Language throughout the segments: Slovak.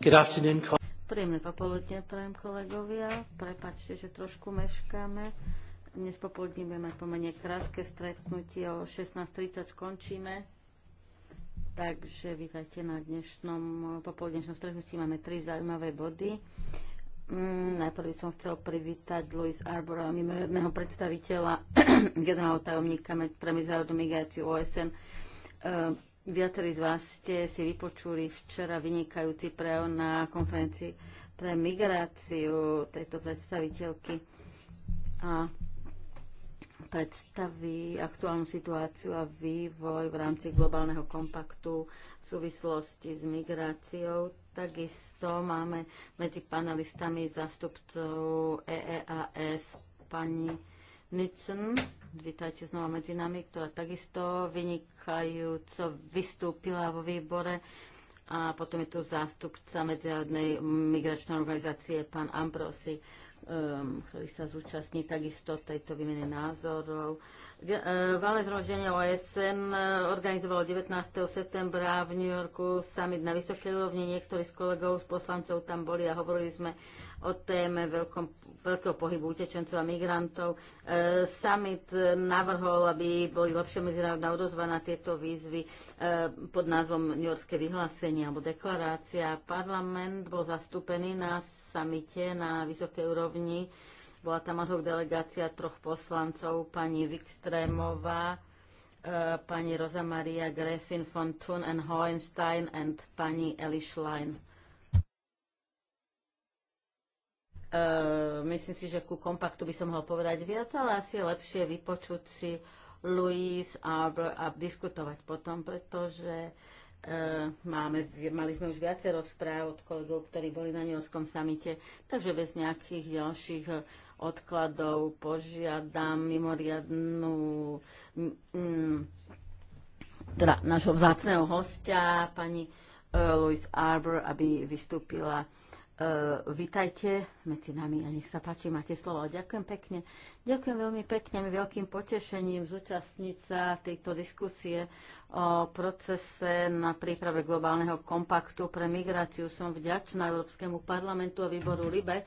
Príjemné popoludne prajem kolegovia. Prepačte, že trošku meškáme. Dnes popoludne budeme mať pomerne krátke stretnutie. O 16.30 skončíme. Takže vítajte na dnešnom popoludnešnom stretnutí. Máme tri zaujímavé body. Mm, najprv som chcel privítať Louis Arbora, mimoriadného predstaviteľa generálneho tajomníka pre medzinárodnú migráciu OSN. Ehm, Viacerí z vás ste si vypočuli včera vynikajúci prejav na konferencii pre migráciu tejto predstaviteľky a predstaví aktuálnu situáciu a vývoj v rámci globálneho kompaktu v súvislosti s migráciou. Takisto máme medzi panelistami zástupcov EEAS pani Nitsen, vítajte znova medzi nami, ktorá takisto vynikajúco vystúpila vo výbore. A potom je tu zástupca Medzinárodnej migračnej organizácie, pán Ambrosi um, chceli sa zúčastniť takisto tejto výmeny názorov. Uh, valné zhromaždenie OSN uh, organizovalo 19. septembra v New Yorku summit na vysokej úrovni. Niektorí z kolegov, z poslancov tam boli a hovorili sme o téme veľkom, veľkého pohybu utečencov a migrantov. E, summit navrhol, aby boli lepšie medzinárodná odozva na tieto výzvy e, pod názvom New Yorkské vyhlásenie alebo deklarácia. Parlament bol zastúpený na samite na vysokej úrovni. Bola tam ad delegácia troch poslancov, pani Wikstrémová, e, pani Rosa Maria Grefin von Thun and Hohenstein and pani Eli Schlein. Uh, myslím si, že ku kompaktu by som mohol povedať viac, ale asi je lepšie vypočuť si Louise a, a diskutovať potom, pretože uh, E, máme, mali sme už viacero správ od kolegov, ktorí boli na Nielskom samite, takže bez nejakých ďalších e, odkladov požiadam mimoriadnú teda nášho vzácného hostia, pani e, Louise Arbor, aby vystúpila E, vitajte medzi nami a nech sa páči, máte slovo. Ďakujem pekne. Ďakujem veľmi pekne, veľkým potešením zúčastniť sa tejto diskusie o procese na príprave globálneho kompaktu pre migráciu. Som vďačná Európskemu parlamentu a výboru LIBE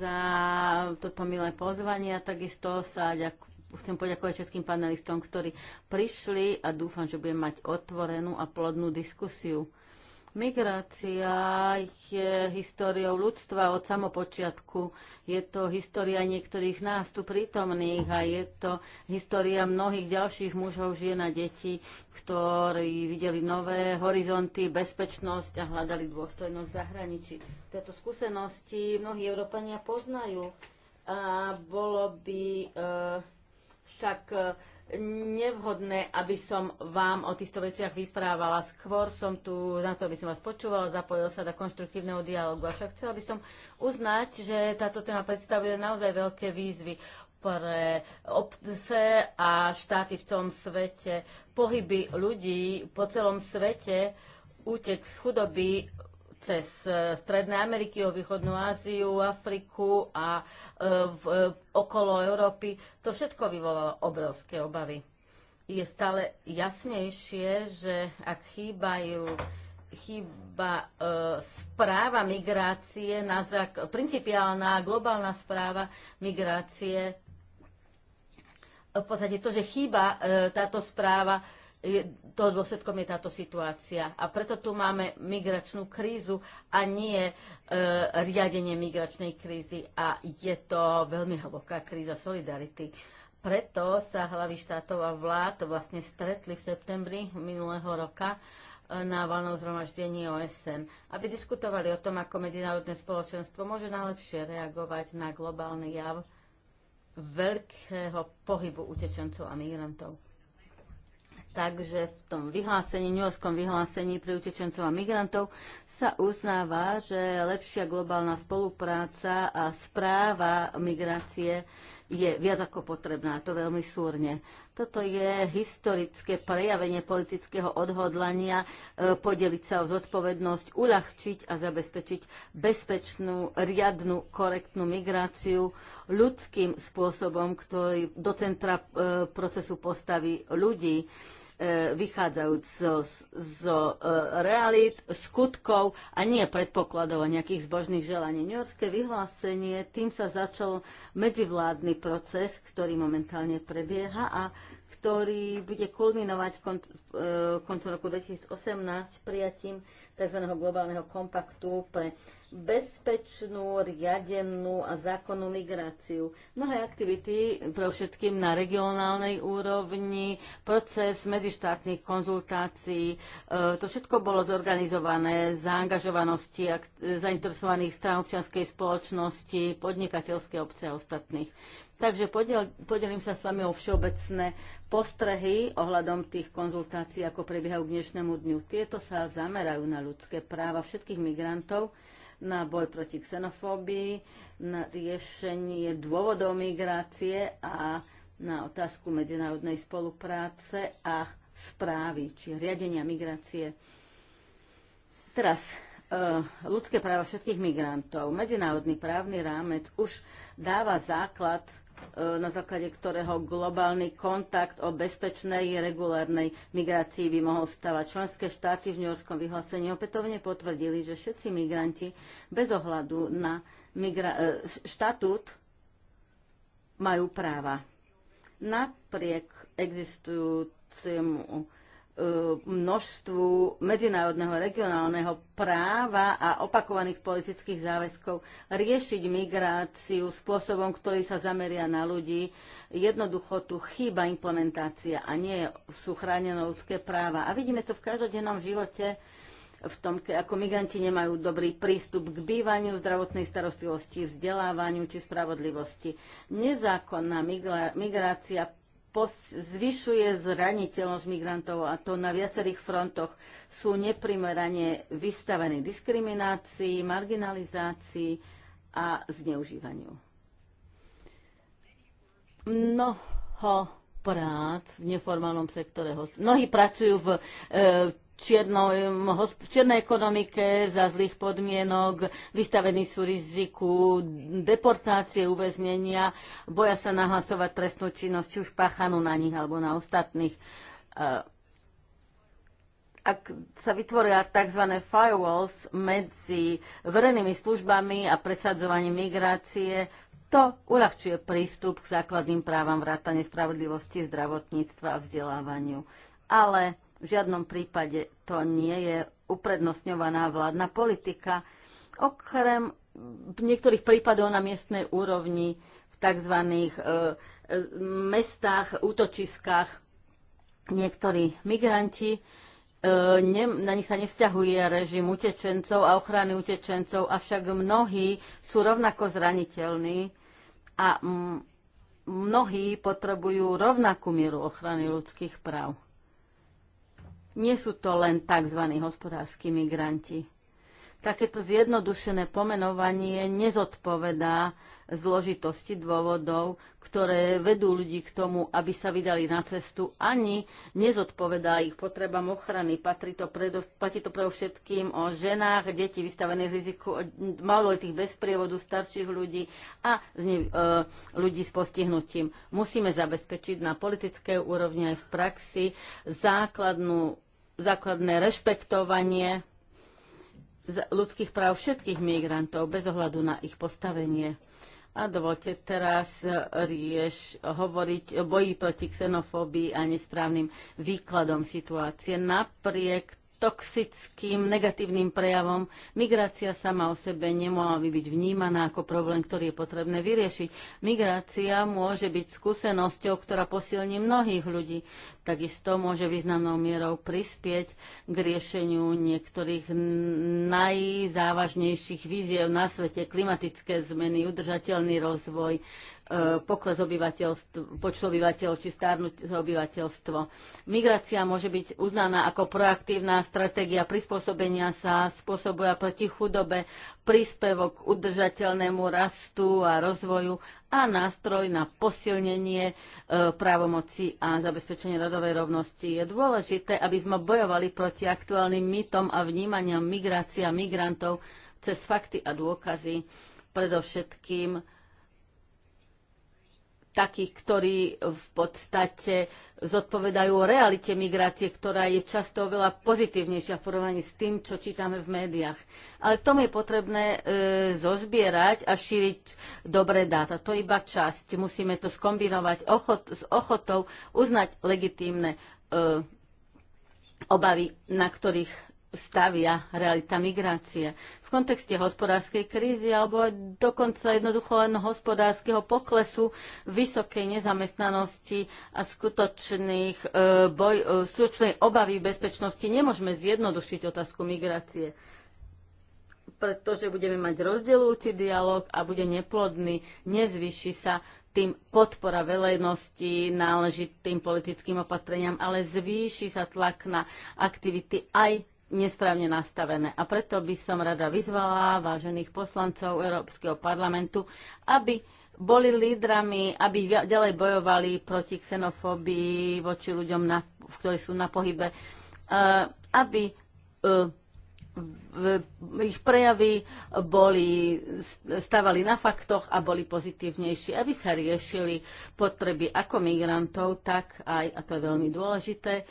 za toto milé pozvanie a takisto sa ďakujem chcem poďakovať všetkým panelistom, ktorí prišli a dúfam, že budem mať otvorenú a plodnú diskusiu Migrácia je históriou ľudstva od samopočiatku. Je to história niektorých nás tu prítomných a je to história mnohých ďalších mužov, žien a detí, ktorí videli nové horizonty, bezpečnosť a hľadali dôstojnosť v zahraničí. Tieto skúsenosti mnohí Európania poznajú a bolo by e, však e, nevhodné, aby som vám o týchto veciach vyprávala. Skôr som tu na to, aby som vás počúvala, zapojil sa do konštruktívneho dialogu. Avšak chcela by som uznať, že táto téma predstavuje naozaj veľké výzvy pre obce a štáty v celom svete, pohyby ľudí po celom svete, útek z chudoby, cez e, Stredné Ameriky, o Východnú Áziu, Afriku a e, v, e, okolo Európy. To všetko vyvolalo obrovské obavy. Je stále jasnejšie, že ak chýbajú chýba e, správa migrácie, na zak- principiálna globálna správa migrácie, v podstate to, že chýba e, táto správa, je, toho dôsledkom je táto situácia. A preto tu máme migračnú krízu a nie e, riadenie migračnej krízy. A je to veľmi hlboká kríza solidarity. Preto sa hlavy štátov a vlád vlastne stretli v septembri minulého roka e, na valnom zhromaždení OSN, aby diskutovali o tom, ako medzinárodné spoločenstvo môže najlepšie reagovať na globálny jav veľkého pohybu utečencov a migrantov. Takže v tom vyhlásení, New vyhlásení pre utečencov a migrantov sa uznáva, že lepšia globálna spolupráca a správa migrácie je viac ako potrebná, to veľmi súrne. Toto je historické prejavenie politického odhodlania e, podeliť sa o zodpovednosť, uľahčiť a zabezpečiť bezpečnú, riadnu, korektnú migráciu ľudským spôsobom, ktorý do centra e, procesu postaví ľudí E, vychádzajúc zo, zo e, realít, skutkov a nie predpokladov a nejakých zbožných želaní. New Yorkské vyhlásenie, tým sa začal medzivládny proces, ktorý momentálne prebieha a ktorý bude kulminovať kont- e, koncom roku 2018 prijatím tzv. globálneho kompaktu pre bezpečnú, riadenú a zákonnú migráciu. Mnohé aktivity, pre všetkým na regionálnej úrovni, proces medzištátnych konzultácií, e, to všetko bolo zorganizované, zaangažovanosti zainteresovaných strán občianskej spoločnosti, podnikateľské obce a ostatných. Takže podiel, podelím sa s vami o všeobecné postrehy ohľadom tých konzultácií, ako prebiehajú k dnešnému dňu. Tieto sa zamerajú na ľudské práva všetkých migrantov, na boj proti xenofóbii, na riešenie dôvodov migrácie a na otázku medzinárodnej spolupráce a správy, či riadenia migrácie. Teraz e, ľudské práva všetkých migrantov. Medzinárodný právny rámec už dáva základ E, na základe ktorého globálny kontakt o bezpečnej regulárnej migrácii by mohol stavať. Členské štáty v ňorskom vyhlásení opätovne potvrdili, že všetci migranti bez ohľadu na e, štatút majú práva. Napriek existujúcemu E, množstvu medzinárodného regionálneho práva a opakovaných politických záväzkov riešiť migráciu spôsobom, ktorý sa zameria na ľudí. Jednoducho tu chýba implementácia a nie sú chránené ľudské práva. A vidíme to v každodennom živote, v tom, ako migranti nemajú dobrý prístup k bývaniu, zdravotnej starostlivosti, vzdelávaniu či spravodlivosti. Nezákonná migrácia zvyšuje zraniteľnosť migrantov a to na viacerých frontoch. Sú neprimerane vystavení diskriminácii, marginalizácii a zneužívaniu. Mnoho prác v neformálnom sektore. Mnohí pracujú v e, v čiernej ekonomike za zlých podmienok, vystavení sú riziku deportácie, uväznenia, boja sa nahlasovať trestnú činnosť, či už páchanú na nich alebo na ostatných. E, ak sa vytvoria tzv. firewalls medzi verejnými službami a presadzovaním migrácie, to uľahčuje prístup k základným právam vrátane spravodlivosti, zdravotníctva a vzdelávaniu. Ale v žiadnom prípade to nie je uprednostňovaná vládna politika, okrem niektorých prípadov na miestnej úrovni v tzv. E, e, mestách, útočiskách. Niektorí migranti, e, ne, na nich sa nevzťahuje režim utečencov a ochrany utečencov, avšak mnohí sú rovnako zraniteľní a mnohí potrebujú rovnakú mieru ochrany ľudských práv. Nie sú to len tzv. hospodárski migranti. Takéto zjednodušené pomenovanie nezodpovedá zložitosti dôvodov, ktoré vedú ľudí k tomu, aby sa vydali na cestu, ani nezodpovedá ich potrebám ochrany. Patrí to predo, platí to pre všetkým o ženách, deti vystavených riziku, maloletých bez prievodu, starších ľudí a z ne, e, ľudí s postihnutím. Musíme zabezpečiť na politickej úrovni aj v praxi základnú, základné rešpektovanie ľudských práv všetkých migrantov bez ohľadu na ich postavenie. A dovolte teraz e, rieš, hovoriť o boji proti xenofóbii a nesprávnym výkladom situácie. Napriek toxickým negatívnym prejavom migrácia sama o sebe nemohla by byť vnímaná ako problém, ktorý je potrebné vyriešiť. Migrácia môže byť skúsenosťou, ktorá posilní mnohých ľudí takisto môže významnou mierou prispieť k riešeniu niektorých najzávažnejších víziev na svete, klimatické zmeny, udržateľný rozvoj, e, pokles počtu obyvateľov či stárnutie obyvateľstvo. Migrácia môže byť uznaná ako proaktívna stratégia prispôsobenia sa spôsobuje proti chudobe, príspevok k udržateľnému rastu a rozvoju a nástroj na posilnenie e, právomoci a zabezpečenie rodovej rovnosti. Je dôležité, aby sme bojovali proti aktuálnym mytom a vnímaniam migrácia migrantov cez fakty a dôkazy, predovšetkým takých, ktorí v podstate zodpovedajú o realite migrácie, ktorá je často oveľa pozitívnejšia v porovnaní s tým, čo čítame v médiách. Ale tom je potrebné e, zozbierať a šíriť dobré dáta. To je iba časť. Musíme to skombinovať ochot, s ochotou uznať legitímne e, obavy, na ktorých stavia realita migrácie. V kontexte hospodárskej krízy alebo dokonca jednoducho len hospodárskeho poklesu, vysokej nezamestnanosti a skutočných e, boj, e, skutočnej obavy bezpečnosti nemôžeme zjednodušiť otázku migrácie pretože budeme mať rozdelujúci dialog a bude neplodný, nezvyši sa tým podpora verejnosti náležitým politickým opatreniam, ale zvýši sa tlak na aktivity aj nesprávne nastavené. A preto by som rada vyzvala vážených poslancov Európskeho parlamentu, aby boli lídrami, aby ďalej bojovali proti xenofóbii voči ľuďom, na, ktorí sú na pohybe, eh, aby eh, ich prejavy boli, stávali na faktoch a boli pozitívnejší, aby sa riešili potreby ako migrantov, tak aj, a to je veľmi dôležité,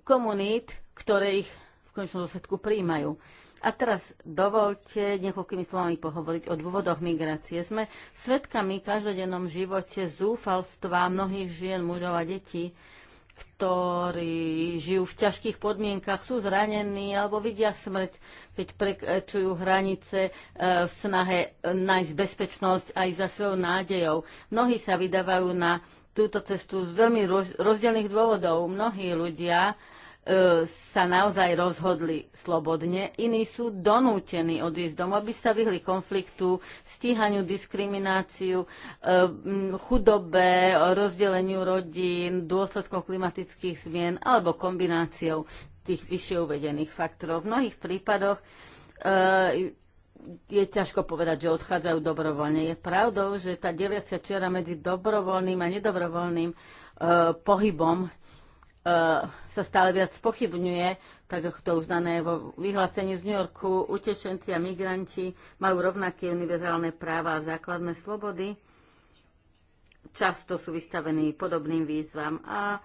komunít, ktoré ich v konečnom dôsledku príjmajú. A teraz dovolte niekoľkými slovami pohovoriť o dôvodoch migrácie. Sme svetkami v každodennom živote zúfalstva mnohých žien, mužov a detí, ktorí žijú v ťažkých podmienkach, sú zranení alebo vidia smrť, keď prekračujú hranice e, v snahe nájsť bezpečnosť aj za svojou nádejou. Mnohí sa vydávajú na túto cestu z veľmi rozdielných dôvodov. Mnohí ľudia E, sa naozaj rozhodli slobodne, iní sú donútení odísť domov, aby sa vyhli konfliktu, stíhaniu, diskrimináciu, e, chudobe, rozdeleniu rodín, dôsledkom klimatických zmien alebo kombináciou tých vyššie uvedených faktorov. V mnohých prípadoch e, je ťažko povedať, že odchádzajú dobrovoľne. Je pravdou, že tá deliacia čiara medzi dobrovoľným a nedobrovoľným pohybom sa stále viac pochybňuje, tak ako to uznané vo vyhlásení z New Yorku, utečenci a migranti majú rovnaké univerzálne práva a základné slobody. Často sú vystavení podobným výzvam a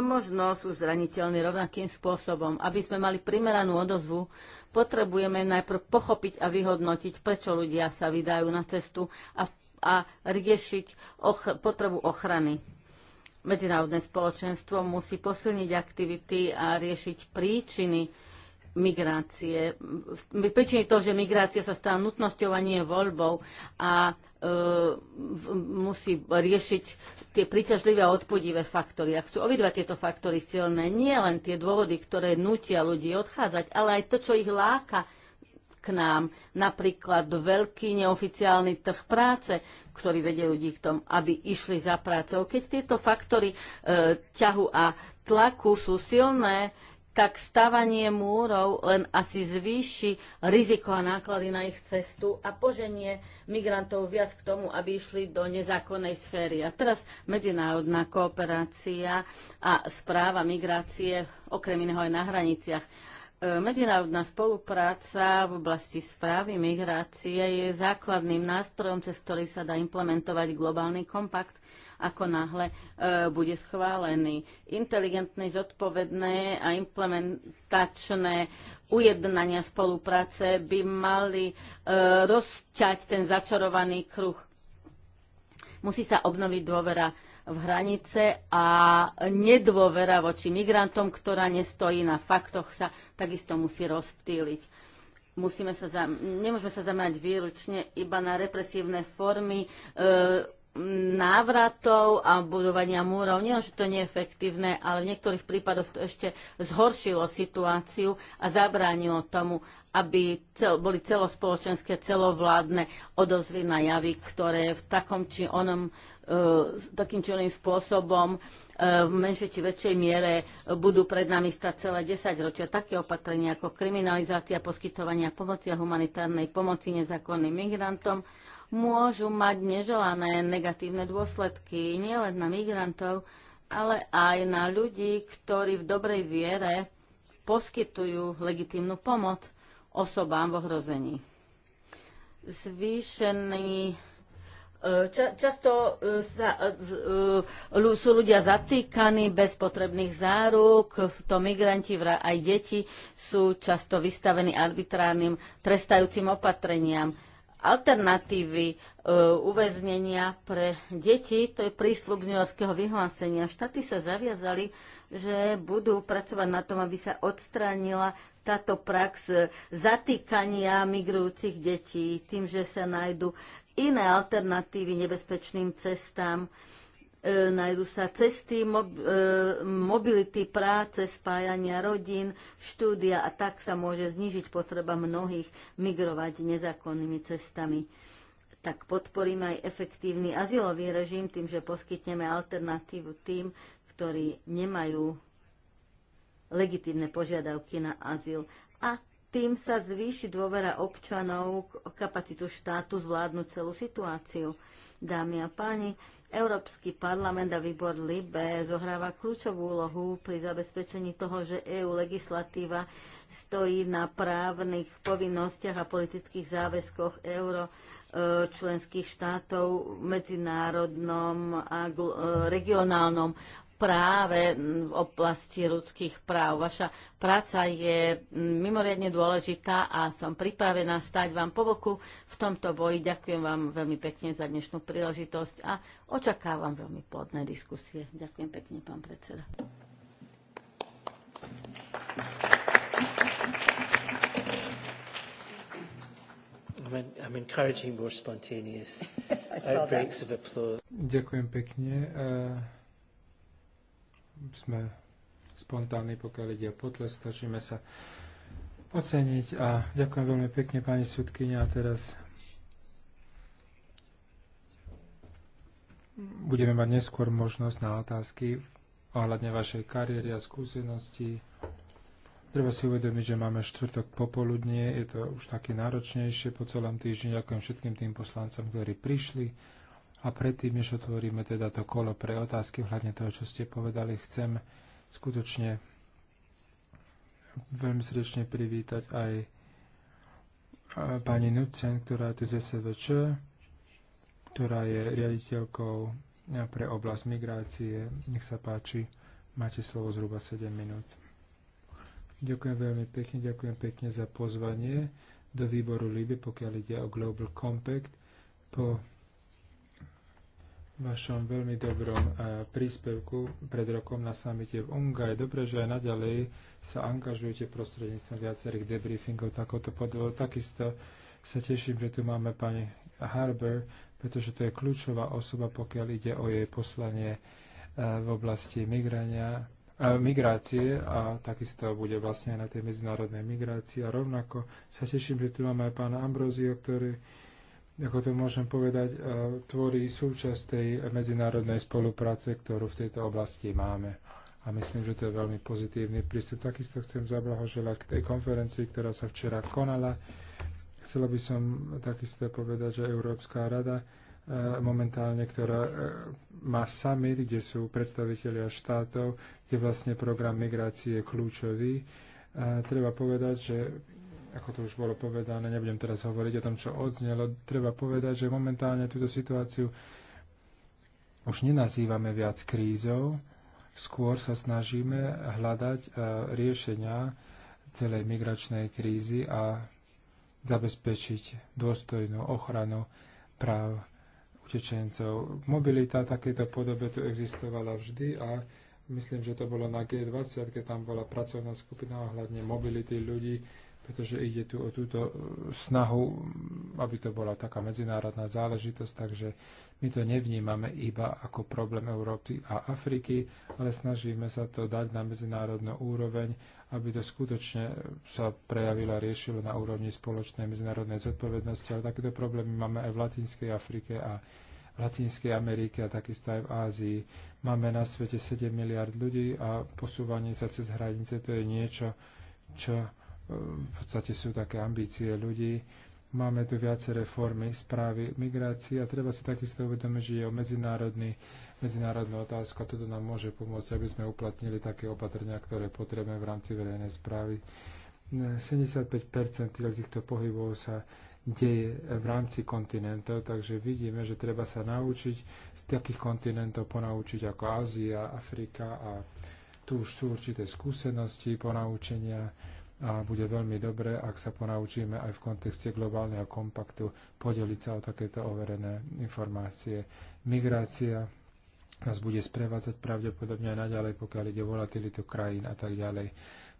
možno sú zraniteľní rovnakým spôsobom. Aby sme mali primeranú odozvu, potrebujeme najprv pochopiť a vyhodnotiť, prečo ľudia sa vydajú na cestu a, a riešiť och, potrebu ochrany medzinárodné spoločenstvo musí posilniť aktivity a riešiť príčiny migrácie. Príčiny toho, že migrácia sa stala nutnosťou a nie voľbou a e, musí riešiť tie príťažlivé a odpudivé faktory. Ak sú obidva tieto faktory silné, nie len tie dôvody, ktoré nutia ľudí odchádzať, ale aj to, čo ich láka k nám, napríklad veľký neoficiálny trh práce, ktorý vedie ľudí k tomu, aby išli za prácou. Keď tieto faktory e, ťahu a tlaku sú silné, tak stávanie múrov len asi zvýši riziko a náklady na ich cestu a poženie migrantov viac k tomu, aby išli do nezákonnej sféry. A teraz medzinárodná kooperácia a správa migrácie, okrem iného aj na hraniciach Medzinárodná spolupráca v oblasti správy migrácie je základným nástrojom, cez ktorý sa dá implementovať globálny kompakt, ako náhle e, bude schválený. Inteligentné, zodpovedné a implementačné ujednania spolupráce by mali e, rozťať ten začarovaný kruh. Musí sa obnoviť dôvera v hranice a nedôvera voči migrantom, ktorá nestojí na faktoch, sa takisto musí rozptýliť. Musíme sa za, nemôžeme sa zamerať výručne iba na represívne formy e, návratov a budovania múrov. Nie, že to nie je efektívne, ale v niektorých prípadoch to ešte zhoršilo situáciu a zabránilo tomu, aby cel, boli celospoločenské, celovládne odozvy na javy, ktoré v takom či onom uh, takým či oným spôsobom uh, v menšej či väčšej miere budú pred nami stať celé 10 ročia. Také opatrenia ako kriminalizácia poskytovania pomoci a humanitárnej pomoci nezákonným migrantom, môžu mať neželané negatívne dôsledky nielen na migrantov, ale aj na ľudí, ktorí v dobrej viere poskytujú legitímnu pomoc osobám v ohrození. Zvýšený e, Často sa, e, e, sú ľudia zatýkaní bez potrebných záruk, sú to migranti, aj deti sú často vystavení arbitrárnym trestajúcim opatreniam alternatívy e, uväznenia pre deti. To je prísľub New Yorkského vyhlásenia. Štáty sa zaviazali, že budú pracovať na tom, aby sa odstránila táto prax zatýkania migrujúcich detí tým, že sa nájdu iné alternatívy nebezpečným cestám E, nájdú sa cesty e, mobility, práce, spájania rodín, štúdia a tak sa môže znižiť potreba mnohých migrovať nezákonnými cestami tak podporíme aj efektívny azylový režim tým, že poskytneme alternatívu tým, ktorí nemajú legitímne požiadavky na azyl. A tým sa zvýši dôvera občanov k kapacitu štátu zvládnuť celú situáciu. Dámy a páni, Európsky parlament a výbor LIBE zohráva kľúčovú úlohu pri zabezpečení toho, že EU legislatíva stojí na právnych povinnostiach a politických záväzkoch euro e, členských štátov v medzinárodnom a e, regionálnom práve v oblasti ľudských práv. Vaša práca je mimoriadne dôležitá a som pripravená stať vám po boku v tomto boji. Ďakujem vám veľmi pekne za dnešnú príležitosť a očakávam veľmi plodné diskusie. Ďakujem pekne, pán predseda. I'm encouraging more spontaneous outbreaks of applause. Ďakujem pekne. Uh sme spontánni, pokiaľ ide o potles, snažíme sa oceniť a ďakujem veľmi pekne pani sudkynia a teraz budeme mať neskôr možnosť na otázky ohľadne vašej kariéry a skúsenosti. Treba si uvedomiť, že máme štvrtok popoludnie, je to už také náročnejšie po celom týždni. Ďakujem všetkým tým poslancom, ktorí prišli. A predtým, než otvoríme teda to kolo pre otázky ohľadne toho, čo ste povedali, chcem skutočne veľmi srdečne privítať aj pani Nucen, ktorá je tu z SVČ, ktorá je riaditeľkou pre oblasť migrácie. Nech sa páči, máte slovo zhruba 7 minút. Ďakujem veľmi pekne, ďakujem pekne za pozvanie do výboru Liby, pokiaľ ide o Global Compact. Po vašom veľmi dobrom e, príspevku pred rokom na samite v Unga. Je dobré, že aj naďalej sa angažujete prostredníctvom viacerých debriefingov takoto podľa. Takisto sa teším, že tu máme pani Harber, pretože to je kľúčová osoba, pokiaľ ide o jej poslanie e, v oblasti migrania, e, migrácie a takisto bude vlastne na tej medzinárodnej migrácii. A rovnako sa teším, že tu máme aj pána Ambrozio, ktorý ako to môžem povedať, e, tvorí súčasť tej medzinárodnej spolupráce, ktorú v tejto oblasti máme. A myslím, že to je veľmi pozitívny prístup. Takisto chcem zablahoželať k tej konferencii, ktorá sa včera konala. Chcela by som takisto povedať, že Európska rada e, momentálne, ktorá e, má summit, kde sú predstavitelia štátov, kde vlastne program migrácie je kľúčový. A treba povedať, že ako to už bolo povedané, nebudem teraz hovoriť o tom, čo odznelo, treba povedať, že momentálne túto situáciu už nenazývame viac krízou, skôr sa snažíme hľadať e, riešenia celej migračnej krízy a zabezpečiť dôstojnú ochranu práv utečencov. Mobilita takéto podobe tu existovala vždy a myslím, že to bolo na G20, keď tam bola pracovná skupina ohľadne mobility ľudí pretože ide tu o túto e, snahu, aby to bola taká medzinárodná záležitosť, takže my to nevnímame iba ako problém Európy a Afriky, ale snažíme sa to dať na medzinárodnú úroveň, aby to skutočne sa prejavilo a riešilo na úrovni spoločnej medzinárodnej zodpovednosti, ale takéto problémy máme aj v Latinskej Afrike a v Latinskej Amerike a takisto aj v Ázii. Máme na svete 7 miliard ľudí a posúvanie sa cez hranice to je niečo, čo v podstate sú také ambície ľudí. Máme tu viaceré formy správy migrácie a treba si takisto uvedomiť, že je o medzinárodný, medzinárodnú otázku a toto nám môže pomôcť, aby sme uplatnili také opatrenia, ktoré potrebujeme v rámci verejnej správy. 75 týchto pohybov sa deje v rámci kontinentov, takže vidíme, že treba sa naučiť z takých kontinentov ponaučiť ako Ázia, Afrika a tu už sú určité skúsenosti, ponaučenia a bude veľmi dobré, ak sa ponaučíme aj v kontexte globálneho kompaktu podeliť sa o takéto overené informácie. Migrácia nás bude sprevádzať pravdepodobne aj naďalej, pokiaľ ide volatilitu krajín a tak ďalej.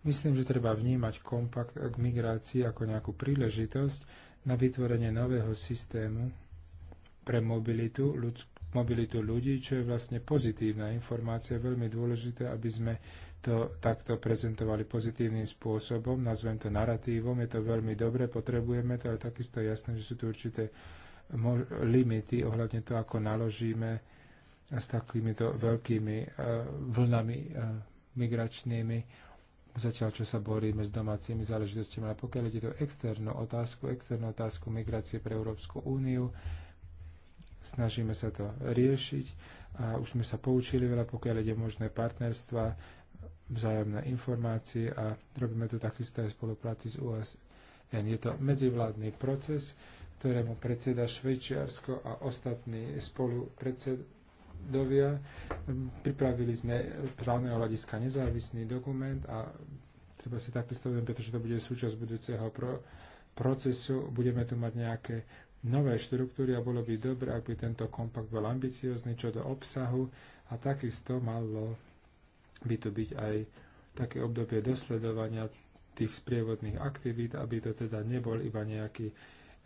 Myslím, že treba vnímať kompakt k migrácii ako nejakú príležitosť na vytvorenie nového systému pre mobilitu, ľudsk- mobilitu ľudí, čo je vlastne pozitívna informácia, veľmi dôležité, aby sme to takto prezentovali pozitívnym spôsobom, nazvem to naratívom, je to veľmi dobre, potrebujeme to, ale takisto je jasné, že sú tu určité limity ohľadne to, ako naložíme s takýmito veľkými uh, vlnami uh, migračnými, zatiaľ čo sa boríme s domácimi záležitostiami. Ale pokiaľ ide to externú otázku, externú otázku migrácie pre Európsku úniu, snažíme sa to riešiť a už sme sa poučili veľa, pokiaľ ide možné partnerstva vzájomné informácie a robíme to takisto aj v spolupráci s USN. Je to medzivládny proces, ktorému predseda Švečiarsko a ostatní spolu predsedovia. Pripravili sme právneho hľadiska nezávislý dokument a treba si takisto uvedomiť, pretože to bude súčasť budúceho pro procesu. Budeme tu mať nejaké nové štruktúry a bolo by dobré, ak by tento kompakt bol ambiciózny čo do obsahu a takisto malo by tu byť aj také obdobie dosledovania tých sprievodných aktivít, aby to teda nebol iba nejaký e,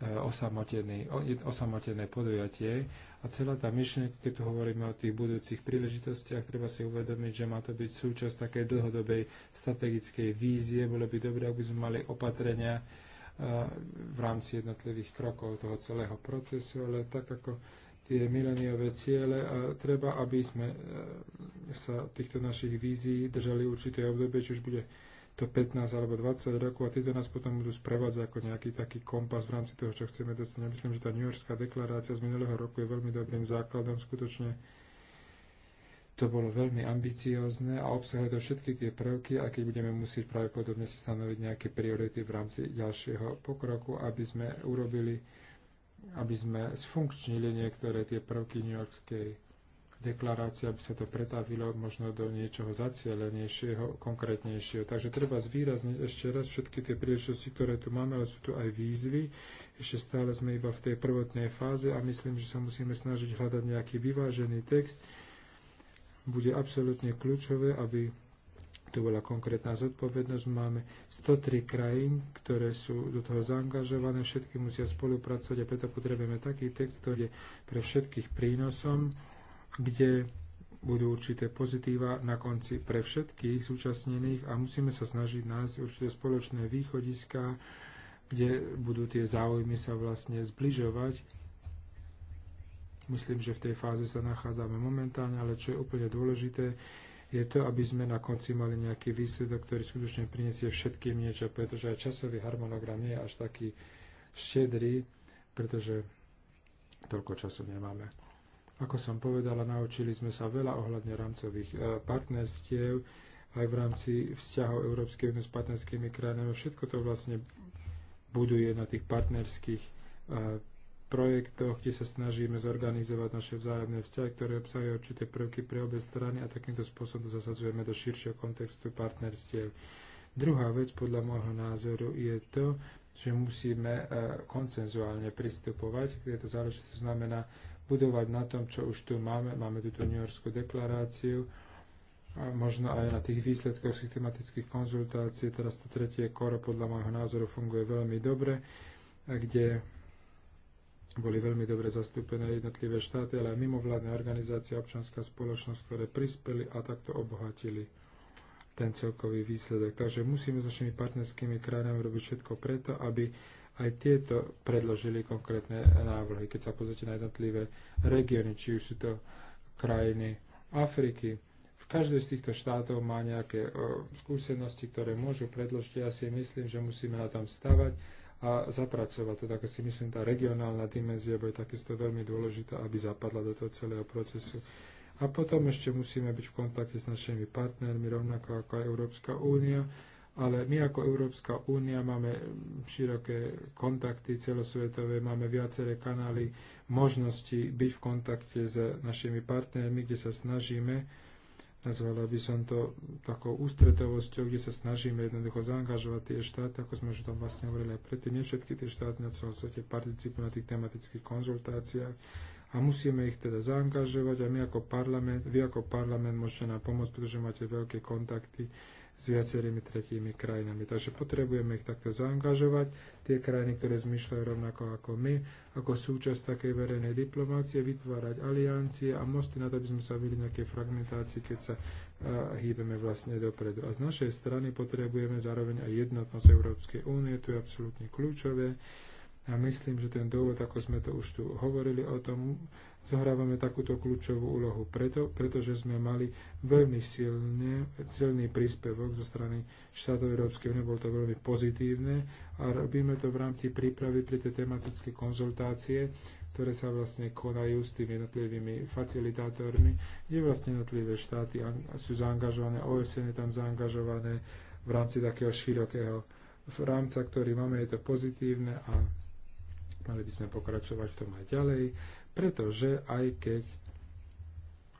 osamotený, osamotené podujatie. A celá tá myšlienka, keď tu hovoríme o tých budúcich príležitostiach, treba si uvedomiť, že má to byť súčasť takej dlhodobej strategickej vízie. Bolo by dobré, aby sme mali opatrenia e, v rámci jednotlivých krokov toho celého procesu, ale tak ako tie mileniové ciele a treba, aby sme e, sa týchto našich vízií držali určité obdobie, či už bude to 15 alebo 20 rokov a títo nás potom budú sprevádzať ako nejaký taký kompas v rámci toho, čo chceme doceniť. Ja myslím, že tá New Yorkská deklarácia z minulého roku je veľmi dobrým základom. Skutočne to bolo veľmi ambiciózne a obsahuje to všetky tie prvky, a keď budeme musieť pravdepodobne si stanoviť nejaké priority v rámci ďalšieho pokroku, aby sme urobili aby sme sfunkčnili niektoré tie prvky New Yorkskej deklarácie, aby sa to pretavilo možno do niečoho zacielenejšieho, konkrétnejšieho. Takže treba zvýrazniť ešte raz všetky tie príležitosti, ktoré tu máme, ale sú tu aj výzvy. Ešte stále sme iba v tej prvotnej fáze a myslím, že sa musíme snažiť hľadať nejaký vyvážený text. Bude absolútne kľúčové, aby tu bola konkrétna zodpovednosť. Máme 103 krajín, ktoré sú do toho zaangažované, všetky musia spolupracovať a preto potrebujeme taký text, ktorý je pre všetkých prínosom, kde budú určité pozitíva na konci pre všetkých zúčastnených a musíme sa snažiť nájsť určité spoločné východiska, kde budú tie záujmy sa vlastne zbližovať. Myslím, že v tej fáze sa nachádzame momentálne, ale čo je úplne dôležité, je to, aby sme na konci mali nejaký výsledok, ktorý skutočne prinesie všetkým niečo, pretože aj časový harmonogram nie je až taký šedrý, pretože toľko času nemáme. Ako som povedala, naučili sme sa veľa ohľadne rámcových e, partnerstiev, aj v rámci vzťahov Európskej únie s partnerskými krajinami. Všetko to vlastne buduje na tých partnerských e, projektoch, kde sa snažíme zorganizovať naše vzájomné vzťahy, ktoré obsahujú určité prvky pre obe strany a takýmto spôsobom to zasadzujeme do širšieho kontextu partnerstiev. Druhá vec podľa môjho názoru je to, že musíme e, koncenzuálne pristupovať k tejto záležitosti. To znamená budovať na tom, čo už tu máme. Máme túto New Yorkskú deklaráciu, a možno aj na tých výsledkoch systematických konzultácií. Teraz to tretie koro podľa môjho názoru funguje veľmi dobre, e, kde boli veľmi dobre zastúpené jednotlivé štáty, ale aj mimovládne organizácie, občanská spoločnosť, ktoré prispeli a takto obohatili ten celkový výsledok. Takže musíme s našimi partnerskými krajinami robiť všetko preto, aby aj tieto predložili konkrétne návrhy. Keď sa pozrite na jednotlivé regióny, či už sú to krajiny Afriky, v každej z týchto štátov má nejaké o, skúsenosti, ktoré môžu predložiť. Ja si myslím, že musíme na tom stavať a zapracovať to. Teda keď si myslím, tá regionálna dimenzia bude takisto veľmi dôležitá, aby zapadla do toho celého procesu. A potom ešte musíme byť v kontakte s našimi partnermi, rovnako ako aj Európska únia, ale my ako Európska únia máme široké kontakty celosvetové, máme viaceré kanály možnosti byť v kontakte s našimi partnermi, kde sa snažíme nazvala by som to takou ústretovosťou, kde sa snažíme jednoducho zaangažovať tie štáty, ako sme už tam vlastne hovorili aj predtým, nie všetky tie štáty na celom svete participujú na tých tematických konzultáciách a musíme ich teda zaangažovať a my ako parlament, vy ako parlament môžete nám pomôcť, pretože máte veľké kontakty s viacerými tretími krajinami. Takže potrebujeme ich takto zaangažovať. Tie krajiny, ktoré zmyšľajú rovnako ako my, ako súčasť takej verejnej diplomácie, vytvárať aliancie a mosty na to, aby sme sa vyli nejaké fragmentácii, keď sa hýbeme vlastne dopredu. A z našej strany potrebujeme zároveň aj jednotnosť Európskej únie, to je absolútne kľúčové. A myslím, že ten dôvod, ako sme to už tu hovorili o tom, zohrávame takúto kľúčovú úlohu, preto, pretože sme mali veľmi silne, silný príspevok zo strany štátov Európskej únie, bolo to veľmi pozitívne a robíme to v rámci prípravy pri tej tematické konzultácie, ktoré sa vlastne konajú s tými jednotlivými facilitátormi, kde vlastne jednotlivé štáty sú zaangažované, OSN je tam zaangažované v rámci takého širokého rámca, ktorý máme, je to pozitívne a mali by sme pokračovať v tom aj ďalej pretože aj keď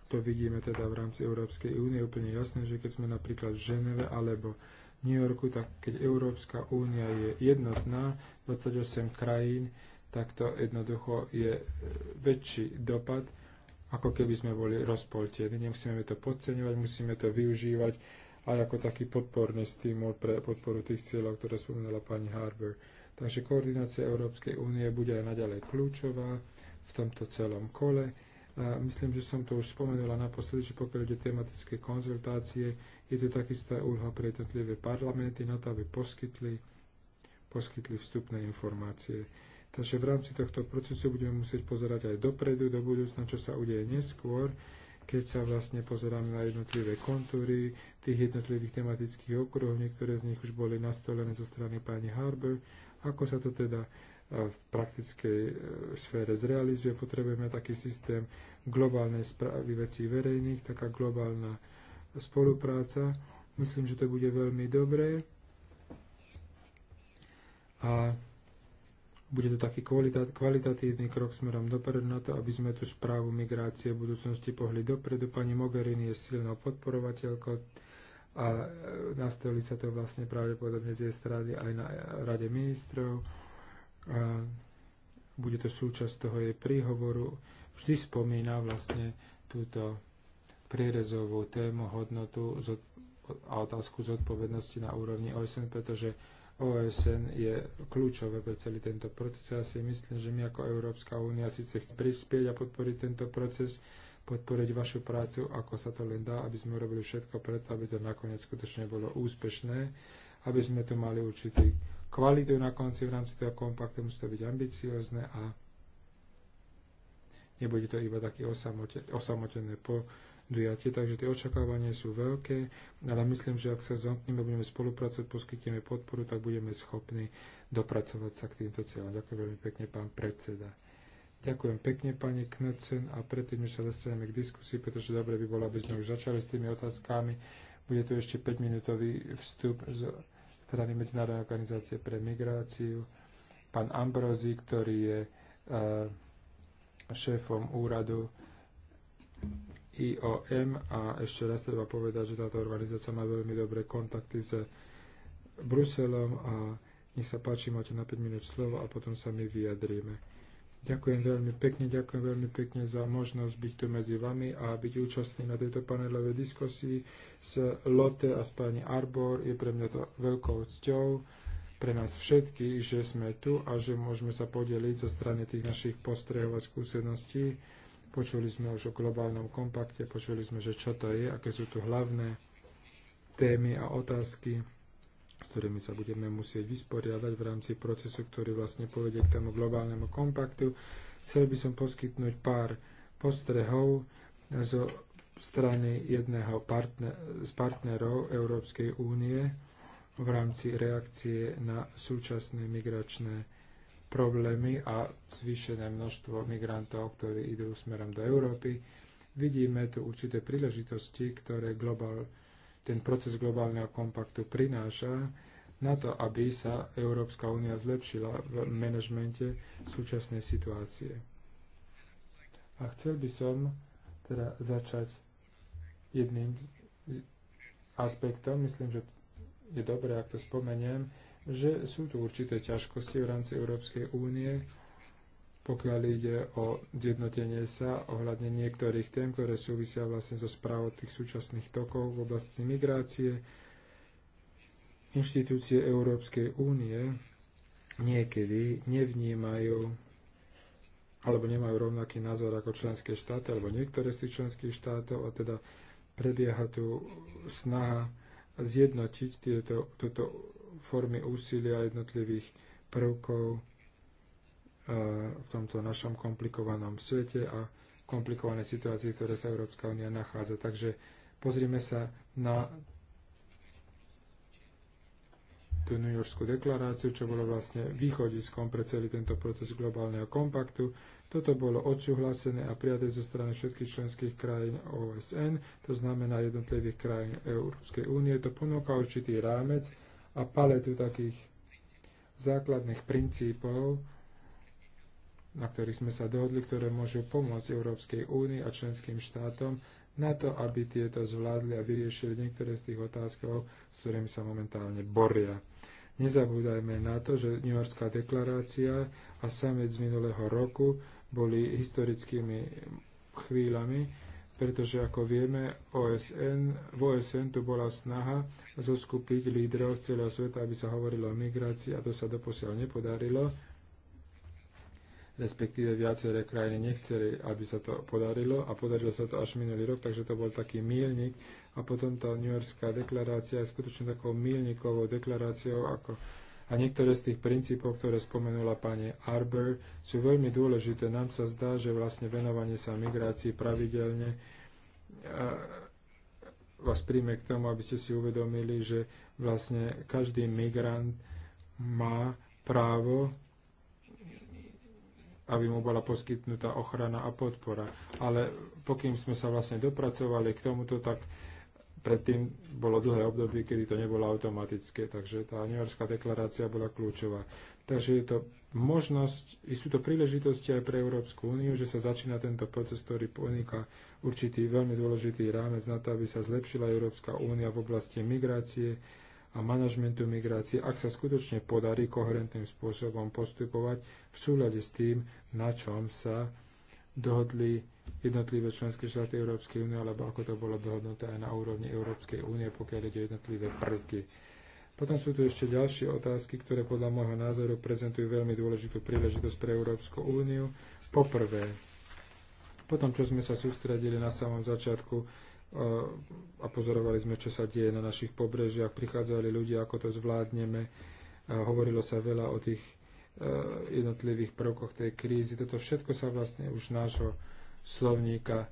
to vidíme teda v rámci Európskej únie, je úplne jasné, že keď sme napríklad v Ženeve alebo v New Yorku, tak keď Európska únia je jednotná, 28 krajín, tak to jednoducho je e, väčší dopad, ako keby sme boli rozpoltení. Nemusíme to podceňovať, musíme to využívať aj ako taký podporný stimul pre podporu tých cieľov, ktoré spomínala pani Harbour. Takže koordinácia Európskej únie bude aj naďalej kľúčová v tomto celom kole. A myslím, že som to už spomenula naposledy, že pokiaľ ide tematické konzultácie, je to takisto aj úloha pre jednotlivé parlamenty na to, aby poskytli, poskytli vstupné informácie. Takže v rámci tohto procesu budeme musieť pozerať aj dopredu, do budúcna, čo sa udeje neskôr, keď sa vlastne pozeráme na jednotlivé kontúry tých jednotlivých tematických okruhov, niektoré z nich už boli nastolené zo strany pani Harbour, ako sa to teda v praktickej e, sfére zrealizuje. Potrebujeme taký systém globálnej správy vecí verejných, taká globálna spolupráca. Myslím, že to bude veľmi dobré a bude to taký kvalitatívny krok smerom dopredu na to, aby sme tú správu migrácie v budúcnosti pohli dopredu. Pani Mogherini je silnou podporovateľkou a e, nastavili sa to vlastne pravdepodobne z jej strany aj na Rade ministrov a bude to súčasť toho jej príhovoru, vždy spomína vlastne túto prierezovú tému, hodnotu a otázku zodpovednosti na úrovni OSN, pretože OSN je kľúčové pre celý tento proces. Ja si myslím, že my ako Európska únia síce chce prispieť a podporiť tento proces, podporiť vašu prácu, ako sa to len dá, aby sme robili všetko preto, aby to nakoniec skutočne bolo úspešné, aby sme tu mali určitý kvalitu na konci v rámci toho kompaktu, musí to byť ambiciozne a nebude to iba také osamote, osamotené podujatie, takže tie očakávania sú veľké, ale myslím, že ak sa zomkneme, budeme spolupracovať, poskytneme podporu, tak budeme schopní dopracovať sa k týmto cieľom. Ďakujem veľmi pekne, pán predseda. Ďakujem pekne, pani Knudsen, a predtým, než sa dostaneme k diskusii, pretože dobre by bolo, aby sme už začali s tými otázkami, bude tu ešte 5-minútový vstup z strany Medzinárodnej organizácie pre migráciu, pán Ambrozi, ktorý je eh, šéfom úradu IOM a ešte raz treba povedať, že táto organizácia má veľmi dobré kontakty s Bruselom a nech sa páči, máte na 5 minút slovo a potom sa my vyjadríme. Ďakujem veľmi pekne, ďakujem veľmi pekne za možnosť byť tu medzi vami a byť účastný na tejto panelovej diskusii s Lotte a s pani Arbor. Je pre mňa to veľkou cťou, pre nás všetkých, že sme tu a že môžeme sa podeliť zo strany tých našich postrehov a skúseností. Počuli sme už o globálnom kompakte, počuli sme, že čo to je, aké sú tu hlavné témy a otázky s ktorými sa budeme musieť vysporiadať v rámci procesu, ktorý vlastne povedie k tomu globálnemu kompaktu. Chcel by som poskytnúť pár postrehov zo strany jedného partner, z partnerov Európskej únie v rámci reakcie na súčasné migračné problémy a zvýšené množstvo migrantov, ktorí idú smerom do Európy. Vidíme tu určité príležitosti, ktoré globál ten proces globálneho kompaktu prináša na to, aby sa Európska únia zlepšila v manažmente súčasnej situácie. A chcel by som teda začať jedným aspektom, myslím, že je dobré, ak to spomeniem, že sú tu určité ťažkosti v rámci Európskej únie, pokiaľ ide o zjednotenie sa ohľadne niektorých tém, ktoré súvisia vlastne so správou tých súčasných tokov v oblasti migrácie. Inštitúcie Európskej únie niekedy nevnímajú alebo nemajú rovnaký názor ako členské štáty alebo niektoré z tých členských štátov a teda prebieha tu snaha zjednotiť tieto, toto formy úsilia jednotlivých prvkov v tomto našom komplikovanom svete a komplikovanej situácii, ktoré sa Európska únia nachádza. Takže pozrime sa na tú New Yorkskú deklaráciu, čo bolo vlastne východiskom pre celý tento proces globálneho kompaktu. Toto bolo odsúhlasené a prijaté zo strany všetkých členských krajín OSN, to znamená jednotlivých krajín Európskej únie. To ponúka určitý rámec a paletu takých základných princípov, na ktorých sme sa dohodli, ktoré môžu pomôcť Európskej únii a členským štátom na to, aby tieto zvládli a vyriešili niektoré z tých otázkov, s ktorými sa momentálne boria. Nezabúdajme na to, že New Yorkská deklarácia a samec z minulého roku boli historickými chvíľami, pretože ako vieme, OSN, v OSN tu bola snaha zoskupiť lídrov z celého sveta, aby sa hovorilo o migrácii a to sa doposiaľ nepodarilo respektíve viaceré krajiny nechceli, aby sa to podarilo a podarilo sa to až minulý rok, takže to bol taký mílnik a potom tá New Yorkská deklarácia je skutočne takou mílnikovou deklaráciou ako a niektoré z tých princípov, ktoré spomenula pani Arber, sú veľmi dôležité. Nám sa zdá, že vlastne venovanie sa migrácii pravidelne vás príjme k tomu, aby ste si uvedomili, že vlastne každý migrant má právo aby mu bola poskytnutá ochrana a podpora. Ale pokým sme sa vlastne dopracovali k tomuto, tak predtým bolo dlhé obdobie, kedy to nebolo automatické. Takže tá New Yorkská deklarácia bola kľúčová. Takže je to možnosť, i sú to príležitosti aj pre Európsku úniu, že sa začína tento proces, ktorý poniká určitý veľmi dôležitý rámec na to, aby sa zlepšila Európska únia v oblasti migrácie, a manažmentu migrácie, ak sa skutočne podarí koherentným spôsobom postupovať v súľade s tým, na čom sa dohodli jednotlivé členské štáty Európskej únie, alebo ako to bolo dohodnuté aj na úrovni Európskej únie, pokiaľ ide jednotlivé prvky. Potom sú tu ešte ďalšie otázky, ktoré podľa môjho názoru prezentujú veľmi dôležitú príležitosť pre Európsku úniu. Poprvé, potom čo sme sa sústredili na samom začiatku a pozorovali sme, čo sa deje na našich pobrežiach. Prichádzali ľudia, ako to zvládneme. Hovorilo sa veľa o tých e, jednotlivých prvkoch tej krízy. Toto všetko sa vlastne už nášho slovníka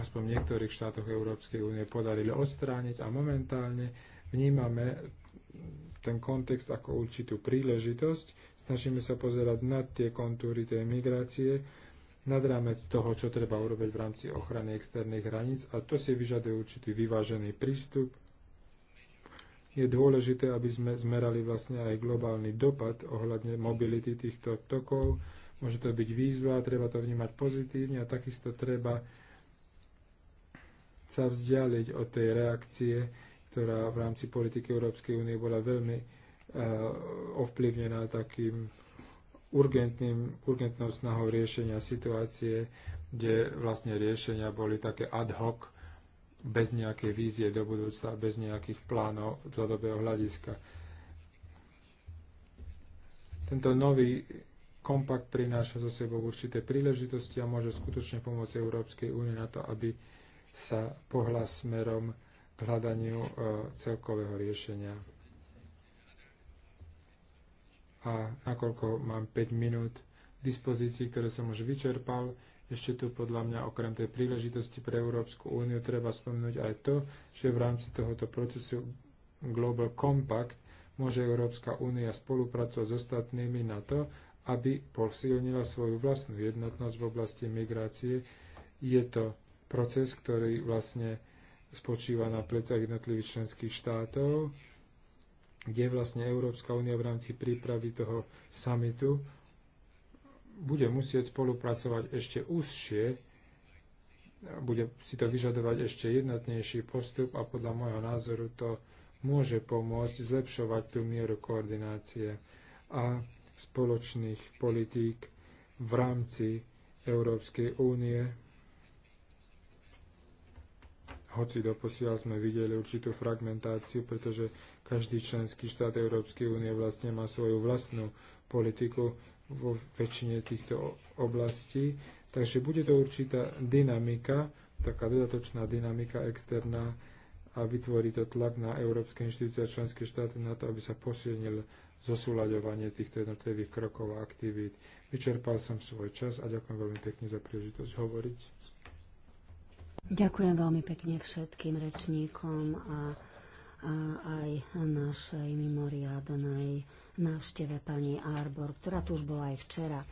aspoň v niektorých štátoch Európskej únie podarilo odstrániť a momentálne vnímame ten kontext ako určitú príležitosť. Snažíme sa pozerať nad tie kontúry tej migrácie, nad rámec toho, čo treba urobiť v rámci ochrany externých hraníc a to si vyžaduje určitý vyvážený prístup. Je dôležité, aby sme zmerali vlastne aj globálny dopad ohľadne mobility týchto tokov. Môže to byť výzva, treba to vnímať pozitívne a takisto treba sa vzdialiť od tej reakcie, ktorá v rámci politiky Európskej únie bola veľmi uh, ovplyvnená takým urgentným, urgentnou snahou riešenia situácie, kde vlastne riešenia boli také ad hoc, bez nejakej vízie do budúcna, bez nejakých plánov dlhodobého hľadiska. Tento nový kompakt prináša zo sebou určité príležitosti a môže skutočne pomôcť Európskej únie na to, aby sa pohla smerom k hľadaniu e, celkového riešenia a nakoľko mám 5 minút k dispozícii, ktoré som už vyčerpal, ešte tu podľa mňa okrem tej príležitosti pre Európsku úniu treba spomenúť aj to, že v rámci tohoto procesu Global Compact môže Európska únia spolupracovať s ostatnými na to, aby posilnila svoju vlastnú jednotnosť v oblasti migrácie. Je to proces, ktorý vlastne spočíva na plecach jednotlivých členských štátov kde vlastne Európska únia v rámci prípravy toho samitu bude musieť spolupracovať ešte úzšie, bude si to vyžadovať ešte jednotnejší postup a podľa môjho názoru to môže pomôcť zlepšovať tú mieru koordinácie a spoločných politík v rámci Európskej únie hoci doposiaľ sme videli určitú fragmentáciu, pretože každý členský štát Európskej únie vlastne má svoju vlastnú politiku vo väčšine týchto oblastí. Takže bude to určitá dynamika, taká dodatočná dynamika externá a vytvorí to tlak na Európske inštitúcie a členské štáty na to, aby sa posilnil zosúľaďovanie týchto jednotlivých krokov a aktivít. Vyčerpal som svoj čas a ďakujem veľmi pekne za príležitosť hovoriť. Ďakujem veľmi pekne všetkým rečníkom a, a aj našej mimoriadnej návšteve pani Arbor, ktorá tu už bola aj včera. E,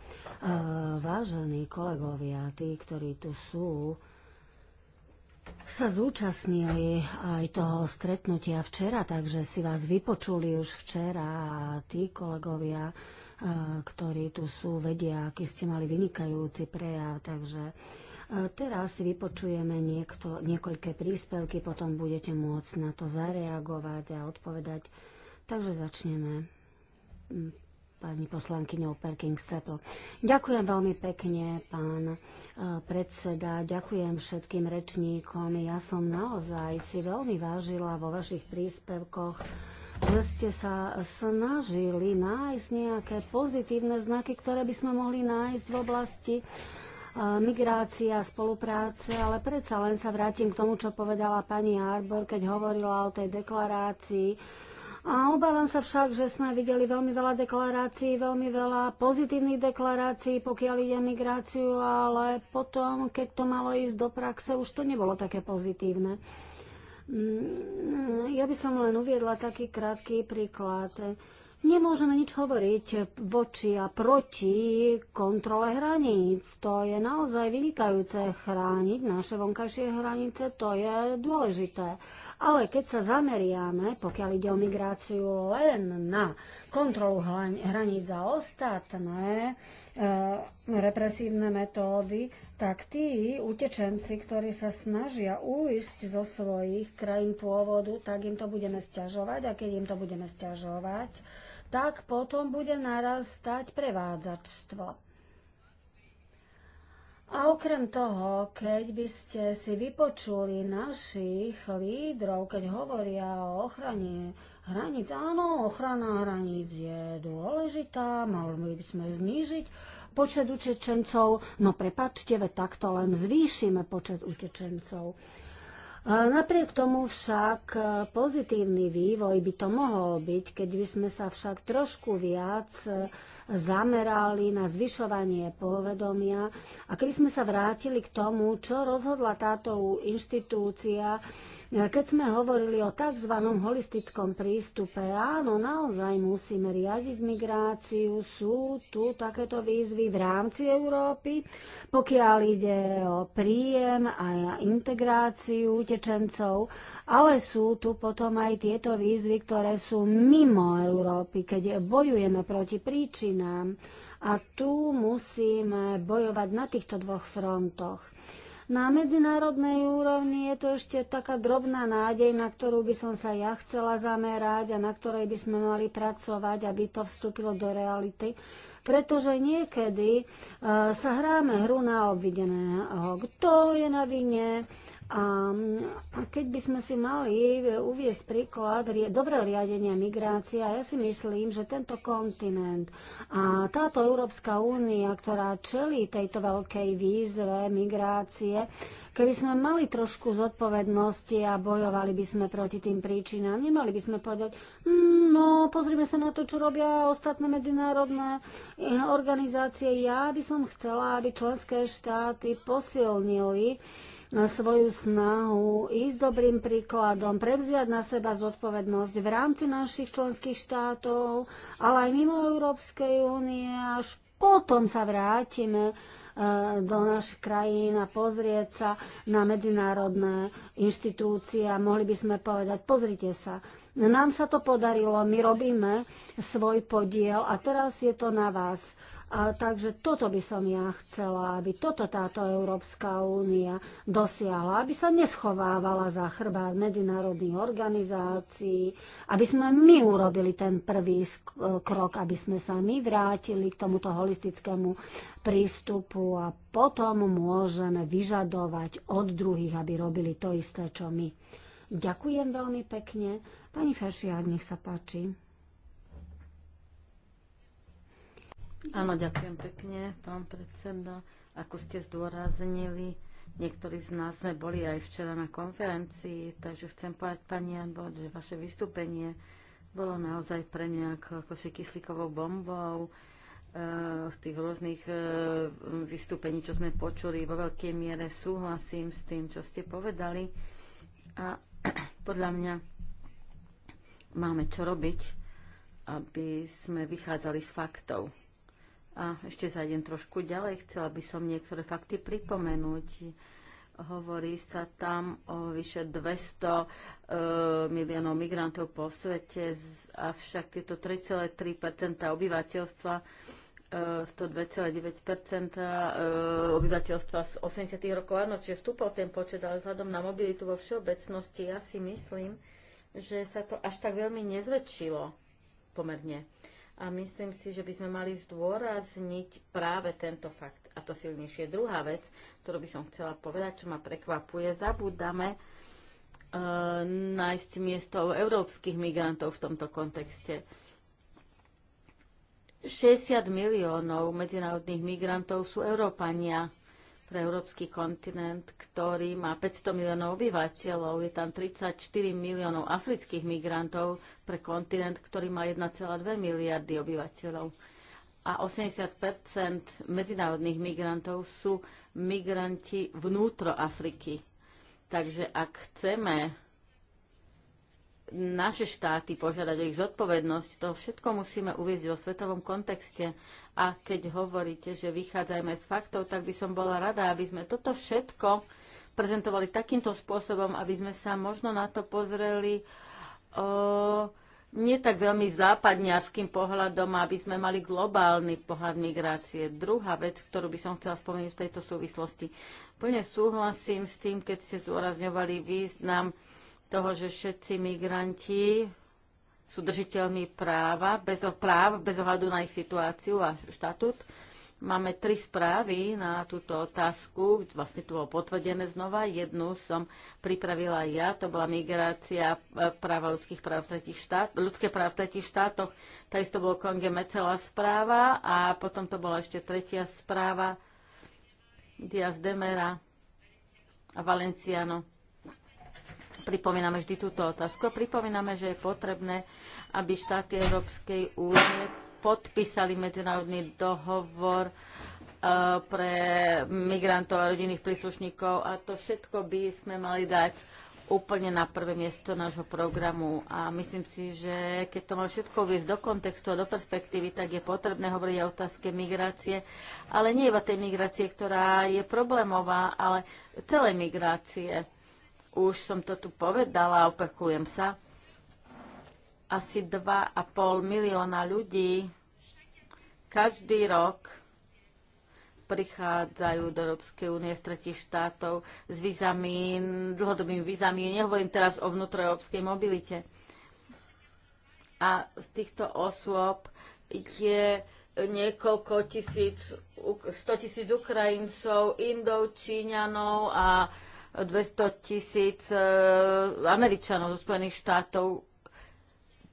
vážení kolegovia, tí, ktorí tu sú, sa zúčastnili aj toho stretnutia včera, takže si vás vypočuli už včera a tí kolegovia, e, ktorí tu sú, vedia, aký ste mali vynikajúci prejav, takže E, teraz vypočujeme niekto, niekoľké príspevky, potom budete môcť na to zareagovať a odpovedať. Takže začneme pani poslankyňou Perking Seto. Ďakujem veľmi pekne, pán e, predseda, ďakujem všetkým rečníkom. Ja som naozaj si veľmi vážila vo vašich príspevkoch, že ste sa snažili nájsť nejaké pozitívne znaky, ktoré by sme mohli nájsť v oblasti migrácia, spolupráce, ale predsa len sa vrátim k tomu, čo povedala pani Arbor, keď hovorila o tej deklarácii. A obávam sa však, že sme videli veľmi veľa deklarácií, veľmi veľa pozitívnych deklarácií, pokiaľ ide migráciu, ale potom, keď to malo ísť do praxe, už to nebolo také pozitívne. Mm, ja by som len uviedla taký krátky príklad. Nemôžeme nič hovoriť voči a proti kontrole hraníc. To je naozaj vynikajúce chrániť naše vonkajšie hranice, to je dôležité. Ale keď sa zameriame, pokiaľ ide o migráciu len na kontrolu hraníc a ostatné, eh, represívne metódy, tak tí utečenci, ktorí sa snažia uísť zo svojich krajín pôvodu, tak im to budeme stiažovať a keď im to budeme stiažovať, tak potom bude narastať prevádzačstvo. A okrem toho, keď by ste si vypočuli našich lídrov, keď hovoria o ochrane hraníc, áno, ochrana hraníc je dôležitá, mali by sme znížiť počet utečencov, no prepačte, veď takto len zvýšime počet utečencov. Napriek tomu však e, pozitívny vývoj by to mohol byť, keď by sme sa však trošku viac e, zamerali na zvyšovanie povedomia. A keby sme sa vrátili k tomu, čo rozhodla táto inštitúcia, keď sme hovorili o tzv. holistickom prístupe, áno, naozaj musíme riadiť migráciu, sú tu takéto výzvy v rámci Európy, pokiaľ ide o príjem a integráciu utečencov, ale sú tu potom aj tieto výzvy, ktoré sú mimo Európy, keď bojujeme proti príčinám rodinám. A tu musíme bojovať na týchto dvoch frontoch. Na medzinárodnej úrovni je to ešte taká drobná nádej, na ktorú by som sa ja chcela zamerať a na ktorej by sme mali pracovať, aby to vstúpilo do reality. Pretože niekedy uh, sa hráme hru na obvideného. Kto je na vine, a, mm, a keď by sme si mali e, uviesť príklad dobrého riadenia migrácie, ja si myslím, že tento kontinent a táto Európska únia, ktorá čelí tejto veľkej výzve migrácie, keby sme mali trošku zodpovednosti a bojovali by sme proti tým príčinám, nemali by sme povedať, mm, no pozrime sa na to, čo robia ostatné medzinárodné e, organizácie. Ja by som chcela, aby členské štáty posilnili svoju snahu ísť dobrým príkladom, prevziať na seba zodpovednosť v rámci našich členských štátov, ale aj mimo Európskej únie, až potom sa vrátime e, do našich krajín a pozrieť sa na medzinárodné inštitúcie a mohli by sme povedať, pozrite sa, nám sa to podarilo, my robíme svoj podiel a teraz je to na vás. A, takže toto by som ja chcela, aby toto táto Európska únia dosiahla, aby sa neschovávala za chrbát medzinárodných organizácií, aby sme my urobili ten prvý krok, aby sme sa my vrátili k tomuto holistickému prístupu a potom môžeme vyžadovať od druhých, aby robili to isté, čo my. Ďakujem veľmi pekne. Pani Fešiak, nech sa páči. Áno, ďakujem pekne, pán predseda. Ako ste zdôraznili, niektorí z nás sme boli aj včera na konferencii, takže chcem povedať, pani Anbod, že vaše vystúpenie bolo naozaj pre mňa ako, ako si kyslíkovou bombou e, z tých rôznych e, vystúpení, čo sme počuli, vo veľkej miere súhlasím s tým, čo ste povedali. A podľa mňa máme čo robiť, aby sme vychádzali z faktov. A ešte zajdem trošku ďalej, chcela by som niektoré fakty pripomenúť. Hovorí sa tam o vyše 200 e, miliónov migrantov po svete, avšak tieto 3,3 obyvateľstva 102,9 e, e, obyvateľstva z 80. rokov. Áno, čiže stúpol ten počet, ale vzhľadom na mobilitu vo všeobecnosti ja si myslím, že sa to až tak veľmi nezväčšilo pomerne a myslím si, že by sme mali zdôrazniť práve tento fakt. A to silnejšie. Druhá vec, ktorú by som chcela povedať, čo ma prekvapuje, zabúdame e, nájsť miesto európskych migrantov v tomto kontexte. 60 miliónov medzinárodných migrantov sú Európania pre európsky kontinent, ktorý má 500 miliónov obyvateľov. Je tam 34 miliónov afrických migrantov pre kontinent, ktorý má 1,2 miliardy obyvateľov. A 80 medzinárodných migrantov sú migranti vnútro Afriky. Takže ak chceme naše štáty požiadať o ich zodpovednosť. To všetko musíme uvieť vo svetovom kontexte. A keď hovoríte, že vychádzajme z faktov, tak by som bola rada, aby sme toto všetko prezentovali takýmto spôsobom, aby sme sa možno na to pozreli o, nie tak veľmi západniarským pohľadom, aby sme mali globálny pohľad migrácie. Druhá vec, ktorú by som chcela spomenúť v tejto súvislosti. Plne súhlasím s tým, keď ste zúrazňovali význam toho, že všetci migranti sú držiteľmi práva, bez, práv, bez ohľadu na ich situáciu a štatút. Máme tri správy na túto otázku, vlastne to bolo potvrdené znova. Jednu som pripravila ja, to bola migrácia e, práva ľudských práv v tretich štát, ľudské práv v tretich štátoch, takisto bolo Konge Mecela správa a potom to bola ešte tretia správa Diaz Demera a Valenciano pripomíname vždy túto otázku a pripomíname, že je potrebné, aby štáty Európskej únie podpísali medzinárodný dohovor e, pre migrantov a rodinných príslušníkov a to všetko by sme mali dať úplne na prvé miesto nášho programu a myslím si, že keď to má všetko viesť do kontextu a do perspektívy, tak je potrebné hovoriť o otázke migrácie, ale nie iba tej migrácie, ktorá je problémová, ale celej migrácie. Už som to tu povedala, opakujem sa. Asi 2,5 milióna ľudí každý rok prichádzajú do Európskej únie z tretich štátov s vízami, dlhodobými vízami. Nehovorím teraz o vnútroeurópskej mobilite. A z týchto osôb je niekoľko tisíc, 100 tisíc Ukrajincov, Indov, Číňanov a 200 tisíc e, Američanov zo Spojených štátov.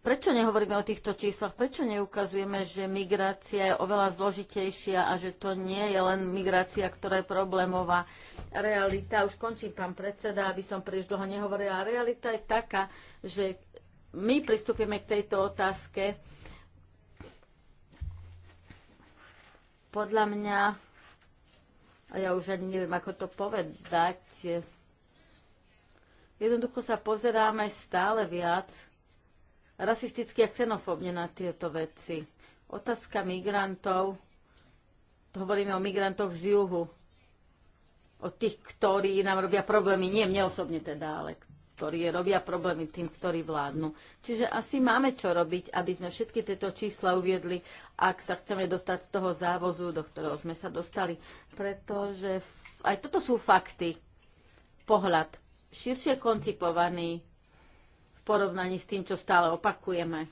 Prečo nehovoríme o týchto číslach? Prečo neukazujeme, že migrácia je oveľa zložitejšia a že to nie je len migrácia, ktorá je problémová? Realita, už končím, pán predseda, aby som príliš dlho nehovorila. Realita je taká, že my pristúpime k tejto otázke podľa mňa, a ja už ani neviem, ako to povedať, Jednoducho sa pozeráme stále viac rasisticky a xenofóbne na tieto veci. Otázka migrantov, hovoríme o migrantoch z juhu, o tých, ktorí nám robia problémy, nie mne osobne teda, ale ktorí robia problémy tým, ktorí vládnu. Čiže asi máme čo robiť, aby sme všetky tieto čísla uviedli, ak sa chceme dostať z toho závozu, do ktorého sme sa dostali. Pretože aj toto sú fakty, pohľad širšie koncipovaný v porovnaní s tým, čo stále opakujeme.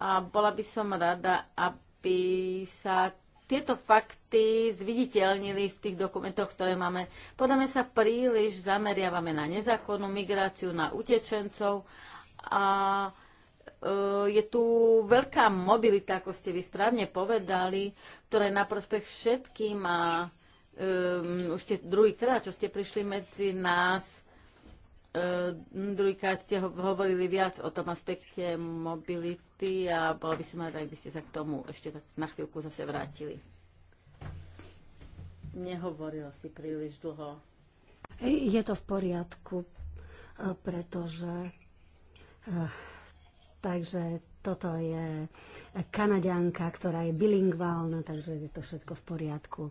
A bola by som rada, aby sa tieto fakty zviditeľnili v tých dokumentoch, ktoré máme. Podľa mňa sa príliš zameriavame na nezákonnú migráciu, na utečencov a e, je tu veľká mobilita, ako ste vy správne povedali, ktorá je na prospech všetkým a um, už ste druhýkrát, čo ste prišli medzi nás, E, druhýkrát ste hovorili viac o tom aspekte mobility a bolo by som rada, ak by ste sa k tomu ešte tak na chvíľku zase vrátili. Nehovoril si príliš dlho. Je to v poriadku, e, pretože e, takže toto je kanadianka, ktorá je bilingválna, takže je to všetko v poriadku.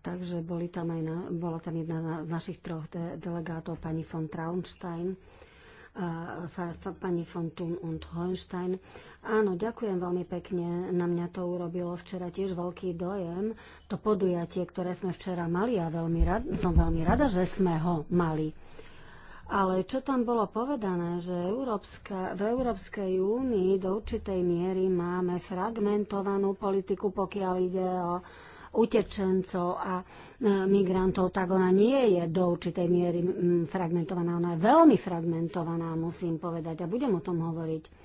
Takže boli tam aj na, bola tam jedna z našich troch de, delegátov, pani von Traunstein, a, fa, fa, pani von Thun und Hohenstein. Áno, ďakujem veľmi pekne. Na mňa to urobilo včera tiež veľký dojem. To podujatie, ktoré sme včera mali a veľmi rad, som veľmi rada, že sme ho mali. Ale čo tam bolo povedané, že Európska, v Európskej únii do určitej miery máme fragmentovanú politiku, pokiaľ ide o utečencov a e, migrantov, tak ona nie je do určitej miery fragmentovaná. Ona je veľmi fragmentovaná, musím povedať, a budem o tom hovoriť.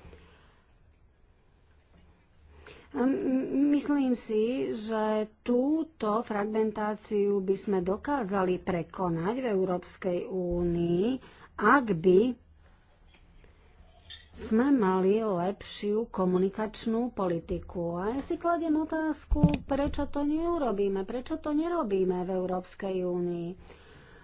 Myslím si, že túto fragmentáciu by sme dokázali prekonať v Európskej únii, ak by sme mali lepšiu komunikačnú politiku. A ja si kladiem otázku, prečo to neurobíme, prečo to nerobíme v Európskej únii.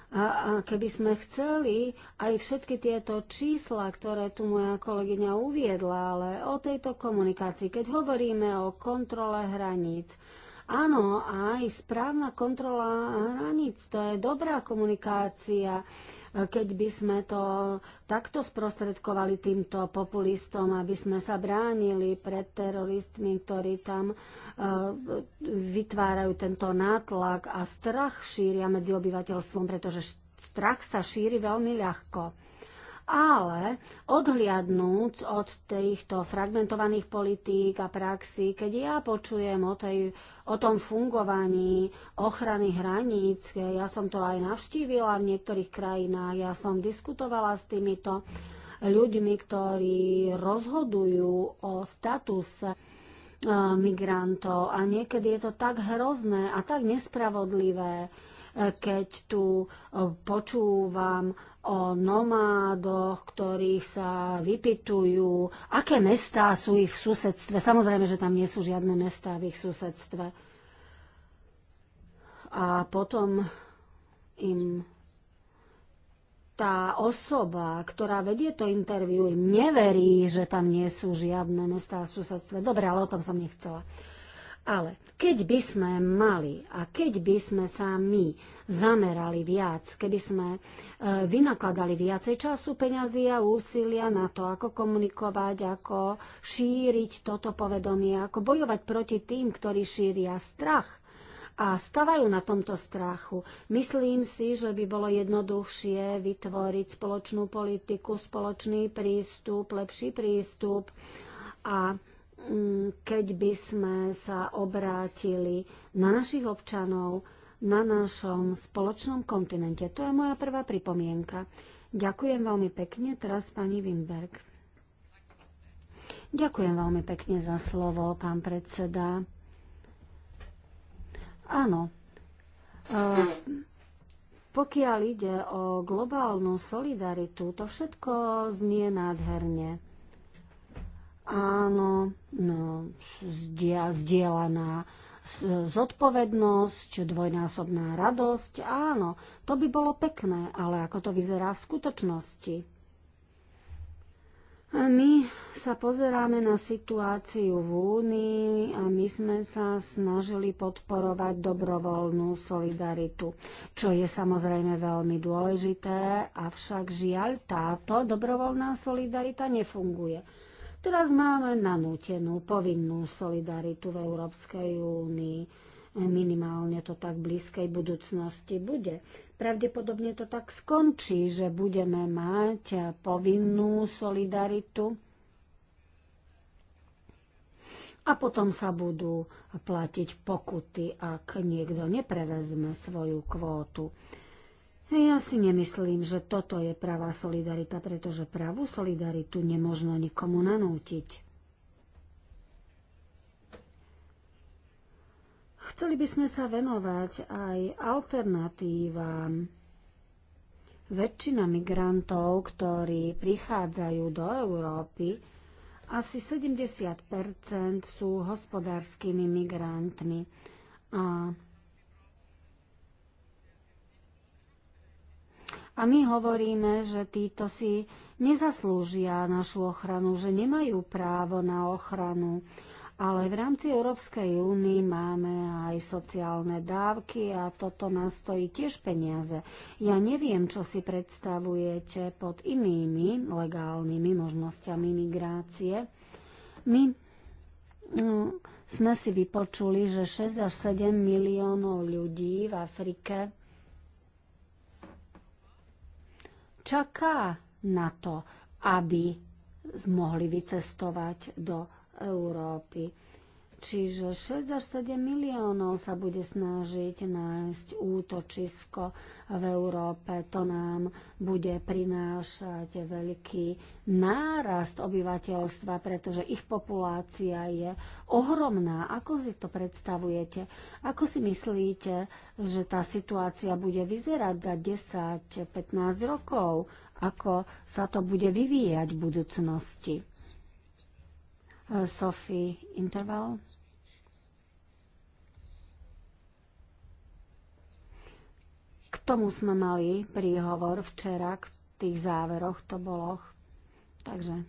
A, a keby sme chceli aj všetky tieto čísla, ktoré tu moja kolegyňa uviedla, ale o tejto komunikácii, keď hovoríme o kontrole hraníc, Áno, aj správna kontrola hraníc, to je dobrá komunikácia keď by sme to takto sprostredkovali týmto populistom, aby sme sa bránili pred teroristmi, ktorí tam e, vytvárajú tento nátlak a strach šíria medzi obyvateľstvom, pretože strach sa šíri veľmi ľahko ale odhliadnúc od týchto fragmentovaných politík a praxí, keď ja počujem o, tej, o tom fungovaní ochrany hraníc, ja som to aj navštívila v niektorých krajinách, ja som diskutovala s týmito ľuďmi, ktorí rozhodujú o statuse e, migrantov. A niekedy je to tak hrozné a tak nespravodlivé, e, keď tu e, počúvam o nomádoch, ktorých sa vypytujú, aké mestá sú ich v susedstve. Samozrejme, že tam nie sú žiadne mestá v ich susedstve. A potom im tá osoba, ktorá vedie to interviu, im neverí, že tam nie sú žiadne mestá v susedstve. Dobre, ale o tom som nechcela. Ale keď by sme mali a keď by sme sa my zamerali viac, keby sme e, vynakladali viacej času, peňazí a úsilia na to, ako komunikovať, ako šíriť toto povedomie, ako bojovať proti tým, ktorí šíria strach a stavajú na tomto strachu. Myslím si, že by bolo jednoduchšie vytvoriť spoločnú politiku, spoločný prístup, lepší prístup a mm, keď by sme sa obrátili na našich občanov, na našom spoločnom kontinente. To je moja prvá pripomienka. Ďakujem veľmi pekne. Teraz pani Wimberg. Ďakujem veľmi pekne za slovo, pán predseda. Áno. E pokiaľ ide o globálnu solidaritu, to všetko znie nádherne. Áno, no, zdieľaná zodpovednosť, dvojnásobná radosť. Áno, to by bolo pekné, ale ako to vyzerá v skutočnosti? A my sa pozeráme na situáciu v Únii a my sme sa snažili podporovať dobrovoľnú solidaritu, čo je samozrejme veľmi dôležité, avšak žiaľ táto dobrovoľná solidarita nefunguje. Teraz máme nanútenú povinnú solidaritu v Európskej únii. Minimálne to tak v blízkej budúcnosti bude. Pravdepodobne to tak skončí, že budeme mať povinnú solidaritu a potom sa budú platiť pokuty, ak niekto neprevezme svoju kvótu. No, ja si nemyslím, že toto je pravá solidarita, pretože pravú solidaritu nemožno nikomu nanútiť. Chceli by sme sa venovať aj alternatívam. Väčšina migrantov, ktorí prichádzajú do Európy, asi 70 sú hospodárskymi migrantmi a A my hovoríme, že títo si nezaslúžia našu ochranu, že nemajú právo na ochranu. Ale v rámci Európskej únie máme aj sociálne dávky a toto nás stojí tiež peniaze. Ja neviem, čo si predstavujete pod inými legálnymi možnosťami migrácie. My no, sme si vypočuli, že 6 až 7 miliónov ľudí v Afrike čaká na to, aby mohli vycestovať do Európy. Čiže 6 až 7 miliónov sa bude snažiť nájsť útočisko v Európe. To nám bude prinášať veľký nárast obyvateľstva, pretože ich populácia je ohromná. Ako si to predstavujete? Ako si myslíte, že tá situácia bude vyzerať za 10-15 rokov? Ako sa to bude vyvíjať v budúcnosti? Sophie Interval. K tomu sme mali príhovor včera, k tých záveroch to bolo. Takže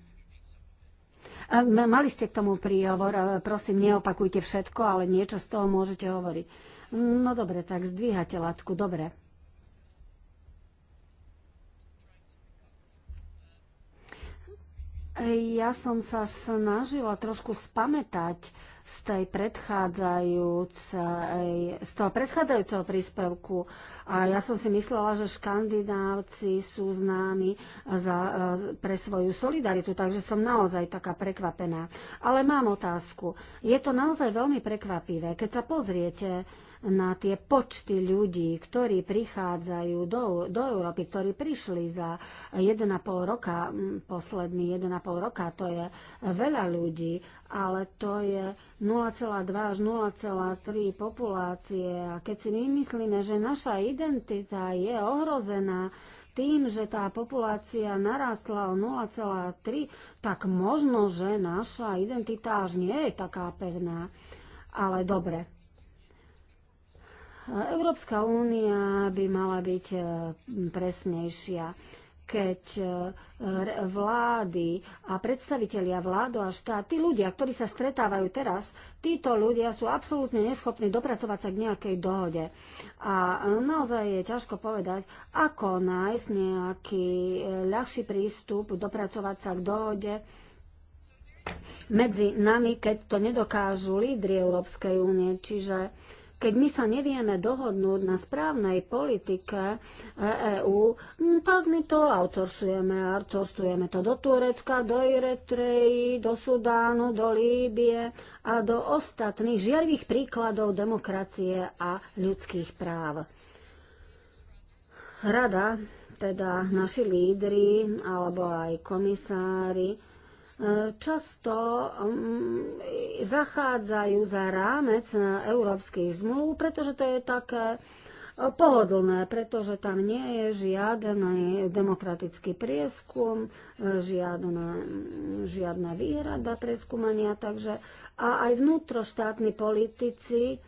Mali ste k tomu príhovor, prosím, neopakujte všetko, ale niečo z toho môžete hovoriť. No dobre, tak zdvíhate látku, dobre. Ja som sa snažila trošku spamätať z, tej z toho predchádzajúceho príspevku a ja som si myslela, že škandinávci sú známi za, e, pre svoju solidaritu, takže som naozaj taká prekvapená. Ale mám otázku. Je to naozaj veľmi prekvapivé, keď sa pozriete na tie počty ľudí, ktorí prichádzajú do, do Európy, ktorí prišli za 1,5 roka, posledný 1,5 roka, to je veľa ľudí, ale to je 0,2 až 0,3 populácie. A keď si my myslíme, že naša identita je ohrozená, tým, že tá populácia narastla o 0,3, tak možno, že naša identita až nie je taká pevná. Ale dobre, Európska únia by mala byť e, presnejšia keď e, vlády a predstavitelia vládu a štát, tí ľudia, ktorí sa stretávajú teraz, títo ľudia sú absolútne neschopní dopracovať sa k nejakej dohode. A naozaj je ťažko povedať, ako nájsť nejaký e, ľahší prístup, dopracovať sa k dohode medzi nami, keď to nedokážu lídry Európskej únie. Čiže uh, keď my sa nevieme dohodnúť na správnej politike EÚ, e mm, tak my to outsourcujeme. Outsourcujeme to do Turecka, do Eritreji, do Sudánu, do Líbie a do ostatných žiarivých príkladov demokracie a ľudských práv. Rada, teda naši lídry alebo aj komisári, často mm, zachádzajú za rámec e, európskych zmluv, pretože to je také e, pohodlné, pretože tam nie je žiadny demokratický prieskum, e, žiadna, žiadna výhrada preskúmania, takže a aj vnútroštátni politici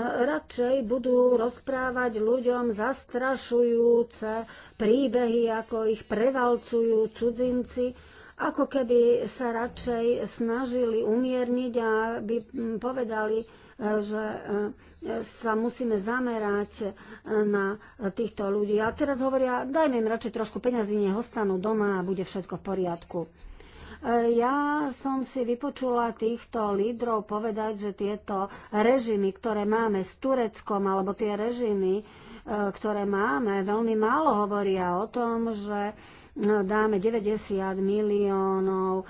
radšej budú rozprávať ľuďom zastrašujúce príbehy, ako ich prevalcujú cudzinci, ako keby sa radšej snažili umierniť a by mm, povedali, e, že e, sa musíme zamerať e, na týchto ľudí. A teraz hovoria, dajme im radšej trošku peňazí, nech ostanú doma a bude všetko v poriadku. Ja som si vypočula týchto lídrov povedať, že tieto režimy, ktoré máme s Tureckom, alebo tie režimy, ktoré máme, veľmi málo hovoria o tom, že No, dáme 90 miliónov e,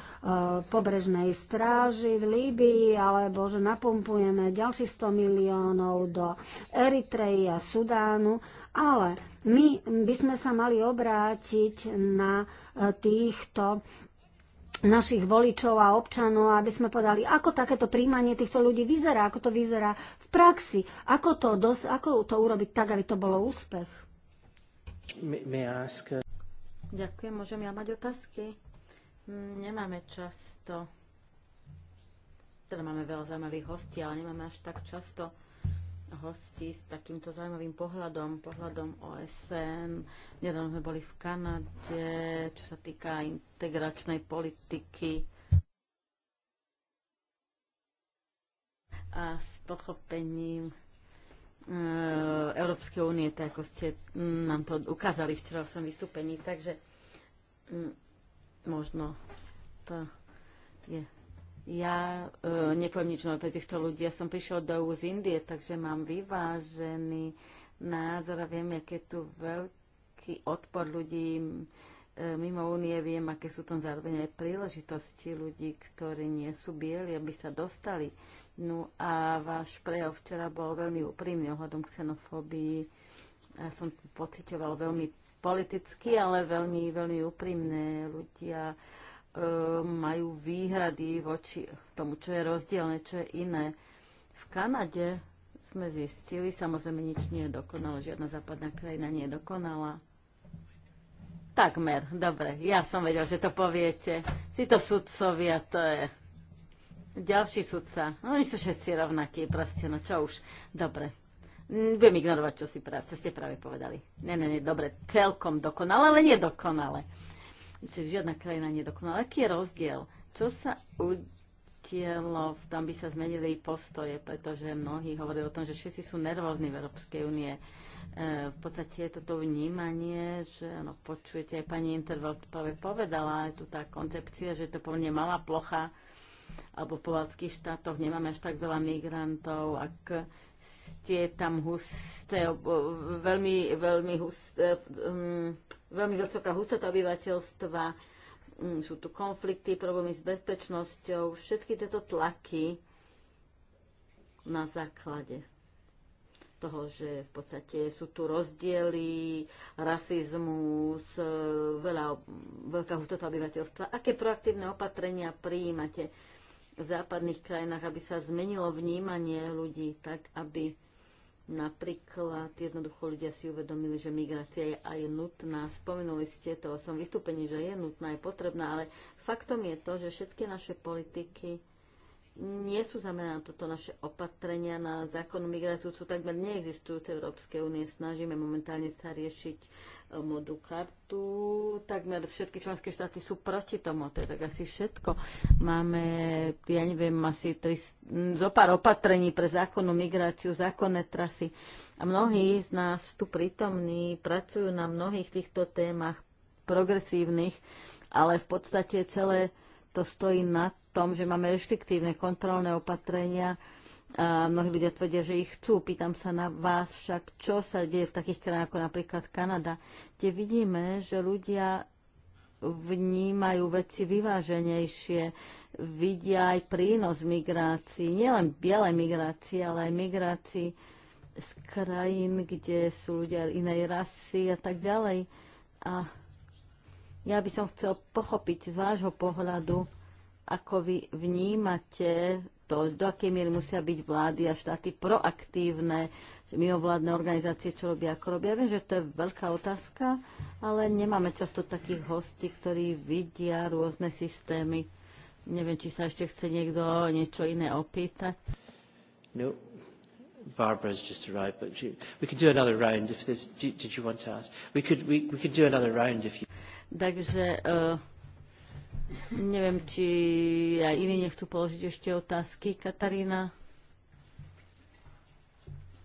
pobrežnej stráži v Líbii, alebo že napumpujeme ďalších 100 miliónov do Eritreji a Sudánu, ale my by sme sa mali obrátiť na e, týchto našich voličov a občanov, aby sme podali, ako takéto príjmanie týchto ľudí vyzerá, ako to vyzerá v praxi, ako to, dos- ako to urobiť tak, aby to bolo úspech. ask... Uh, Ďakujem. Môžem ja mať otázky? Mm, nemáme často. Teda máme veľa zaujímavých hostí, ale nemáme až tak často hostí s takýmto zaujímavým pohľadom, pohľadom OSN. Nedávno sme boli v Kanade, čo sa týka integračnej politiky. A s pochopením Eh, Európskej únie, tak ako ste nám to ukázali včera v svojom vystúpení. Takže mm, možno to je. Ja e, nepoviem nič nové pre týchto ľudí. Ja som prišiel do EU z Indie, takže mám vyvážený názor a viem, aké tu veľký odpor ľudí e, mimo únie. Viem, aké sú tam zároveň aj príležitosti ľudí, ktorí nie sú bieli, aby sa dostali. E, No a váš prejav včera bol veľmi úprimný ohľadom xenofóbii. Ja som pocitoval veľmi politicky, ale veľmi, veľmi úprimné ľudia e, majú výhrady voči tomu, čo je rozdielne, čo je iné. V Kanade sme zistili, samozrejme nič nie je dokonalo, žiadna západná krajina nie je dokonala. Takmer, dobre, ja som vedel, že to poviete. Si to sudcovia, to je ďalší sudca. No, oni sú všetci rovnakí, proste, no čo už. Dobre. Mm, budem ignorovať, čo, si práve, čo ste práve povedali. Ne, ne, ne, dobre, celkom dokonale, ale nedokonale. Čiže žiadna krajina nedokonala. Aký je rozdiel? Čo sa udielo, tom by sa zmenili postoje, pretože mnohí hovorili o tom, že všetci sú nervózni v Európskej únie. E, v podstate je toto vnímanie, že no, počujete, aj pani Intervalt práve povedala, je tu tá koncepcia, že je to pomerne malá plocha, alebo v povalských štátoch nemáme až tak veľa migrantov, ak ste tam husté, veľmi, veľmi, husté, mm, veľmi vysoká hustota obyvateľstva, mm, sú tu konflikty, problémy s bezpečnosťou, všetky tieto tlaky na základe toho, že v podstate sú tu rozdiely, rasizmus, e, veľa, veľká hustota obyvateľstva. Aké proaktívne opatrenia prijímate? v západných krajinách, aby sa zmenilo vnímanie ľudí tak, aby napríklad jednoducho ľudia si uvedomili, že migrácia je aj nutná. Spomenuli ste to o svojom vystúpení, že je nutná, je potrebná, ale faktom je to, že všetky naše politiky nie sú zamerané toto naše opatrenia na zákon migráciu, sú takmer neexistujúce v Európskej únie. Snažíme momentálne sa riešiť e, modú kartu. Takmer všetky členské štáty sú proti tomu, to je tak asi všetko. Máme, ja neviem, asi tri, zo pár opatrení pre zákonnú migráciu, zákonné trasy. A mnohí z nás tu prítomní pracujú na mnohých týchto témach progresívnych, ale v podstate celé to stojí na tom, že máme reštriktívne kontrolné opatrenia a mnohí ľudia tvrdia, že ich chcú. Pýtam sa na vás však, čo sa deje v takých krajinách ako napríklad Kanada, kde vidíme, že ľudia vnímajú veci vyváženejšie, vidia aj prínos migrácií, nielen bielej migrácii, ale aj migrácii z krajín, kde sú ľudia inej rasy a tak ďalej. A ja by som chcel pochopiť z vášho pohľadu, ako vy vnímate to, do akej miery musia byť vlády a štáty proaktívne, mimovládne organizácie, čo robia, ako robia. Ja viem, že to je veľká otázka, ale nemáme často takých hostí, ktorí vidia rôzne systémy. Neviem, či sa ešte chce niekto niečo iné opýtať. No, Barbara's just arrived, but she, we could do another round if this. Did you want to ask? We could we, we could do another round if you. Takže uh, Neviem, či aj iní nechcú položiť ešte otázky. Katarína?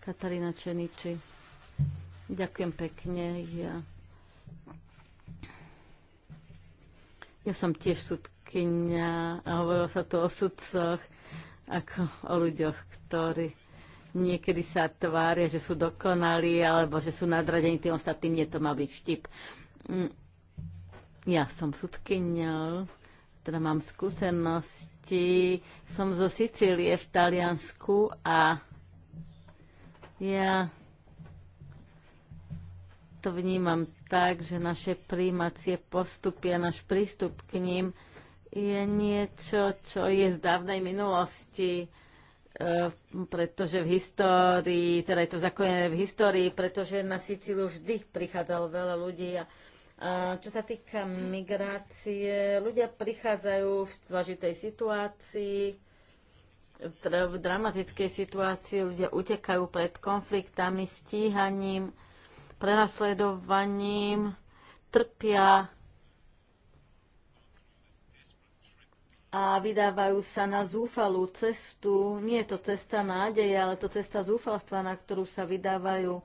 Katarína Čeniči. Ďakujem pekne. Ja, ja som tiež sudkynia a hovorilo sa tu o sudcoch ako o ľuďoch, ktorí niekedy sa tvária, že sú dokonalí alebo že sú nadradení tým ostatným. Nie, to má byť štip. Mm, ja som sudkynia, teda mám skúsenosti, som zo Sicílie v Taliansku a ja to vnímam tak, že naše príjmacie postupy a náš prístup k ním je niečo, čo je z dávnej minulosti, e, pretože v histórii, teda je to zakojené v histórii, pretože na Sicíliu vždy prichádzalo veľa ľudí a čo sa týka migrácie, ľudia prichádzajú v zložitej situácii, v dramatickej situácii, ľudia utekajú pred konfliktami, stíhaním, prenasledovaním, trpia a vydávajú sa na zúfalú cestu. Nie je to cesta nádeje, ale to cesta zúfalstva, na ktorú sa vydávajú e,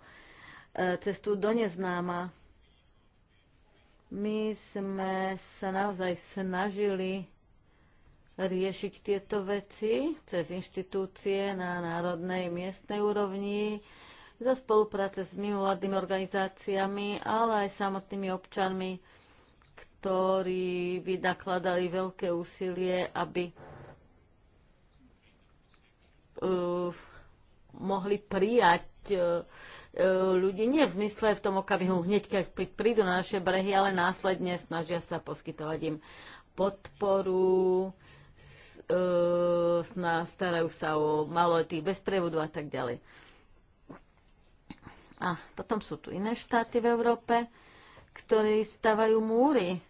cestu do neznáma my sme sa naozaj snažili riešiť tieto veci cez inštitúcie na národnej miestnej úrovni, za spolupráce s mimovládnymi organizáciami, ale aj samotnými občanmi, ktorí by nakladali veľké úsilie, aby uh, mohli prijať uh, E, ľudí nie v zmysle v tom okamihu hneď, keď prídu na naše brehy, ale následne snažia sa poskytovať im podporu, e, starajú sa o malotých bez prevodu a tak ďalej. A potom sú tu iné štáty v Európe, ktorí stavajú múry.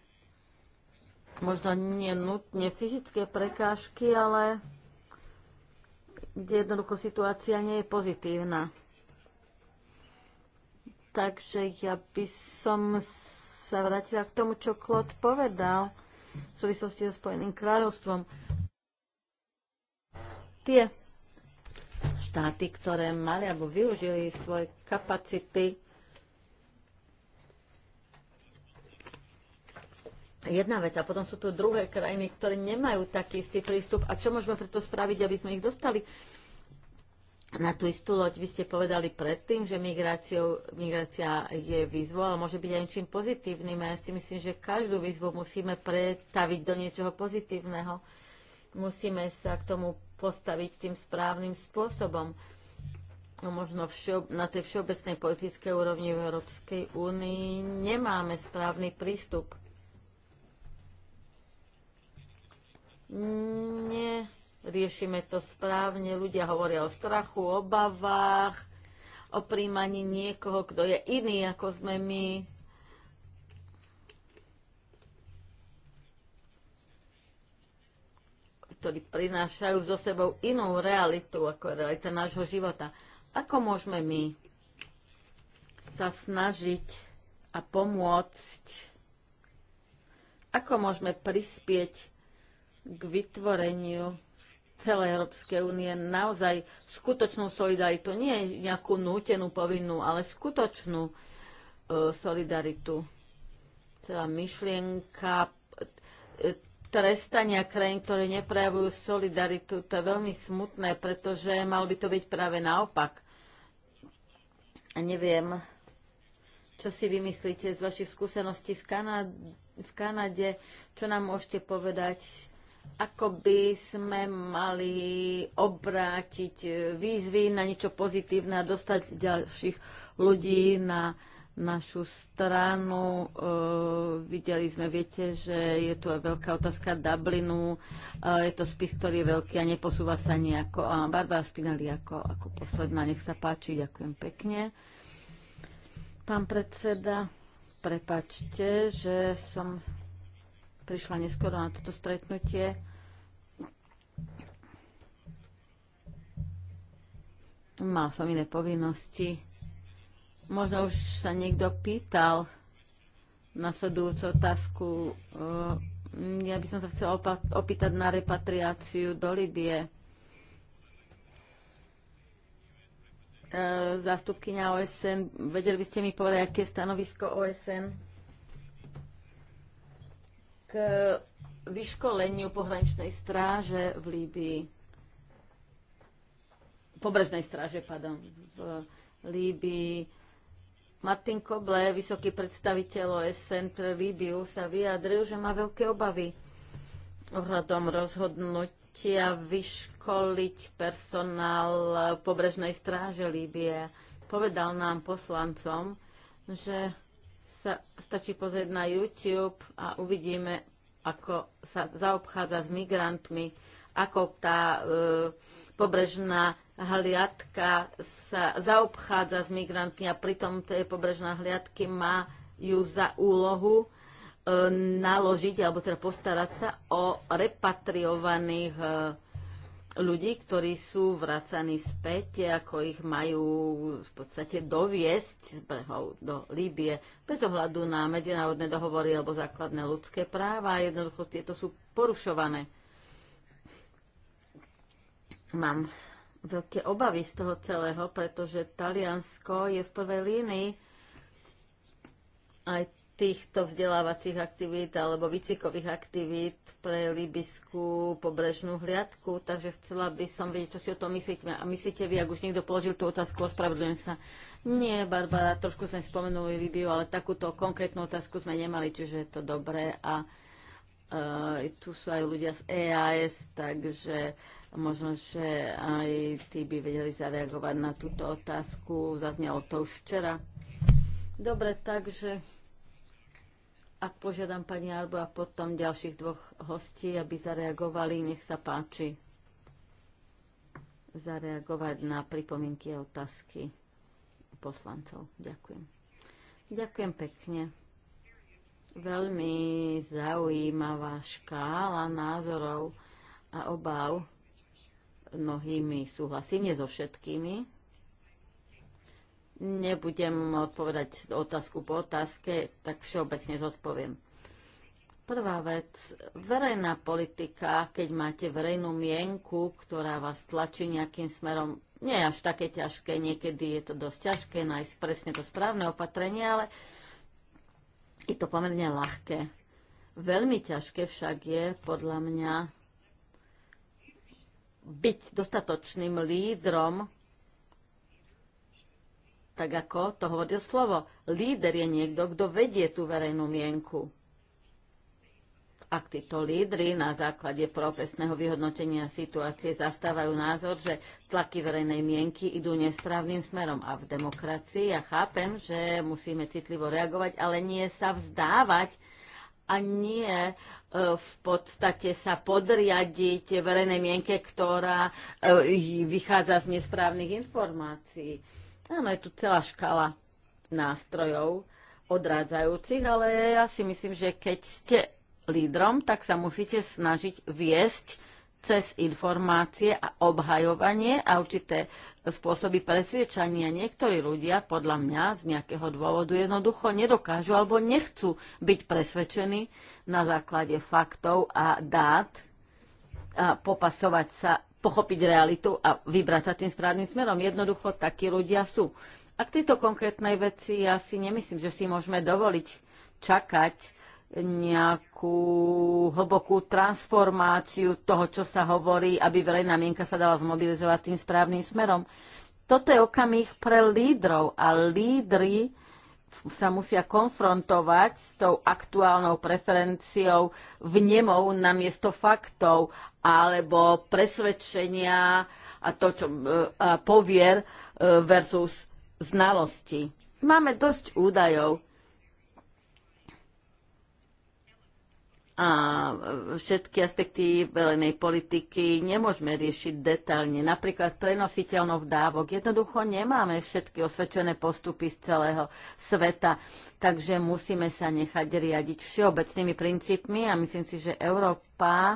Možno nie nutne fyzické prekážky, ale kde jednoducho situácia nie je pozitívna. Takže ja by som sa vrátila k tomu, čo Klot povedal v súvislosti so Spojeným kráľovstvom. Tie štáty, ktoré mali alebo využili svoje kapacity, jedna vec. A potom sú tu druhé krajiny, ktoré nemajú taký istý prístup. A čo môžeme preto spraviť, aby sme ich dostali na tú istú loď. Vy ste povedali predtým, že migrácia je výzvou, ale môže byť aj niečím pozitívnym. A ja si myslím, že každú výzvu musíme pretaviť do niečoho pozitívneho. Musíme sa k tomu postaviť tým správnym spôsobom. No možno všeo, na tej všeobecnej politickej úrovni v Európskej únii nemáme správny prístup. Nie riešime to správne. Ľudia hovoria o strachu, o obavách, o príjmaní niekoho, kto je iný ako sme my. ktorí prinášajú so sebou inú realitu, ako je realita nášho života. Ako môžeme my sa snažiť a pomôcť? Ako môžeme prispieť k vytvoreniu celej Európskej únie naozaj skutočnú solidaritu, nie nejakú nútenú povinnú, ale skutočnú e, solidaritu. Celá myšlienka e, trestania krajín, ktoré neprejavujú solidaritu, to je veľmi smutné, pretože malo by to byť práve naopak. A neviem, čo si vymyslíte z vašich skúseností z Kanady, v Kanade, čo nám môžete povedať ako by sme mali obrátiť výzvy na niečo pozitívne a dostať ďalších ľudí na našu stranu. E, videli sme, viete, že je tu aj veľká otázka Dublinu. E, je to spis, ktorý je veľký a neposúva sa nejako. A Barbara Spinelli ako, ako posledná. Nech sa páči. Ďakujem pekne. Pán predseda, prepačte, že som prišla neskoro na toto stretnutie. Mal som iné povinnosti. Možno už sa niekto pýtal nasledujúcu otázku. E, ja by som sa chcela opýtať na repatriáciu do Libie. E, zástupkynia OSN, vedeli by ste mi povedať, aké je stanovisko OSN? k e, vyškoleniu pohraničnej stráže v Líbii. Pobrežnej stráže, pardon, v Líbii. Martin Koble, vysoký predstaviteľ OSN pre Líbiu, sa vyjadril, že má veľké obavy ohľadom rozhodnutia vyškoliť personál pobrežnej stráže Líbie. Povedal nám poslancom, že sa stačí pozrieť na YouTube a uvidíme, ako sa zaobchádza s migrantmi, ako tá e, pobrežná hliadka sa zaobchádza s migrantmi a pritom tej pobrežná hliadky má ju za úlohu e, naložiť alebo teda postarať sa o repatriovaných e, ľudí, ktorí sú vracaní späť, ako ich majú v podstate doviesť z brehov do Líbie, bez ohľadu na medzinárodné dohovory alebo základné ľudské práva. Jednoducho tieto sú porušované. Mám veľké obavy z toho celého, pretože Taliansko je v prvej línii aj týchto vzdelávacích aktivít alebo výcvikových aktivít pre Libyskú pobrežnú hliadku, takže chcela by som vedieť, čo si o tom myslíte. A myslíte vy, ak už niekto položil tú otázku, ospravedlňujem sa. Nie, Barbara, trošku sme spomenuli Libiu, ale takúto konkrétnu otázku sme nemali, čiže je to dobré. A uh, tu sú aj ľudia z EAS, takže možno, že aj tí by vedeli zareagovať na túto otázku. Zaznelo to už včera. Dobre, takže a požiadam pani Albu a potom ďalších dvoch hostí, aby zareagovali. Nech sa páči zareagovať na pripomienky a otázky poslancov. Ďakujem. Ďakujem pekne. Veľmi zaujímavá škála názorov a obav. Mnohými súhlasím, nie so všetkými, Nebudem odpovedať otázku po otázke, tak všeobecne zodpoviem. Prvá vec, verejná politika, keď máte verejnú mienku, ktorá vás tlačí nejakým smerom, nie je až také ťažké, niekedy je to dosť ťažké nájsť presne to správne opatrenie, ale je to pomerne ľahké. Veľmi ťažké však je podľa mňa byť dostatočným lídrom tak ako to hovoril slovo, líder je niekto, kto vedie tú verejnú mienku. Ak títo lídry na základe profesného vyhodnotenia situácie zastávajú názor, že tlaky verejnej mienky idú nesprávnym smerom a v demokracii, ja chápem, že musíme citlivo reagovať, ale nie sa vzdávať a nie e, v podstate sa podriadiť verejnej mienke, ktorá e, vychádza z nesprávnych informácií Áno, je tu celá škala nástrojov odrádzajúcich, ale ja si myslím, že keď ste lídrom, tak sa musíte snažiť viesť cez informácie a obhajovanie a určité spôsoby presviečania. Niektorí ľudia, podľa mňa, z nejakého dôvodu jednoducho nedokážu alebo nechcú byť presvedčení na základe faktov a dát a popasovať sa pochopiť realitu a vybrať sa tým správnym smerom. Jednoducho takí ľudia sú. A k tejto konkrétnej veci ja si nemyslím, že si môžeme dovoliť čakať nejakú hlbokú transformáciu toho, čo sa hovorí, aby verejná mienka sa dala zmobilizovať tým správnym smerom. Toto je okamih pre lídrov a lídry sa musia konfrontovať s tou aktuálnou preferenciou vnemov namiesto faktov alebo presvedčenia a to, čo e, a povier e, versus znalosti. Máme dosť údajov a všetky aspekty velenej politiky nemôžeme riešiť detailne. Napríklad prenositeľnosť dávok. Jednoducho nemáme všetky osvedčené postupy z celého sveta, takže musíme sa nechať riadiť všeobecnými princípmi a myslím si, že Európa e,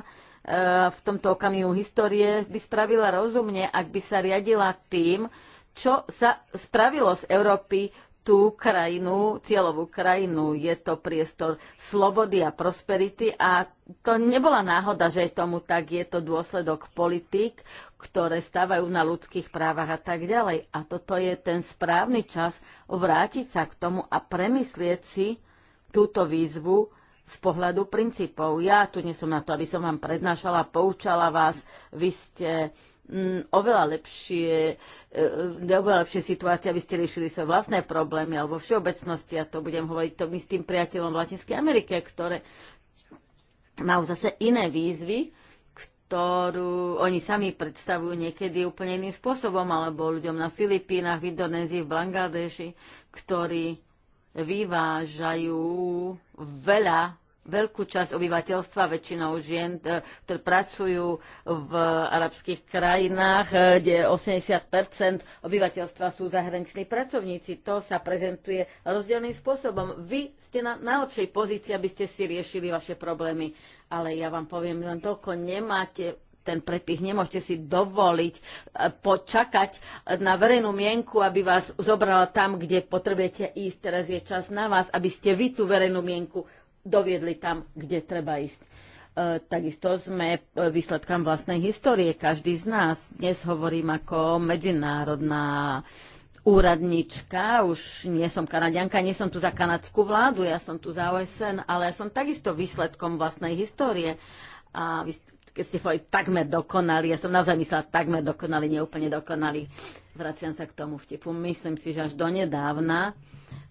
v tomto okamihu histórie by spravila rozumne, ak by sa riadila tým, čo sa spravilo z Európy tú krajinu, cieľovú krajinu. Je to priestor slobody a prosperity a to nebola náhoda, že je tomu tak. Je to dôsledok politik, ktoré stávajú na ľudských právach a tak ďalej. A toto je ten správny čas vrátiť sa k tomu a premyslieť si túto výzvu z pohľadu princípov. Ja tu nie som na to, aby som vám prednášala, poučala vás. Vy ste oveľa lepšie, e, e, oveľa lepšie situácie, aby ste riešili svoje vlastné problémy alebo všeobecnosti, a to budem hovoriť to my s tým priateľom v Latinskej Amerike, ktoré majú zase iné výzvy, ktorú oni sami predstavujú niekedy úplne iným spôsobom, alebo ľuďom na Filipínach, v Indonézii, v Bangladeši, ktorí vyvážajú veľa veľkú časť obyvateľstva, väčšinou žien, e, ktoré pracujú v arabských krajinách, e, kde 80 obyvateľstva sú zahraniční pracovníci. To sa prezentuje rozdielným spôsobom. Vy ste na najlepšej pozícii, aby ste si riešili vaše problémy. Ale ja vám poviem len toľko, nemáte ten predpich, nemôžete si dovoliť e, počakať na verejnú mienku, aby vás zobrala tam, kde potrebujete ísť. Teraz je čas na vás, aby ste vy tú verejnú mienku doviedli tam, kde treba ísť. E, takisto sme výsledkom vlastnej histórie, každý z nás. Dnes hovorím ako medzinárodná úradnička, už nie som kanadianka, nie som tu za kanadskú vládu, ja som tu za OSN, ale ja som takisto výsledkom vlastnej histórie. A vy, keď ste povedali takmer dokonali, ja som naozaj myslela takmer dokonali, neúplne dokonali. Vraciam sa k tomu vtipu. Myslím si, že až donedávna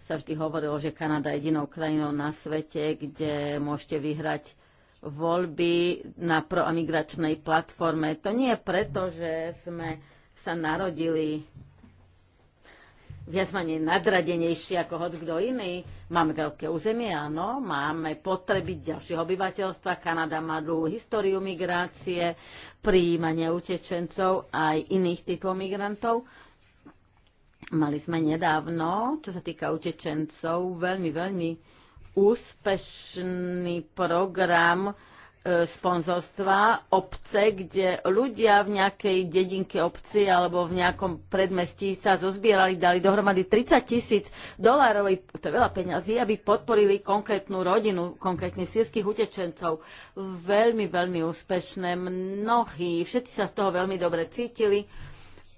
sa vždy hovorilo, že Kanada je jedinou krajinou na svete, kde môžete vyhrať voľby na proamigračnej platforme. To nie je preto, že sme sa narodili viac menej nadradenejší ako hoď kto iný. Máme veľké územie, áno, máme potreby ďalšieho obyvateľstva. Kanada má dlhú históriu migrácie, príjmanie utečencov aj iných typov migrantov. Mali sme nedávno, čo sa týka utečencov, veľmi, veľmi úspešný program e, sponzorstva obce, kde ľudia v nejakej dedinke obci alebo v nejakom predmestí sa zozbierali, dali dohromady 30 tisíc dolárov, to je veľa peňazí, aby podporili konkrétnu rodinu, konkrétne sírskych utečencov. Veľmi, veľmi úspešné, mnohí, všetci sa z toho veľmi dobre cítili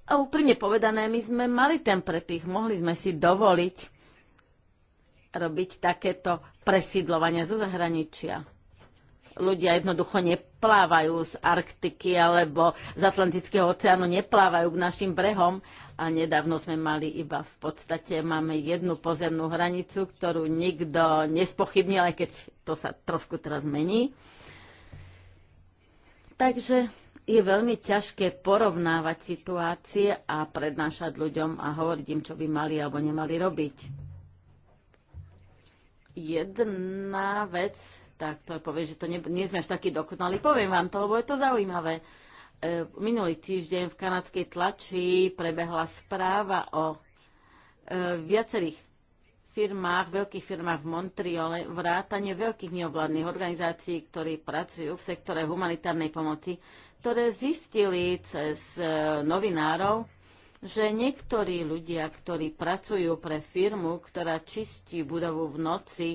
a úprimne povedané, my sme mali ten prepich, mohli sme si dovoliť robiť takéto presídlovania zo zahraničia. Ľudia jednoducho neplávajú z Arktiky alebo z Atlantického oceánu, neplávajú k našim brehom a nedávno sme mali iba v podstate, máme jednu pozemnú hranicu, ktorú nikto nespochybnil, aj keď to sa trošku teraz mení. Takže je veľmi ťažké porovnávať situácie a prednášať ľuďom a hovoriť im, čo by mali alebo nemali robiť. Jedna vec, tak to povie, že to ne, nie sme až taký dokonalí. Poviem vám to, lebo je to zaujímavé. E, minulý týždeň v kanadskej tlači prebehla správa o e, viacerých firmách, veľkých firmách v Montriole, vrátane veľkých neovládnych organizácií, ktorí pracujú v sektore humanitárnej pomoci ktoré zistili cez e, novinárov, že niektorí ľudia, ktorí pracujú pre firmu, ktorá čistí budovu v noci,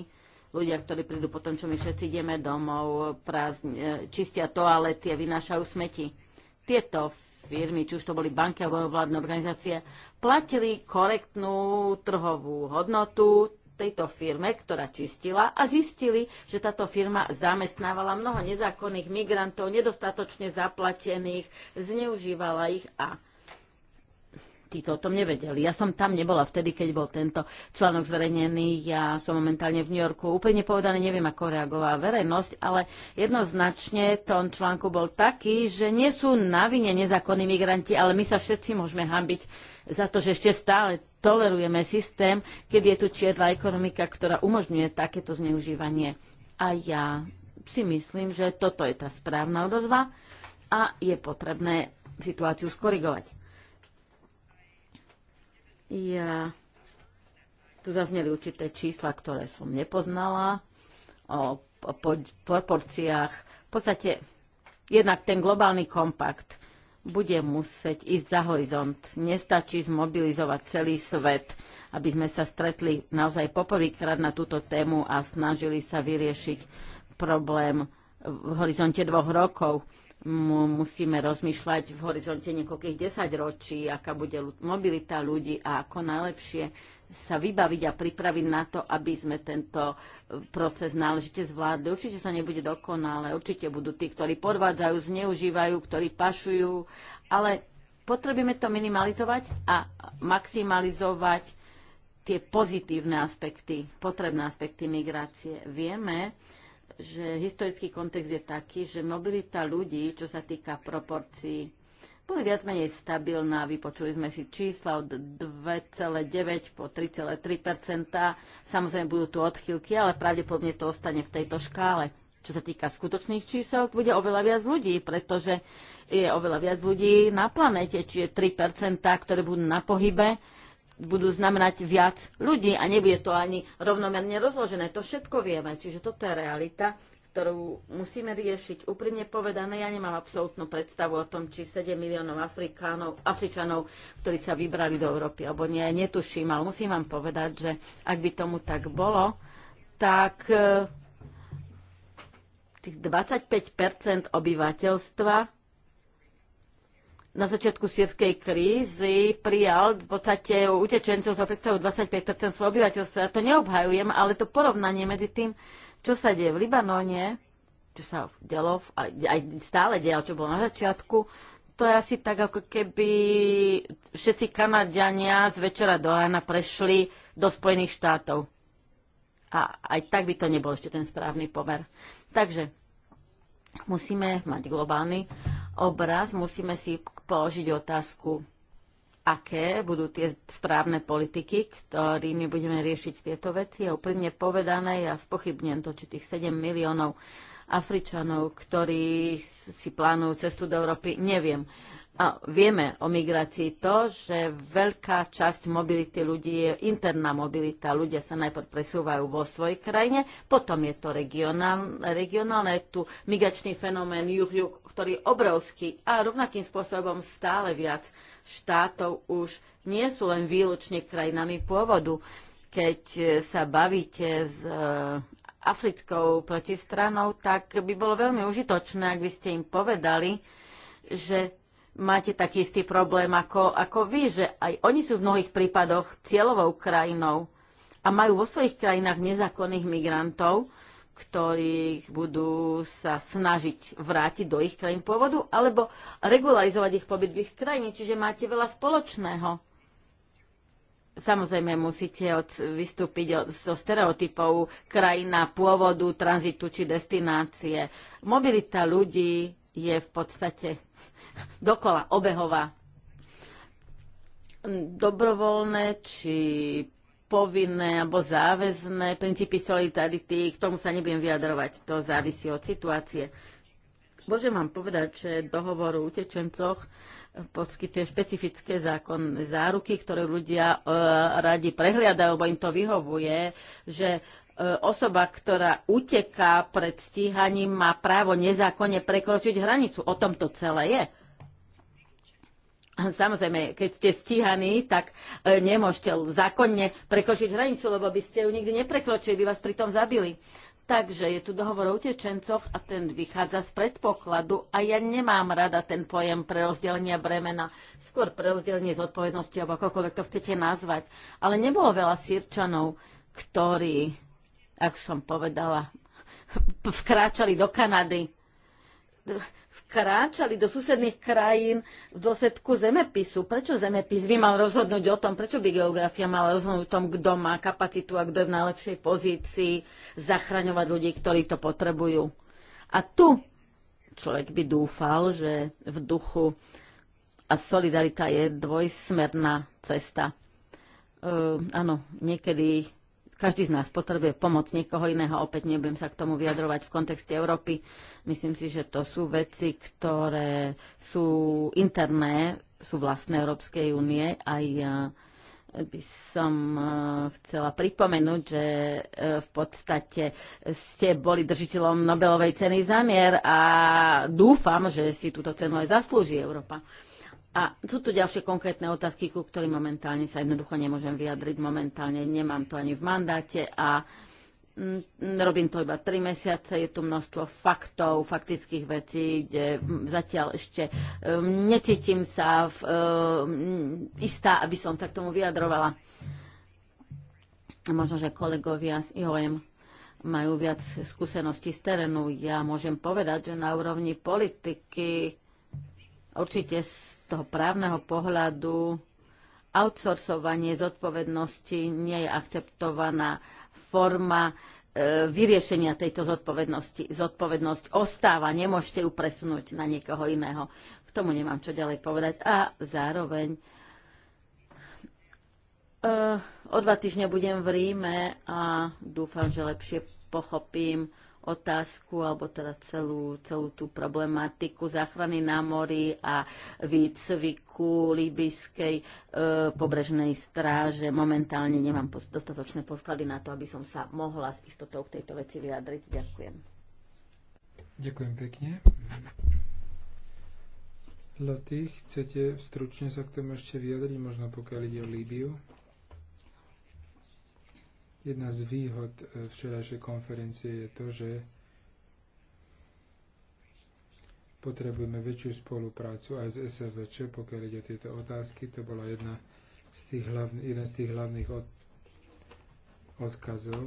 ľudia, ktorí prídu po tom, čo my všetci ideme domov, prázdne, e, čistia toalety a vynášajú smeti. Tieto firmy, či už to boli banky alebo vládne organizácie, platili korektnú trhovú hodnotu tejto firme, ktorá čistila a zistili, že táto firma zamestnávala mnoho nezákonných migrantov, nedostatočne zaplatených, zneužívala ich a títo o tom nevedeli. Ja som tam nebola vtedy, keď bol tento článok zverejnený. Ja som momentálne v New Yorku. Úplne povedané neviem, ako reagovala verejnosť, ale jednoznačne tom článku bol taký, že nie sú na vine nezákonní migranti, ale my sa všetci môžeme hambiť za to, že ešte stále tolerujeme systém, keď je tu čierna ekonomika, ktorá umožňuje takéto zneužívanie. A ja si myslím, že toto je tá správna odozva a je potrebné situáciu skorigovať. Ja... Tu zazneli určité čísla, ktoré som nepoznala o proporciách. V podstate jednak ten globálny kompakt bude musieť ísť za horizont. Nestačí zmobilizovať celý svet, aby sme sa stretli naozaj poprvýkrát na túto tému a snažili sa vyriešiť problém v horizonte dvoch rokov musíme rozmýšľať v horizonte niekoľkých desaťročí, aká bude mobilita ľudí a ako najlepšie sa vybaviť a pripraviť na to, aby sme tento e, proces náležite zvládli. Určite sa nebude dokonalé, určite budú tí, ktorí podvádzajú, zneužívajú, ktorí pašujú, ale potrebujeme to minimalizovať a maximalizovať tie pozitívne aspekty, potrebné aspekty migrácie. Vieme, že historický kontext je taký, že mobilita ľudí, čo sa týka proporcií, boli viac menej stabilná. Vypočuli sme si čísla od 2,9 po 3,3 Samozrejme budú tu odchýlky, ale pravdepodobne to ostane v tejto škále. Čo sa týka skutočných čísel, bude oveľa viac ľudí, pretože je oveľa viac ľudí na planete, čiže 3 ktoré budú na pohybe budú znamenať viac ľudí a nebude to ani rovnomerne rozložené. To všetko vieme, čiže toto je realita, ktorú musíme riešiť. Úprimne povedané, ja nemám absolútnu predstavu o tom, či 7 miliónov Afrikánov, Afričanov, ktorí sa vybrali do Európy, alebo nie, netuším, ale musím vám povedať, že ak by tomu tak bolo, tak eh, tých 25 obyvateľstva na začiatku sírskej krízy prijal v podstate utečencov za predstavu 25 svojho obyvateľstva. Ja to neobhajujem, ale to porovnanie medzi tým, čo sa deje v Libanone, čo sa delo, aj stále deje, čo bolo na začiatku, to je asi tak, ako keby všetci Kanadiania z večera do rána prešli do Spojených štátov. A aj tak by to nebol ešte ten správny pomer. Takže musíme mať globálny obraz, musíme si položiť otázku, aké budú tie správne politiky, ktorými budeme riešiť tieto veci. A úprimne povedané, ja spochybnem to, či tých 7 miliónov Afričanov, ktorí si plánujú cestu do Európy, neviem a vieme o migrácii to, že veľká časť mobility ľudí je interná mobilita. Ľudia sa najprv presúvajú vo svojej krajine, potom je to regionálne. regionálne tu migračný fenomén juh ktorý je obrovský a rovnakým spôsobom stále viac štátov už nie sú len výlučne krajinami pôvodu. Keď sa bavíte s e, Africkou protistranou, tak by bolo veľmi užitočné, ak by ste im povedali, že máte taký istý problém ako, ako vy, že aj oni sú v mnohých prípadoch cieľovou krajinou a majú vo svojich krajinách nezákonných migrantov, ktorí budú sa snažiť vrátiť do ich krajín pôvodu alebo regularizovať ich pobyt v ich krajine, čiže máte veľa spoločného. Samozrejme musíte od, vystúpiť od, so stereotypov krajina pôvodu, tranzitu či destinácie. Mobilita ľudí je v podstate dokola, obehová. Mm, dobrovoľné či povinné alebo záväzné princípy solidarity, k tomu sa nebudem vyjadrovať, to závisí od situácie. Môžem vám povedať, že dohovor o utečencoch poskytuje špecifické zákonné záruky, ktoré ľudia e, radi prehliadajú, bo im to vyhovuje, že e, osoba, ktorá uteká pred stíhaním, má právo nezákonne prekročiť hranicu. O tom to celé je. Samozrejme, keď ste stíhaní, tak e, nemôžete zákonne prekočiť hranicu, lebo by ste ju nikdy neprekročili, by vás pritom zabili. Takže je tu dohovor o utečencoch a ten vychádza z predpokladu a ja nemám rada ten pojem prerozdelenia bremena, skôr prerozdelenie zodpovednosti alebo akokoľvek to chcete nazvať. Ale nebolo veľa sírčanov, ktorí, ak som povedala, vkráčali do Kanady vkráčali do susedných krajín v dôsledku zemepisu. Prečo zemepis by mal rozhodnúť o tom, prečo by geografia mala rozhodnúť o tom, kto má kapacitu a kto je v najlepšej pozícii zachraňovať ľudí, ktorí to potrebujú. A tu človek by dúfal, že v duchu a solidarita je dvojsmerná cesta. Uh, áno, niekedy každý z nás potrebuje pomoc niekoho iného. Opäť nebudem sa k tomu vyjadrovať v kontexte Európy. Myslím si, že to sú veci, ktoré sú interné, sú vlastné Európskej únie a ja by som eh, chcela pripomenúť, že eh, v podstate ste boli držiteľom Nobelovej ceny za mier a dúfam, že si túto cenu aj zaslúži Európa. A sú tu ďalšie konkrétne otázky, ku ktorým momentálne sa jednoducho nemôžem vyjadriť. Momentálne nemám to ani v mandáte a mm, robím to iba 3 mesiace, je tu množstvo faktov, faktických vecí, kde mm, zatiaľ ešte um, necítim sa v, um, istá, aby som sa k tomu vyjadrovala. Možno, že kolegovia z IOM majú viac skúseností z terénu. Ja môžem povedať, že na úrovni politiky určite toho právneho pohľadu outsourcovanie zodpovednosti nie je akceptovaná forma e, vyriešenia tejto zodpovednosti. Zodpovednosť ostáva, nemôžete ju presunúť na niekoho iného. K tomu nemám čo ďalej povedať. A zároveň e, o dva týždne budem v Ríme a dúfam, že lepšie pochopím otázku alebo teda celú, celú tú problematiku záchrany na mori a výcviku líbyskej e, pobrežnej stráže. Momentálne nemám dostatočné podklady na to, aby som sa mohla s istotou k tejto veci vyjadriť. Ďakujem. Ďakujem pekne. Loty, chcete stručne sa k tomu ešte vyjadriť, možno pokiaľ ide o Líbiu? Jedna z výhod e, včerajšej konferencie je to, že potrebujeme väčšiu spoluprácu aj z SFVČ, pokiaľ ide o tieto otázky. To bola jedna z tých hlavných, jeden z tých hlavných od- odkazov.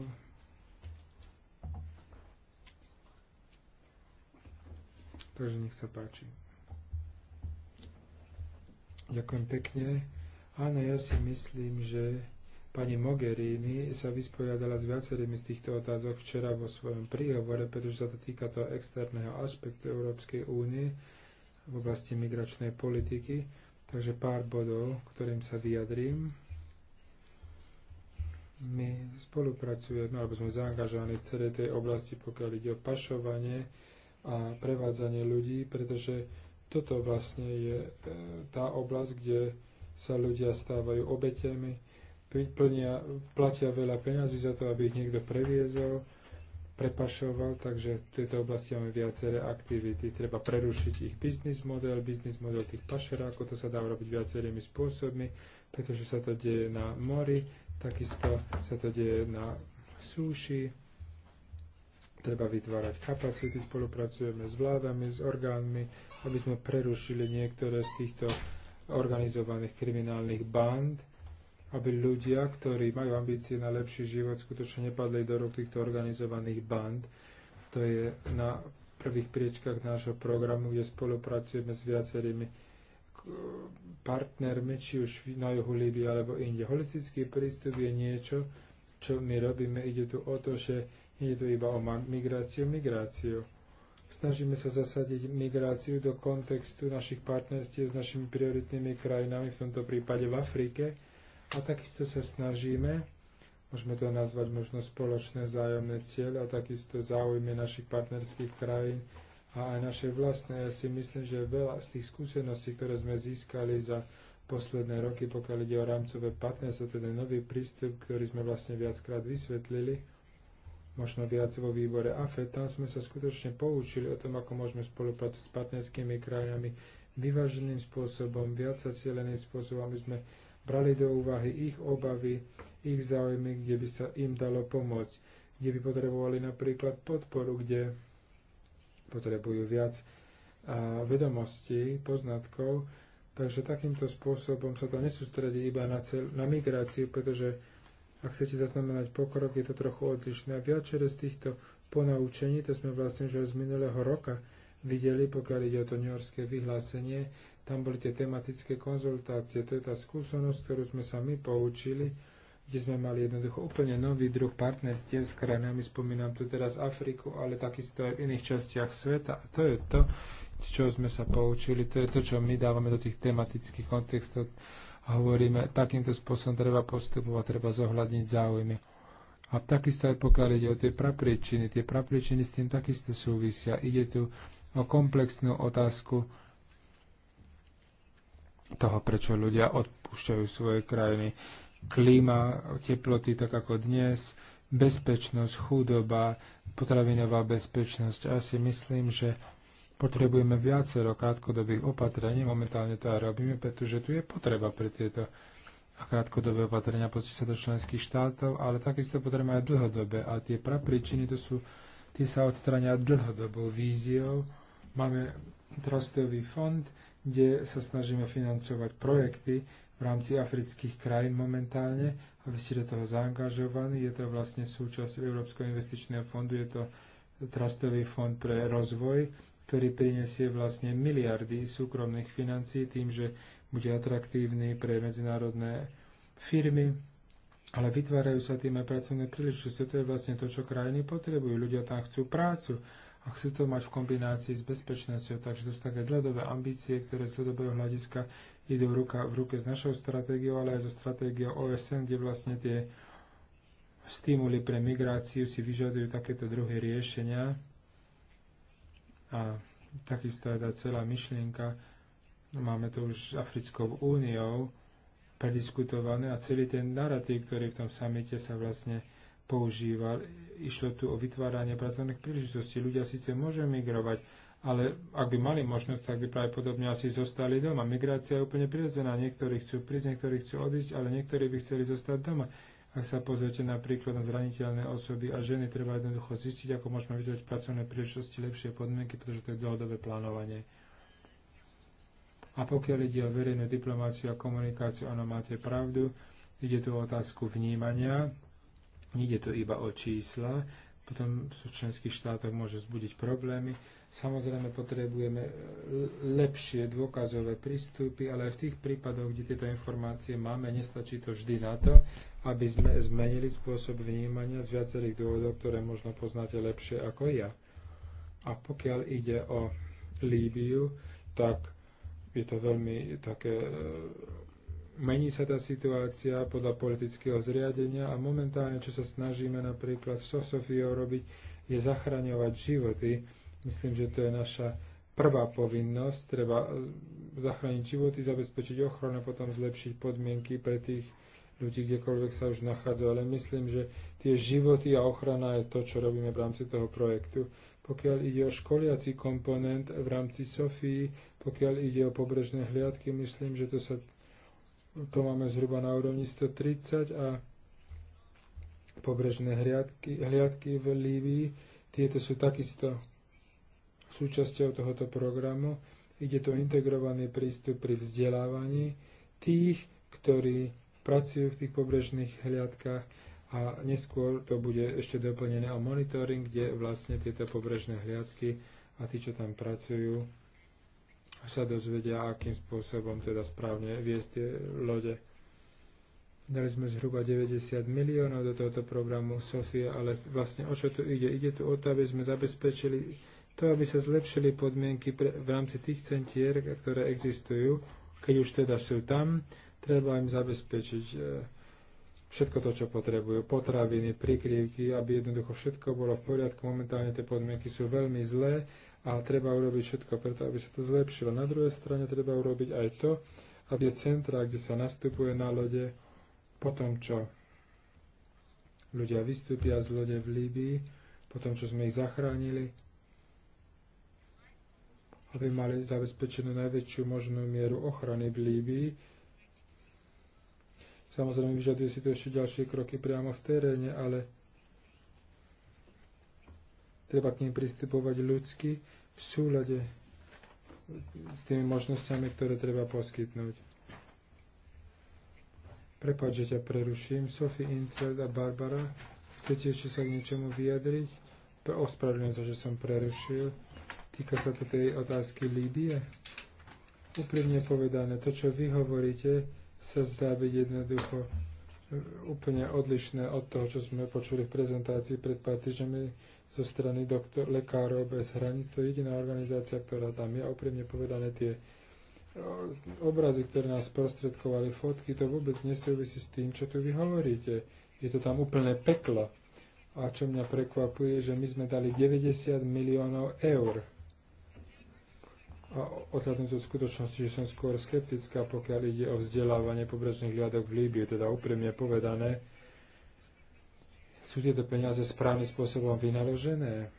Takže nech sa páči. Ďakujem pekne. Áno, ja si myslím, že Pani Mogherini sa vysporiadala s viacerými z týchto otázok včera vo svojom príhovore, pretože sa to týka toho externého aspektu Európskej únie v oblasti migračnej politiky. Takže pár bodov, ktorým sa vyjadrím. My spolupracujeme, alebo sme zaangažovaní v celej tej oblasti, pokiaľ ide o pašovanie a prevádzanie ľudí, pretože toto vlastne je e, tá oblasť, kde sa ľudia stávajú obetiami plnia, platia veľa peňazí za to, aby ich niekto previezol, prepašoval, takže v tejto oblasti máme viaceré aktivity. Treba prerušiť ich biznis model, biznis model tých pašerákov, to sa dá urobiť viacerými spôsobmi, pretože sa to deje na mori, takisto sa to deje na súši, treba vytvárať kapacity, spolupracujeme s vládami, s orgánmi, aby sme prerušili niektoré z týchto organizovaných kriminálnych band, aby ľudia, ktorí majú ambície na lepší život, skutočne nepadli do rúk týchto organizovaných band. To je na prvých priečkách nášho programu, kde spolupracujeme s viacerými partnermi, či už na juhu Líbie alebo inde. Holistický prístup je niečo, čo my robíme. Ide tu o to, že nie je tu iba o migráciu, migráciu. Snažíme sa zasadiť migráciu do kontextu našich partnerstiev s našimi prioritnými krajinami, v tomto prípade v Afrike, a takisto sa snažíme, môžeme to nazvať možno spoločné vzájomné cieľ a takisto záujmy našich partnerských krajín a aj naše vlastné. Ja si myslím, že veľa z tých skúseností, ktoré sme získali za posledné roky, pokiaľ ide o rámcové partnerstvo, teda nový prístup, ktorý sme vlastne viackrát vysvetlili, možno viac vo výbore AFE, tam sme sa skutočne poučili o tom, ako môžeme spolupracovať s partnerskými krajinami vyváženým spôsobom, viac sa zacieleným spôsobom, aby sme brali do úvahy ich obavy, ich záujmy, kde by sa im dalo pomôcť, kde by potrebovali napríklad podporu, kde potrebujú viac vedomostí, poznatkov. Takže takýmto spôsobom sa to nesústredí iba na, cel, na migráciu, pretože ak chcete zaznamenať pokrok, je to trochu odlišné. A viacere z týchto ponaučení, to sme vlastne už z minulého roka videli, pokiaľ ide o to neorské vyhlásenie, tam boli tie tematické konzultácie. To je tá skúsenosť, ktorú sme sa my poučili, kde sme mali jednoducho úplne nový druh partnerstiev s krajinami. Spomínam tu teraz Afriku, ale takisto aj v iných častiach sveta. A to je to, z čoho sme sa poučili. To je to, čo my dávame do tých tematických kontextov. A hovoríme, takýmto spôsobom treba postupovať, treba zohľadniť záujmy. A takisto aj pokiaľ ide o tie prapriečiny, tie prapriečiny s tým takisto súvisia. Ide tu o komplexnú otázku, toho, prečo ľudia odpúšťajú svoje krajiny. Klíma, teploty, tak ako dnes, bezpečnosť, chudoba, potravinová bezpečnosť. A ja si myslím, že potrebujeme viacero krátkodobých opatrení. Momentálne to aj robíme, pretože tu je potreba pre tieto krátkodobé opatrenia pozrieť sa do členských štátov, ale takisto potrebujeme aj dlhodobé. A tie prapríčiny, to sú, tie sa odstrania dlhodobou víziou. Máme trustový fond, kde sa snažíme financovať projekty v rámci afrických krajín momentálne a vy ste do toho zaangažovaní. Je to vlastne súčasť Európskeho investičného fondu, je to trastový fond pre rozvoj, ktorý prinesie vlastne miliardy súkromných financií tým, že bude atraktívny pre medzinárodné firmy, ale vytvárajú sa tým aj pracovné príležitosti. To je vlastne to, čo krajiny potrebujú. Ľudia tam chcú prácu, a chcú to mať v kombinácii s bezpečnosťou. Takže to sú také dľadové ambície, ktoré z dlhodobého hľadiska idú ruka v ruke s našou stratégiou, ale aj so stratégiou OSN, kde vlastne tie stimuly pre migráciu si vyžadujú takéto druhy riešenia. A takisto je tá celá myšlienka, máme to už s Africkou úniou prediskutované a celý ten narratív, ktorý v tom samite sa vlastne používal. Išlo tu o vytváranie pracovných príležitostí. Ľudia síce môžu migrovať, ale ak by mali možnosť, tak by pravdepodobne asi zostali doma. Migrácia je úplne prirodzená. Niektorí chcú prísť, niektorí chcú odísť, ale niektorí by chceli zostať doma. Ak sa pozriete napríklad na zraniteľné osoby a ženy, treba jednoducho zistiť, ako môžeme vytvoriť pracovné príležitosti, lepšie podmienky, pretože to je dlhodobé plánovanie. A pokiaľ ide o verejnú diplomáciu a komunikáciu, áno, máte pravdu. Ide tu o otázku vnímania Nejde to iba o čísla, potom v členských štátoch môže zbudiť problémy. Samozrejme potrebujeme e, lepšie dôkazové prístupy, ale aj v tých prípadoch, kde tieto informácie máme, nestačí to vždy na to, aby sme zmenili spôsob vnímania z viacerých dôvodov, ktoré možno poznáte lepšie ako ja. A pokiaľ ide o Líbiu, tak je to veľmi také e, Mení sa tá situácia podľa politického zriadenia a momentálne, čo sa snažíme napríklad v Sofiou robiť, je zachraňovať životy. Myslím, že to je naša prvá povinnosť. Treba e, zachrániť životy, zabezpečiť ochranu a potom zlepšiť podmienky pre tých ľudí, kdekoľvek sa už nachádzajú. Ale myslím, že tie životy a ochrana je to, čo robíme v rámci toho projektu. Pokiaľ ide o školiaci komponent v rámci Sofii, pokiaľ ide o pobrežné hliadky, myslím, že to sa to máme zhruba na úrovni 130 a pobrežné hliadky, hliadky v Líbii, tieto sú takisto súčasťou tohoto programu. Ide to integrovaný prístup pri vzdelávaní tých, ktorí pracujú v tých pobrežných hliadkách a neskôr to bude ešte doplnené o monitoring, kde vlastne tieto pobrežné hliadky a tí, čo tam pracujú, sa dozvedia, akým spôsobom teda správne viesť tie lode. Dali sme zhruba 90 miliónov do tohoto programu Sofie, ale vlastne o čo tu ide? Ide tu o to, aby sme zabezpečili to, aby sa zlepšili podmienky pre, v rámci tých centier, ktoré existujú. Keď už teda sú tam, treba im zabezpečiť e, všetko to, čo potrebujú. Potraviny, prikryvky, aby jednoducho všetko bolo v poriadku. Momentálne tie podmienky sú veľmi zlé a treba urobiť všetko preto, aby sa to zlepšilo. Na druhej strane treba urobiť aj to, aby centra, kde sa nastupuje na lode, po tom, čo ľudia vystúpia z lode v Líbii, po tom čo sme ich zachránili, aby mali zabezpečenú najväčšiu možnú mieru ochrany v Líbii. Samozrejme, vyžaduje si to ešte ďalšie kroky priamo v teréne, ale Treba k nim pristupovať ľudsky v súlade s tými možnosťami, ktoré treba poskytnúť. Prepač, že ťa preruším. Sophie Intveld a Barbara, chcete ešte sa k niečomu vyjadriť? Ospravedlňujem sa, že som prerušil. Týka sa to tej otázky Líbie? Úprimne povedané, to, čo vy hovoríte, sa zdá byť jednoducho e, úplne odlišné od toho, čo sme počuli v prezentácii pred pár týždňami zo strany doktor, lekárov bez hraníc. To je jediná organizácia, ktorá tam je. A povedané, tie e, obrazy, ktoré nás prostredkovali, fotky, to vôbec nesúvisí s tým, čo tu vy hovoríte. Je to tam úplné peklo. A čo mňa prekvapuje, že my sme dali 90 miliónov eur. A odhľadnúť od skutočnosti, že som skôr skeptická, pokiaľ ide o vzdelávanie pobrežných hliadok v Líbii, teda úprimne povedané, sú tieto peniaze správnym spôsobom vynaložené?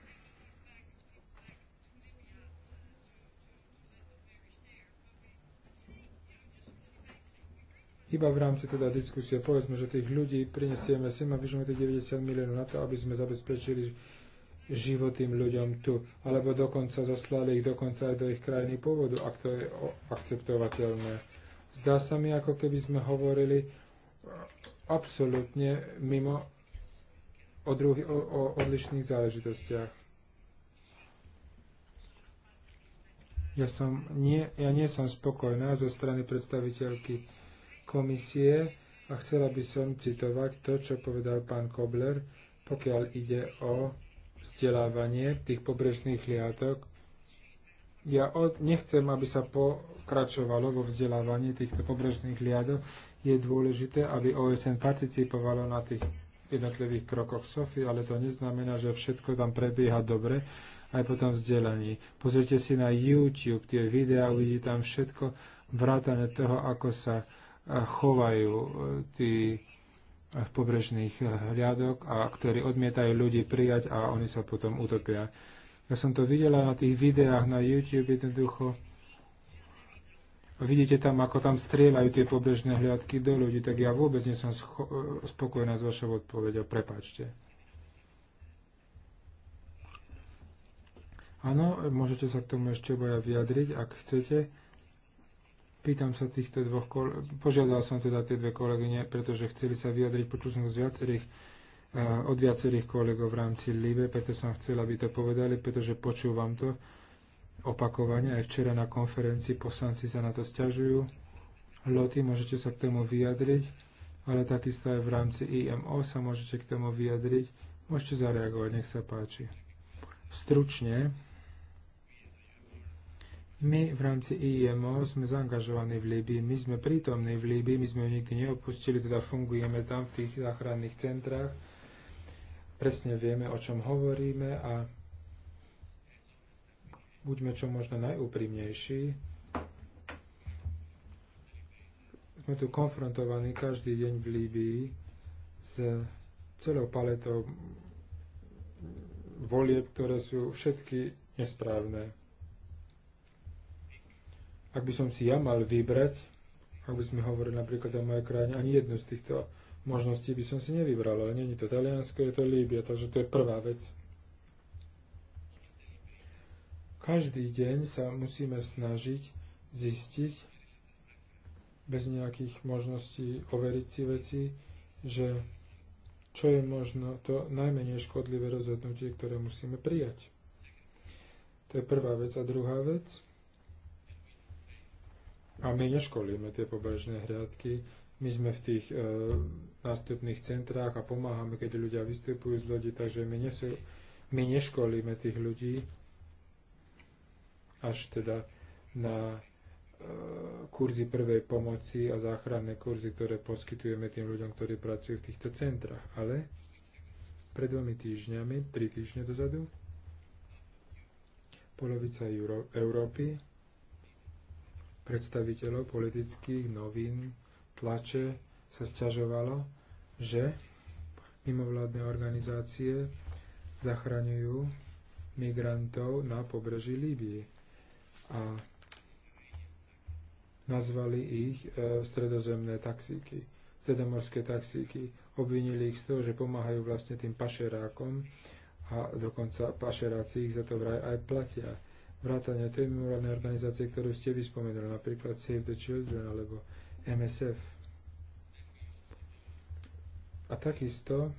Iba v rámci teda diskusie povedzme, že tých ľudí prinesieme sem a vyžujeme tých 90 miliónov na to, aby sme zabezpečili život tým ľuďom tu, alebo dokonca zaslali ich dokonca aj do ich krajiny pôvodu, ak to je akceptovateľné. Zdá sa mi, ako keby sme hovorili e, absolútne mimo o, druhý, o, o odlišných záležitostiach. Ja, som nie, ja nie som spokojná zo strany predstaviteľky komisie a chcela by som citovať to, čo povedal pán Kobler, pokiaľ ide o vzdelávanie tých pobrežných liatok. Ja od, nechcem, aby sa pokračovalo vo vzdelávaní týchto pobrežných liadok. Je dôležité, aby OSN participovalo na tých jednotlivých krokoch Sofy, ale to neznamená, že všetko tam prebieha dobre aj po tom vzdelaní. Pozrite si na YouTube tie videá, uvidíte tam všetko vrátane toho, ako sa eh, chovajú eh, tí eh, v pobrežných hliadok a ktorí odmietajú ľudí prijať a oni sa potom utopia. Ja som to videla na tých videách na YouTube jednoducho vidíte tam, ako tam strieľajú tie pobrežné hliadky do ľudí, tak ja vôbec nie som spokojná s vašou odpoveďou, Prepačte. Áno, môžete sa k tomu ešte obaja vyjadriť, ak chcete. Pýtam sa týchto dvoch kole... Požiadal som teda tie dve kolegyne, pretože chceli sa vyjadriť, počul som z viacerých, eh, od viacerých kolegov v rámci LIBE, preto som chcel, aby to povedali, pretože počúvam to opakovane. Aj včera na konferencii poslanci sa na to stiažujú. Loty, môžete sa k tomu vyjadriť, ale takisto aj v rámci IMO sa môžete k tomu vyjadriť. Môžete zareagovať, nech sa páči. Stručne, my v rámci IMO sme zaangažovaní v Líbii, my sme prítomní v Líbii, my sme ju nikdy neopustili, teda fungujeme tam v tých záchranných centrách. Presne vieme, o čom hovoríme a buďme čo možno najúprimnejší. Sme tu konfrontovaní každý deň v Líbii s celou paletou volieb, ktoré sú všetky nesprávne. Ak by som si ja mal vybrať, ak by sme hovorili napríklad o mojej krajine, ani jednu z týchto možností by som si nevybral, ale není to Taliansko, je to Líbia, takže to je prvá vec. Každý deň sa musíme snažiť zistiť, bez nejakých možností overiť si veci, že čo je možno to najmenej škodlivé rozhodnutie, ktoré musíme prijať. To je prvá vec. A druhá vec, a my neškolíme tie pobrežné hriadky, my sme v tých e, nástupných centrách a pomáhame, keď ľudia vystupujú z lodi, takže my, nesu, my neškolíme tých ľudí, až teda na e, kurzy prvej pomoci a záchranné kurzy, ktoré poskytujeme tým ľuďom, ktorí pracujú v týchto centrách. Ale pred dvomi týždňami, tri týždne dozadu, polovica Euró- Európy, predstaviteľov politických novín, tlače sa sťažovalo, že mimovládne organizácie zachraňujú migrantov na pobreží Líbie a nazvali ich e, stredozemné taxíky, stredomorské taxíky. Obvinili ich z toho, že pomáhajú vlastne tým pašerákom a dokonca pašeráci ich za to vraj aj platia. Vrátane tej mimovládnej organizácie, ktorú ste vyspomenuli, napríklad Save the Children alebo MSF. A takisto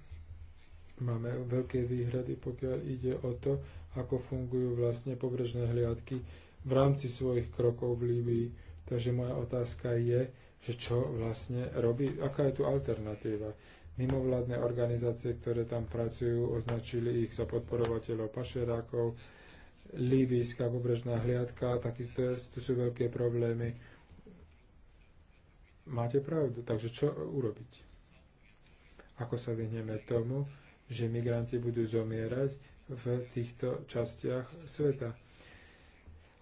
máme veľké výhrady, pokiaľ ide o to, ako fungujú vlastne pobrežné hliadky v rámci svojich krokov v Líbii. Takže moja otázka je, že čo vlastne robí, aká je tu alternatíva. Mimovládne organizácie, ktoré tam pracujú, označili ich za podporovateľov pašerákov, líbijská pobrežná hliadka, takisto tu sú veľké problémy. Máte pravdu, takže čo urobiť? Ako sa vyhneme tomu, že migranti budú zomierať v týchto častiach sveta?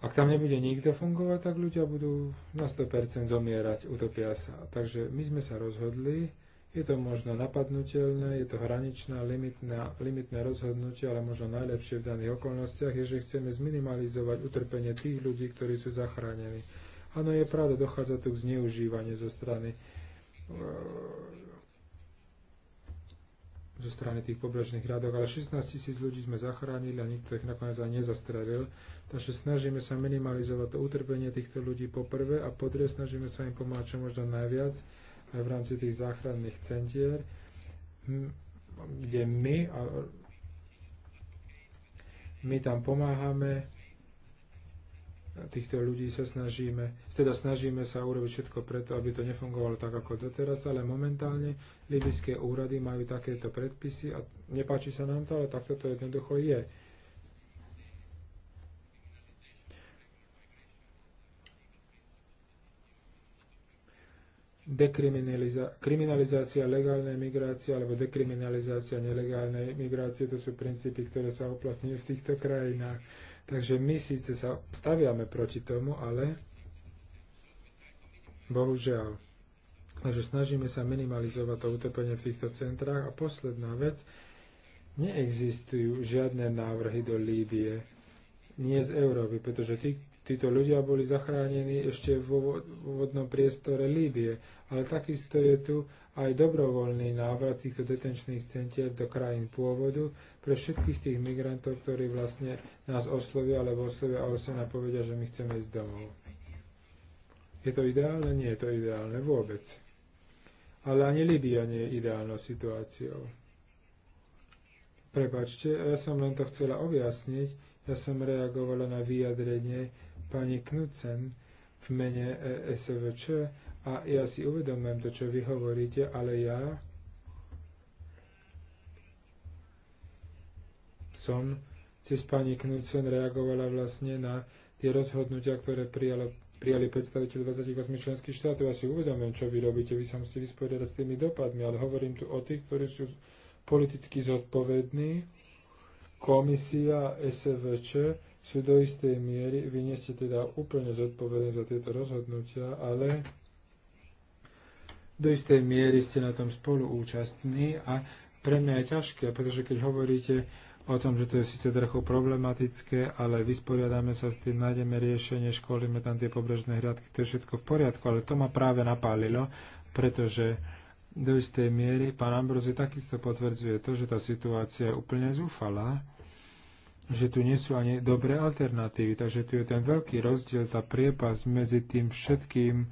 Ak tam nebude nikto fungovať, tak ľudia budú na 100% zomierať, utopia sa. Takže my sme sa rozhodli, je to možno napadnutelné, je to hraničné, limitná, limitné rozhodnutie, ale možno najlepšie v daných okolnostiach je, že chceme zminimalizovať utrpenie tých ľudí, ktorí sú zachránení. Áno, je pravda, dochádza tu k zneužívaniu zo strany zo strany tých pobrežných radov, ale 16 tisíc ľudí sme zachránili a nikto ich nakoniec ani nezastrelil. Takže snažíme sa minimalizovať to utrpenie týchto ľudí poprvé a po druhé snažíme sa im pomáhať čo možno najviac aj v rámci tých záchranných centier, hm, kde my, a my tam pomáhame týchto ľudí sa snažíme, teda snažíme sa urobiť všetko preto, aby to nefungovalo tak ako doteraz, ale momentálne libyské úrady majú takéto predpisy a nepáči sa nám to, ale takto to jednoducho je. kriminalizácia legálnej migrácie alebo dekriminalizácia nelegálnej migrácie, to sú princípy, ktoré sa uplatňujú v týchto krajinách. Takže my síce sa staviame proti tomu, ale bohužiaľ. Takže snažíme sa minimalizovať to utopenie v týchto centrách. A posledná vec, neexistujú žiadne návrhy do Líbie, nie z Európy, pretože tí, Títo ľudia boli zachránení ešte vo vodnom priestore Líbie, ale takisto je tu aj dobrovoľný návrat týchto detenčných centier do krajín pôvodu pre všetkých tých migrantov, ktorí vlastne nás oslovia alebo oslovia a osena povedia, že my chceme ísť domov. Je to ideálne? Nie je to ideálne vôbec. Ale ani Líbia nie je ideálnou situáciou. Prepačte, ja som len to chcela objasniť, ja som reagovala na vyjadrenie pani Knudsen v mene e, SVČ a ja si uvedomujem to, čo vy hovoríte, ale ja som cez pani Knudsen reagovala vlastne na tie rozhodnutia, ktoré prijalo, prijali predstaviteľ 28 členských štátov. Ja si uvedomujem, čo vy robíte. Vy sa musíte vysporiadať s tými dopadmi, ale hovorím tu o tých, ktorí sú politicky zodpovední, komisia, SVČ, sú do istej miery, vy nie ste teda úplne zodpovední za tieto rozhodnutia, ale do istej miery ste na tom spoluúčastní a pre mňa je ťažké, pretože keď hovoríte o tom, že to je síce trochu problematické, ale vysporiadame sa s tým, nájdeme riešenie, školíme tam tie pobrežné hradky, to je všetko v poriadku, ale to ma práve napálilo, pretože do istej miery pán Ambrozy takisto potvrdzuje to, že tá situácia je úplne zúfalá že tu nie sú ani dobré alternatívy. Takže tu je ten veľký rozdiel, tá priepas medzi tým všetkým,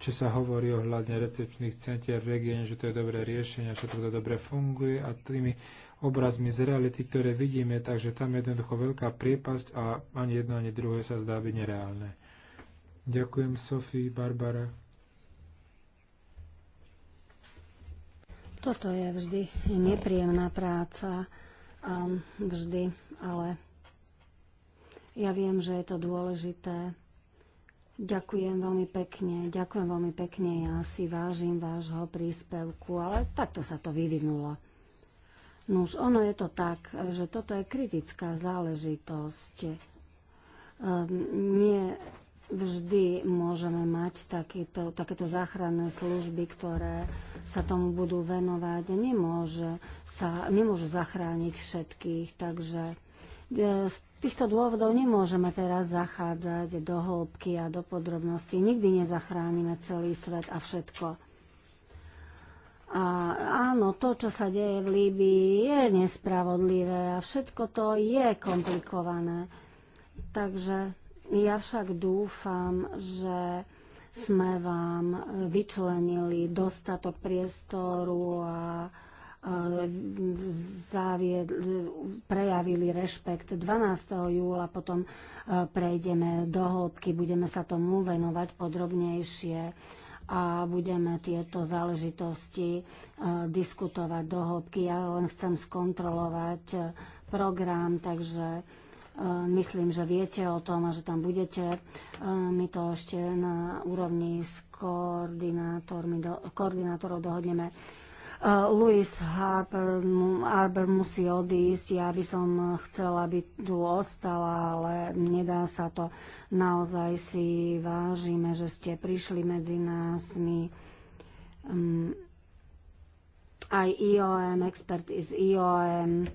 čo sa hovorí ohľadne recepčných centier v regióne, že to je dobré riešenie, že to dobre funguje a tými obrazmi z reality, ktoré vidíme, takže tam je jednoducho veľká priepasť a ani jedno, ani druhé sa zdá byť nereálne. Ďakujem Sofii, Barbara. Toto je vždy nepríjemná práca um, vždy, ale ja viem, že je to dôležité. Ďakujem veľmi pekne, ďakujem veľmi pekne, ja si vážim vášho príspevku, ale takto sa to vyvinulo. Nuž, ono je to tak, že toto je kritická záležitosť. Um, nie vždy môžeme mať takéto, takéto záchranné služby, ktoré sa tomu budú venovať. Nemôže, sa, nemôžu zachrániť všetkých, takže e, z týchto dôvodov nemôžeme teraz zachádzať do hĺbky a do podrobností. Nikdy nezachránime celý svet a všetko. A áno, to, čo sa deje v Líbii, je nespravodlivé a všetko to je komplikované. Takže ja však dúfam, že sme vám vyčlenili dostatok priestoru a zavied, prejavili rešpekt 12. júla, potom e, prejdeme do hĺbky, budeme sa tomu venovať podrobnejšie a budeme tieto záležitosti e, diskutovať do hĺbky. Ja len chcem skontrolovať e, program, takže E, myslím, že viete o tom a že tam budete. E, my to ešte na úrovni s koordinátorov dohodneme. E, Louis Harper, Harper musí odísť. Ja by som chcela, aby tu ostala, ale nedá sa to. Naozaj si vážime, že ste prišli medzi nás. My, um, aj IOM, expert z IOM,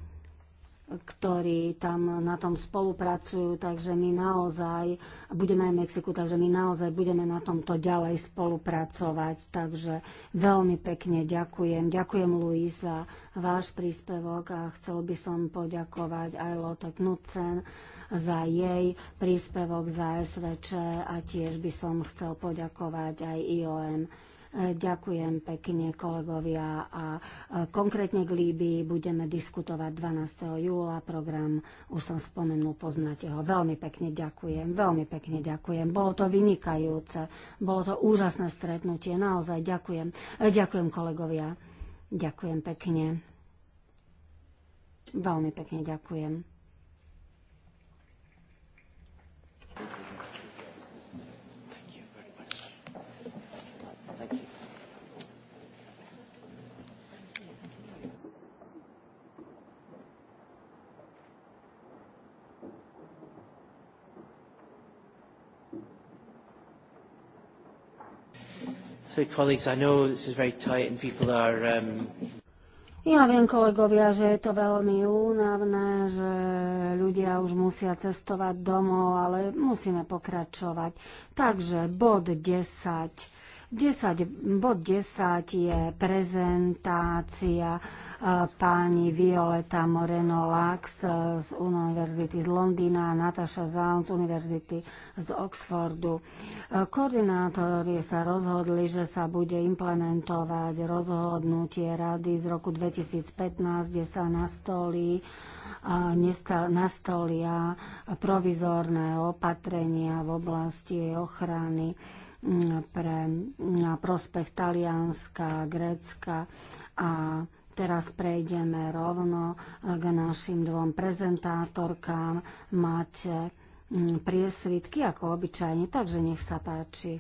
ktorí tam na tom spolupracujú, takže my naozaj budeme aj Mexiku, takže my naozaj budeme na tomto ďalej spolupracovať. Takže veľmi pekne ďakujem. Ďakujem Luis za váš príspevok a chcel by som poďakovať aj Lotte Knudsen za jej príspevok za SVČ a tiež by som chcel poďakovať aj IOM. Ďakujem pekne kolegovia a e, konkrétne k Líbii budeme diskutovať 12. júla. Program už som spomenul, poznáte ho. Veľmi pekne ďakujem, veľmi pekne ďakujem. Bolo to vynikajúce, bolo to úžasné stretnutie, naozaj ďakujem. E, ďakujem kolegovia, ďakujem pekne. Veľmi pekne ďakujem. Um, ja viem, kolegovia, že je to veľmi únavné, že ľudia už musia cestovať domov, ale musíme pokračovať. Takže bod 10 10, bod 10 je prezentácia e, pani Violeta Moreno Lax e, z Univerzity z Londýna a Natasha Zaun z Univerzity z Oxfordu. E, koordinátori sa rozhodli, že sa bude implementovať rozhodnutie rady z roku 2015, kde sa nastolí nastolia provizorné opatrenia v oblasti ochrany pre prospech Talianska, Grécka a Teraz prejdeme rovno eh, k našim dvom prezentátorkám. Máte mm, priesvitky ako obyčajne, takže nech sa páči.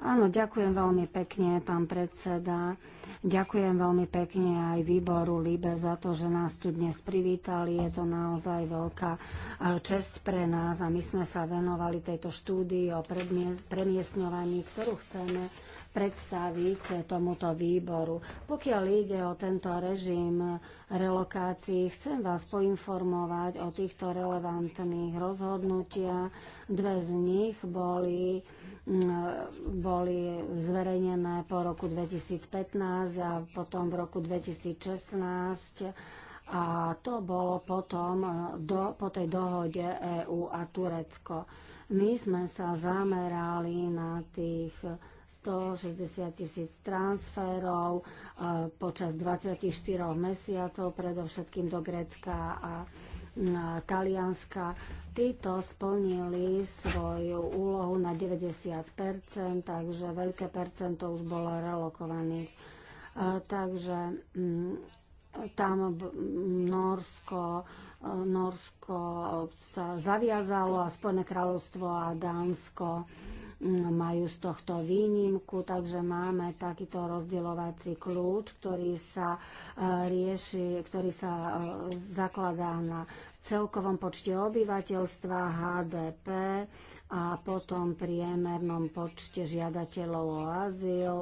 Áno, ďakujem veľmi pekne, pán predseda. Ďakujem veľmi pekne aj výboru LIBE za to, že nás tu dnes privítali. Je to naozaj veľká e, čest pre nás a my sme sa venovali tejto štúdii o premiesňovaní, ktorú chceme predstaviť tomuto výboru. Pokiaľ ide o tento režim relokácií, chcem vás poinformovať o týchto relevantných rozhodnutia. Dve z nich boli boli zverejnené po roku 2015 a potom v roku 2016 a to bolo potom e, do, po tej dohode EÚ a Turecko. My sme sa zamerali na tých 160 tisíc transferov e, počas 24 mesiacov, predovšetkým do Grécka a Talianska. Títo splnili svoju úlohu na 90%, takže veľké percento už bolo relokovaných. E, takže tam Norsko, e, Norsko sa zaviazalo a Spojené kráľovstvo a Dánsko majú z tohto výnimku, takže máme takýto rozdeľovací kľúč, ktorý sa e, rieši, ktorý sa e, zakladá na celkovom počte obyvateľstva HDP a potom priemernom počte žiadateľov o azyl.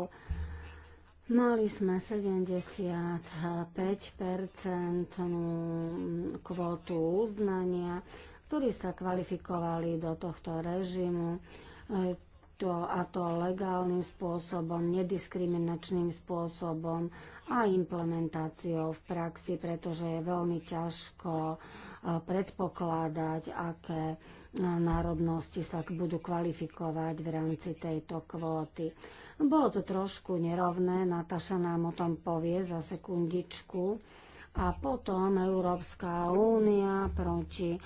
Mali sme 75% kvotu uznania, ktorí sa kvalifikovali do tohto režimu e, to, a to legálnym spôsobom, nediskriminačným spôsobom a implementáciou v praxi, pretože je veľmi ťažko e, predpokladať, aké e, národnosti sa budú kvalifikovať v rámci tejto kvóty. Bolo to trošku nerovné, Nataša nám o tom povie za sekundičku a potom Európska únia proti e,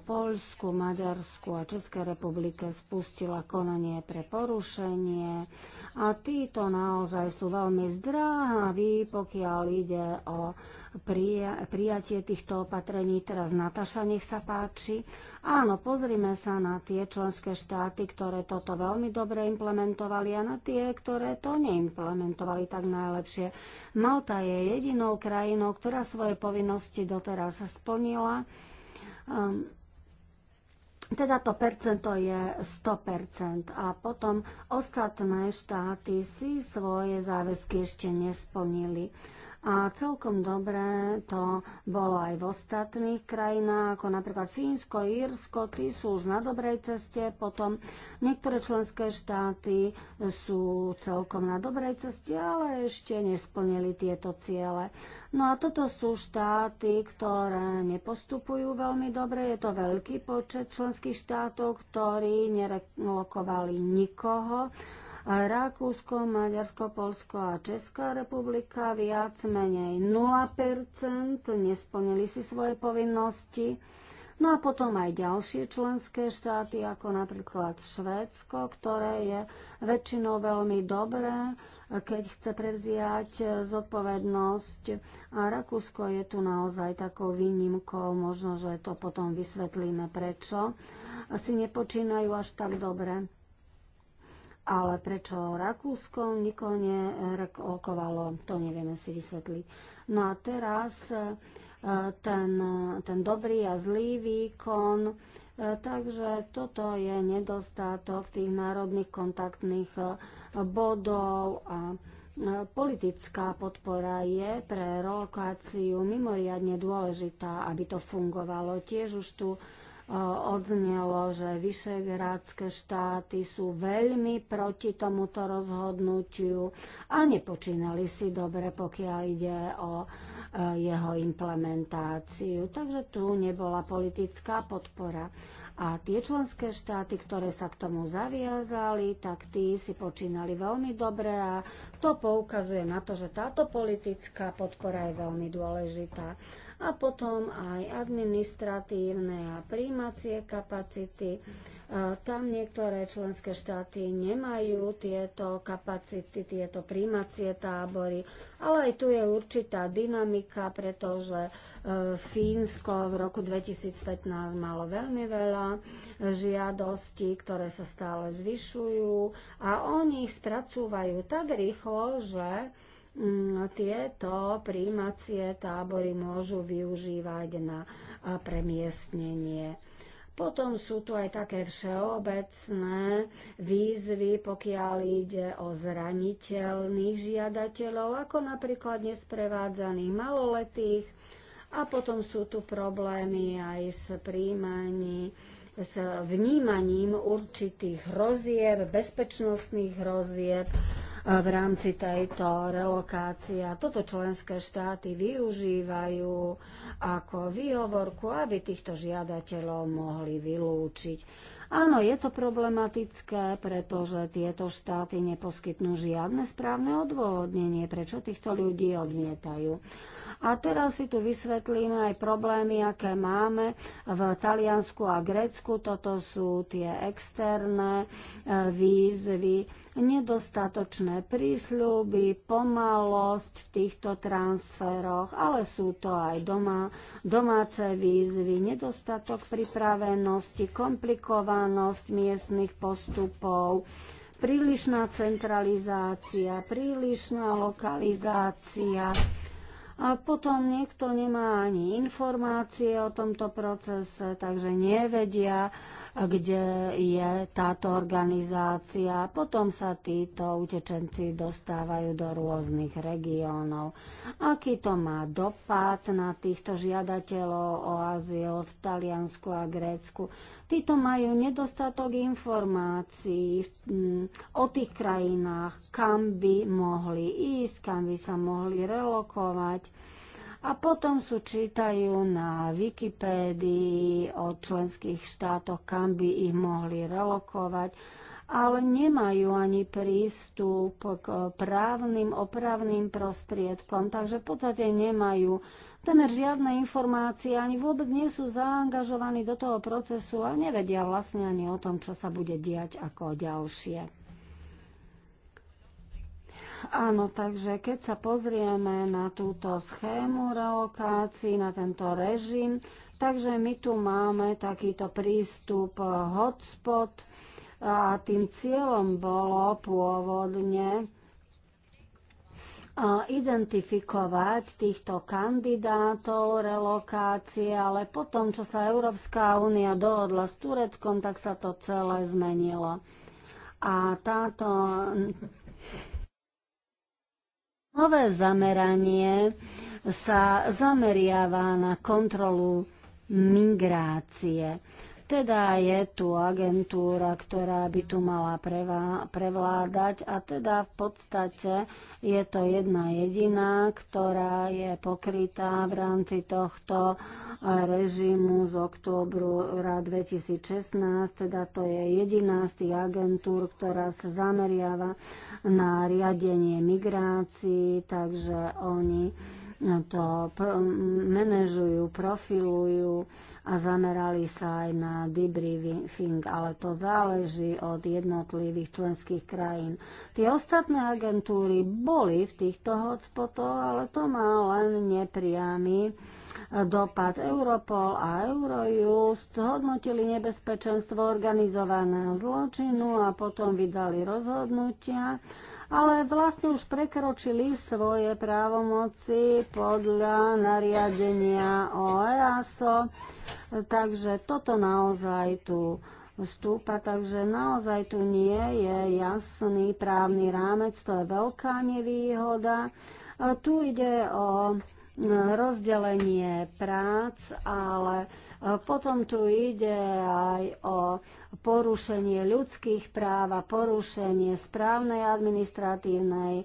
Polsku, Maďarsku a Českej republike spustila konanie pre porušenie a títo naozaj sú veľmi zdráhaví, pokiaľ ide o prija- prijatie týchto opatrení. Teraz Nataša, nech sa páči. Áno, pozrime sa na tie členské štáty, ktoré toto veľmi dobre implementovali a na tie, ktoré to neimplementovali tak najlepšie. Malta je jedinou krajinou, ktorá svoje povinnosti doteraz splnila. Um, teda to percento je 100% a potom ostatné štáty si svoje záväzky ešte nesplnili. A celkom dobré to bolo aj v ostatných krajinách, ako napríklad Fínsko, Írsko, tí sú už na dobrej ceste, potom niektoré členské štáty sú celkom na dobrej ceste, ale ešte nesplnili tieto ciele. No a toto sú štáty, ktoré nepostupujú veľmi dobre. Je to veľký počet členských štátov, ktorí nerelokovali nikoho Rakúsko, Maďarsko, Polsko a Česká republika viac menej 0%, nesplnili si svoje povinnosti. No a potom aj ďalšie členské štáty, ako napríklad Švédsko, ktoré je väčšinou veľmi dobré, keď chce prevziať zodpovednosť. A Rakúsko je tu naozaj takou výnimkou, možno, že to potom vysvetlíme prečo. Asi nepočínajú až tak dobre. Ale prečo Rakúsko nikoho nerekolkovalo, to nevieme si vysvetliť. No a teraz e, ten, ten dobrý a zlý výkon, e, takže toto je nedostatok tých národných kontaktných e, bodov a politická podpora je pre relokáciu mimoriadne dôležitá, aby to fungovalo. Tiež už tu odznelo, že vyšegrádske štáty sú veľmi proti tomuto rozhodnutiu a nepočínali si dobre, pokiaľ ide o e, jeho implementáciu. Takže tu nebola politická podpora. A tie členské štáty, ktoré sa k tomu zaviazali, tak tí si počínali veľmi dobre a to poukazuje na to, že táto politická podpora je veľmi dôležitá a potom aj administratívne a príjmacie kapacity. E, tam niektoré členské štáty nemajú tieto kapacity, tieto príjmacie tábory, ale aj tu je určitá dynamika, pretože e, Fínsko v roku 2015 malo veľmi veľa žiadostí, ktoré sa stále zvyšujú a oni ich spracúvajú tak rýchlo, že Mm, tieto príjmacie tábory môžu využívať na premiestnenie. Potom sú tu aj také všeobecné výzvy, pokiaľ ide o zraniteľných žiadateľov, ako napríklad nesprevádzaných maloletých. A potom sú tu problémy aj s príjmaním s vnímaním určitých hrozieb, bezpečnostných hrozieb v rámci tejto relokácie. A toto členské štáty využívajú ako výhovorku, aby týchto žiadateľov mohli vylúčiť. Áno, je to problematické, pretože tieto štáty neposkytnú žiadne správne odôvodnenie, prečo týchto ľudí odmietajú. A teraz si tu vysvetlíme aj problémy, aké máme v Taliansku a Grécku. Toto sú tie externé eh, výzvy nedostatočné prísľuby, pomalosť v týchto transferoch, ale sú to aj doma, domáce výzvy, nedostatok pripravenosti, komplikovanosť miestnych postupov, prílišná centralizácia, prílišná lokalizácia. A potom niekto nemá ani informácie o tomto procese, takže nevedia, kde je táto organizácia. Potom sa títo utečenci dostávajú do rôznych regiónov. Aký to má dopad na týchto žiadateľov o azyl v Taliansku a Grécku? Títo majú nedostatok informácií mm, o tých krajinách, kam by mohli ísť, kam by sa mohli relokovať a potom sú čítajú na Wikipédii o členských štátoch, kam by ich mohli relokovať, ale nemajú ani prístup k právnym opravným prostriedkom, takže v podstate nemajú temer žiadne informácie, ani vôbec nie sú zaangažovaní do toho procesu a nevedia vlastne ani o tom, čo sa bude diať ako ďalšie. Áno, takže keď sa pozrieme na túto schému relokácií, na tento režim, takže my tu máme takýto prístup eh, hotspot eh, a tým cieľom bolo pôvodne eh, identifikovať týchto kandidátov relokácie, ale potom, čo sa Európska únia dohodla s Tureckom, tak sa to celé zmenilo. A táto Nové zameranie sa zameriava na kontrolu migrácie. Teda je tu agentúra, ktorá by tu mala prevládať a teda v podstate je to jedna jediná, ktorá je pokrytá v rámci tohto eh, režimu z oktobru 2016. Teda to je jediná z tých agentúr, ktorá sa zameriava na riadenie migrácií, takže oni eh, to manažujú, profilujú a zamerali sa aj na debriefing, ale to záleží od jednotlivých členských krajín. Tie ostatné agentúry boli v týchto hotspotoch, ale to má len nepriamy eh, dopad Europol a Eurojust hodnotili nebezpečenstvo organizovaného zločinu a potom vydali rozhodnutia ale vlastne už prekročili svoje právomoci podľa nariadenia o EASO. Takže toto naozaj tu vstúpa. takže naozaj tu nie je jasný právny rámec, to je veľká nevýhoda. Tu ide o rozdelenie prác, ale potom tu ide aj o porušenie ľudských práv a porušenie správnej administratívnej e,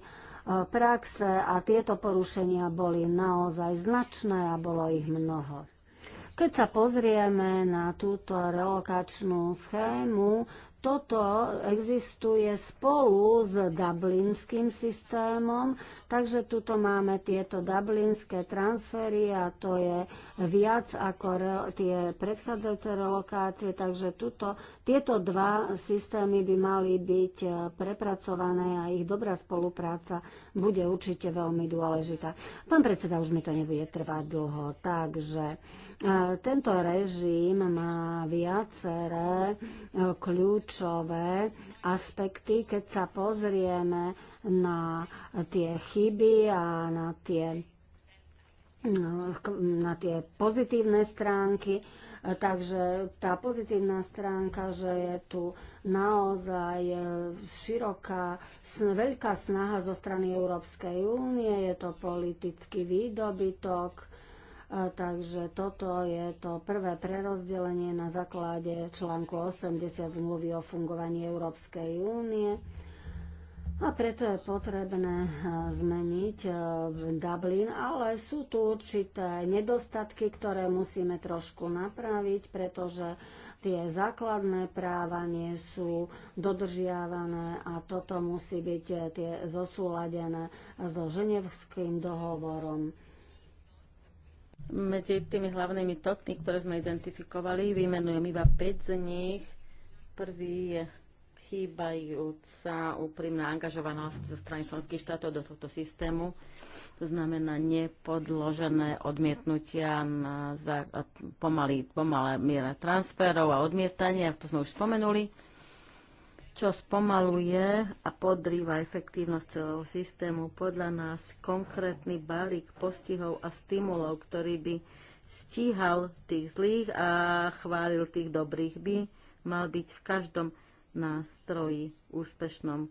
praxe a tieto porušenia boli naozaj značné a bolo ich mnoho. Keď sa pozrieme na túto relokačnú schému, toto existuje spolu s dublinským systémom, takže tuto máme tieto dublinské transfery a to je viac ako re- tie predchádzajúce relokácie, takže tuto, tieto dva systémy by mali byť e, prepracované a ich dobrá spolupráca bude určite veľmi dôležitá. Pán predseda, už mi to nebude trvať dlho, takže E, tento režim má viaceré e, kľúčové aspekty, keď sa pozrieme na tie chyby a na tie, e, na tie pozitívne stránky. Takže tá pozitívna stránka, že je tu naozaj široká, veľká snaha zo strany Európskej únie, je to politický výdobytok, Takže toto je to prvé prerozdelenie na základe článku 80 zmluvy o fungovaní Európskej únie. A preto je potrebné zmeniť Dublin, ale sú tu určité nedostatky, ktoré musíme trošku napraviť, pretože tie základné práva nie sú dodržiavané a toto musí byť e, tie zosúladené so ženevským dohovorom. Medzi tými hlavnými tokmi, ktoré sme identifikovali, vymenujem iba 5 z nich. Prvý je chýbajúca úprimná angažovanosť zo strany členských štátov do tohto systému. To znamená nepodložené odmietnutia na za, pomalé miera transferov a odmietania, to sme už spomenuli čo spomaluje a podrýva efektívnosť celého systému. Podľa nás konkrétny balík postihov a stimulov, ktorý by stíhal tých zlých a chválil tých dobrých, by mal byť v každom nástroji, úspešnom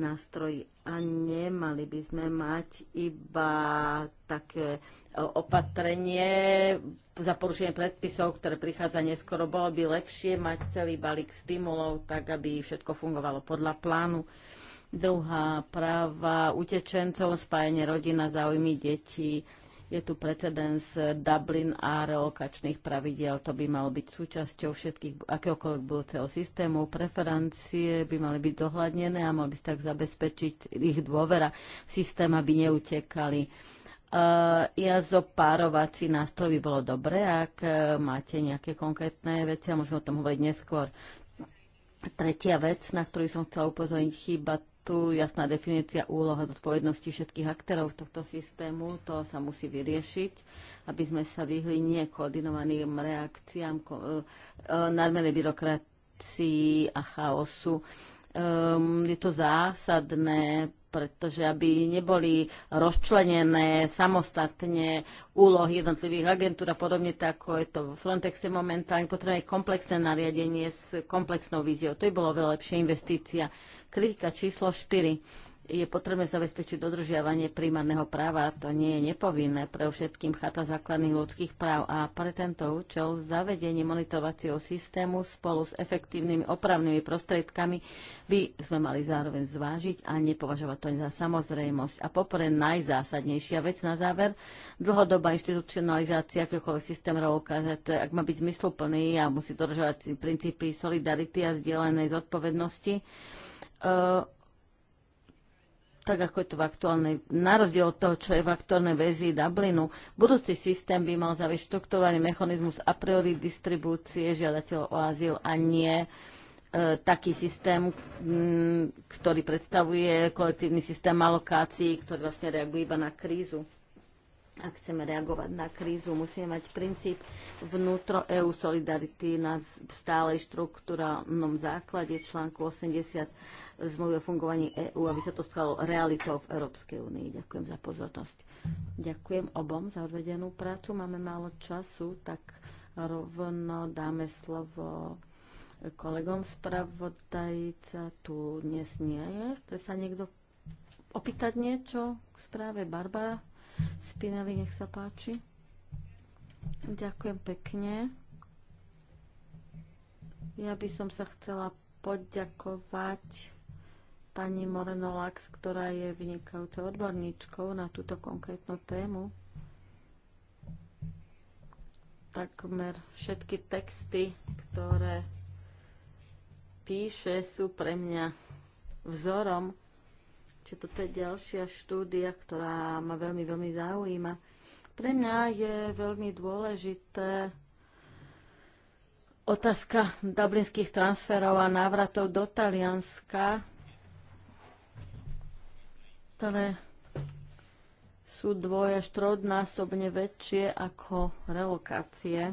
nástroji a nemali by sme mať iba také e, opatrenie za porušenie predpisov, ktoré prichádza neskoro. Bolo by lepšie mať celý balík stimulov, tak aby všetko fungovalo podľa plánu. Druhá práva utečencov, spájanie rodina, záujmy detí, je tu precedens Dublin a relokačných pravidiel. To by malo byť súčasťou všetkých akéhokoľvek budúceho systému. Preferencie by mali byť dohľadnené a mal by sa tak zabezpečiť ich dôvera v systém, aby neutekali. Uh, e, zo párovací nástroj by bolo dobré, ak e, máte nejaké konkrétne veci a môžeme o tom hovoriť neskôr. Tretia vec, na ktorú som chcela upozorniť, chýba tu jasná definícia úloha zodpovednosti všetkých aktérov tohto systému. To sa musí vyriešiť, aby sme sa vyhli nekoordinovaným reakciám, e, e, nadmernej byrokracii a chaosu. Um, je to zásadné pretože aby neboli rozčlenené samostatne úlohy jednotlivých agentúr a podobne, tak ako je to v Frontexe momentálne, potrebné komplexné nariadenie s komplexnou víziou. To by bolo veľa lepšia investícia. Kritika číslo 4 je potrebné zabezpečiť dodržiavanie primárneho práva. To nie je nepovinné pre všetkým chata základných ľudských práv a pre tento účel zavedenie monitorovacieho systému spolu s efektívnymi opravnými prostriedkami by sme mali zároveň zvážiť a nepovažovať to za samozrejmosť. A popore najzásadnejšia vec na záver, dlhodobá institucionalizácia akýchkoľvek ukázať, ak má byť zmysluplný a musí dodržovať princípy solidarity a zdieľanej zodpovednosti, e, tak ako je to v aktuálnej, na rozdiel od toho, čo je v aktuálnej väzii Dublinu, budúci systém by mal zaviesť štrukturovaný mechanizmus a priori distribúcie žiadateľov o azyl a nie e, taký systém, m, ktorý predstavuje kolektívny systém alokácií, ktorý vlastne reaguje iba na krízu ak chceme reagovať na krízu, musíme mať princíp vnútro EU solidarity na stálej štruktúralnom základe článku 80 zmluvy o fungovaní EÚ, aby sa to stalo realitou v Európskej únii. Ďakujem za pozornosť. Ďakujem obom za odvedenú prácu. Máme málo času, tak rovno dáme slovo kolegom spravodajca. Tu dnes nie je. Chce sa niekto opýtať niečo k správe Barbara? Spinelli, nech sa páči. Ďakujem pekne. Ja by som sa chcela poďakovať pani Lax, ktorá je vynikajúca odborníčkou na túto konkrétnu tému. Takmer všetky texty, ktoré píše, sú pre mňa vzorom Viete, toto je ďalšia štúdia, ktorá ma veľmi, veľmi zaujíma. Pre mňa je veľmi dôležité otázka dublinských transferov a návratov do Talianska, ktoré sú dvoj až trojnásobne väčšie ako relokácie.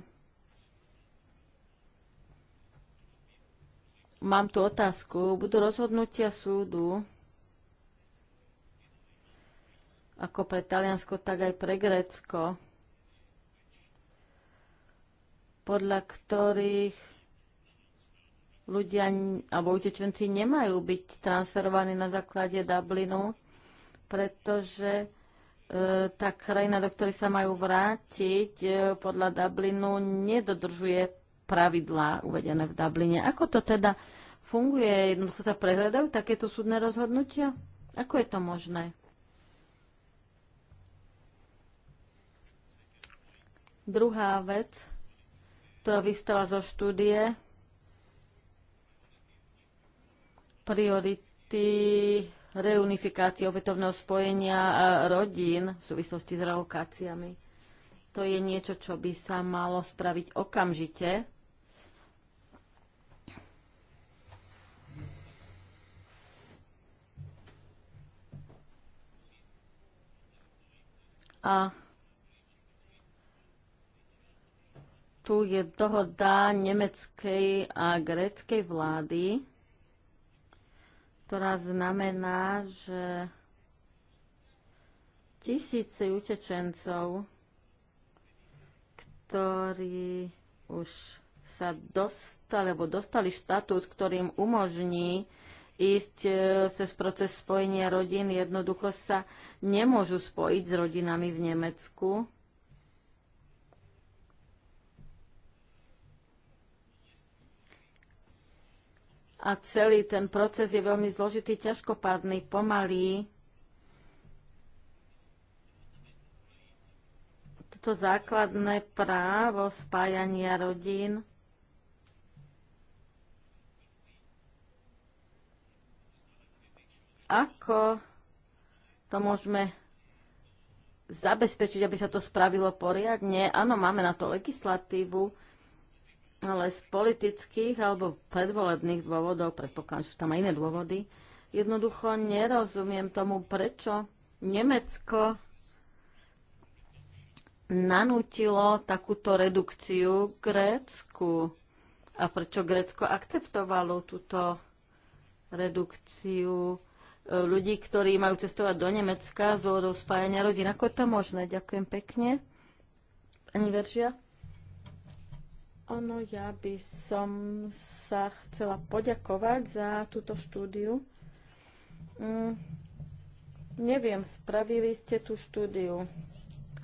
Mám tu otázku. Budú rozhodnutia súdu ako pre Taliansko, tak aj pre Grécko, podľa ktorých ľudia alebo utečenci nemajú byť transferovaní na základe Dublinu, pretože e, tá krajina, do ktorej sa majú vrátiť, e, podľa Dublinu nedodržuje pravidlá uvedené v Dubline. Ako to teda funguje? Jednoducho sa prehľadajú takéto súdne rozhodnutia? Ako je to možné? Druhá vec, ktorá vystala zo štúdie, priority reunifikácie obetovného spojenia rodín v súvislosti s relokáciami. To je niečo, čo by sa malo spraviť okamžite. A tu je dohoda nemeckej a gréckej vlády, ktorá znamená, že tisíce utečencov, ktorí už sa dostali, alebo dostali štatút, ktorým umožní ísť e, cez proces spojenia rodín, jednoducho sa nemôžu spojiť s rodinami v Nemecku a celý ten proces je veľmi zložitý, ťažkopádny, pomalý. Toto základné právo spájania rodín ako to môžeme zabezpečiť, aby sa to spravilo poriadne. Áno, máme na to legislatívu, ale z politických alebo predvolebných dôvodov, predpokladám, že sú tam aj iné dôvody, jednoducho nerozumiem tomu, prečo Nemecko nanútilo takúto redukciu Grécku a prečo Grécko akceptovalo túto redukciu e, ľudí, ktorí majú cestovať do Nemecka z dôvodov spájania rodín. Ako je to možné? Ďakujem pekne. Ani veržia? Ono, ja by som sa chcela poďakovať za túto štúdiu. Mm, neviem, spravili ste tú štúdiu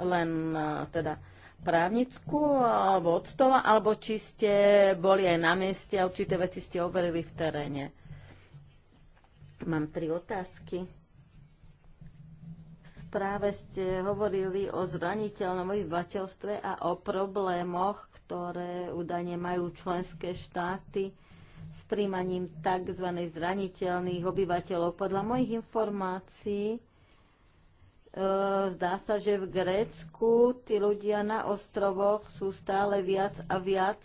len e, teda právnickú alebo od stola, alebo či ste boli aj na mieste a určité veci ste overili v teréne. Mám tri otázky správe ste hovorili o zraniteľnom obyvateľstve a o problémoch, ktoré údajne majú členské štáty s príjmaním tzv. zraniteľných obyvateľov. Podľa mojich informácií e, zdá sa, že v Grécku tí ľudia na ostrovoch sú stále viac a viac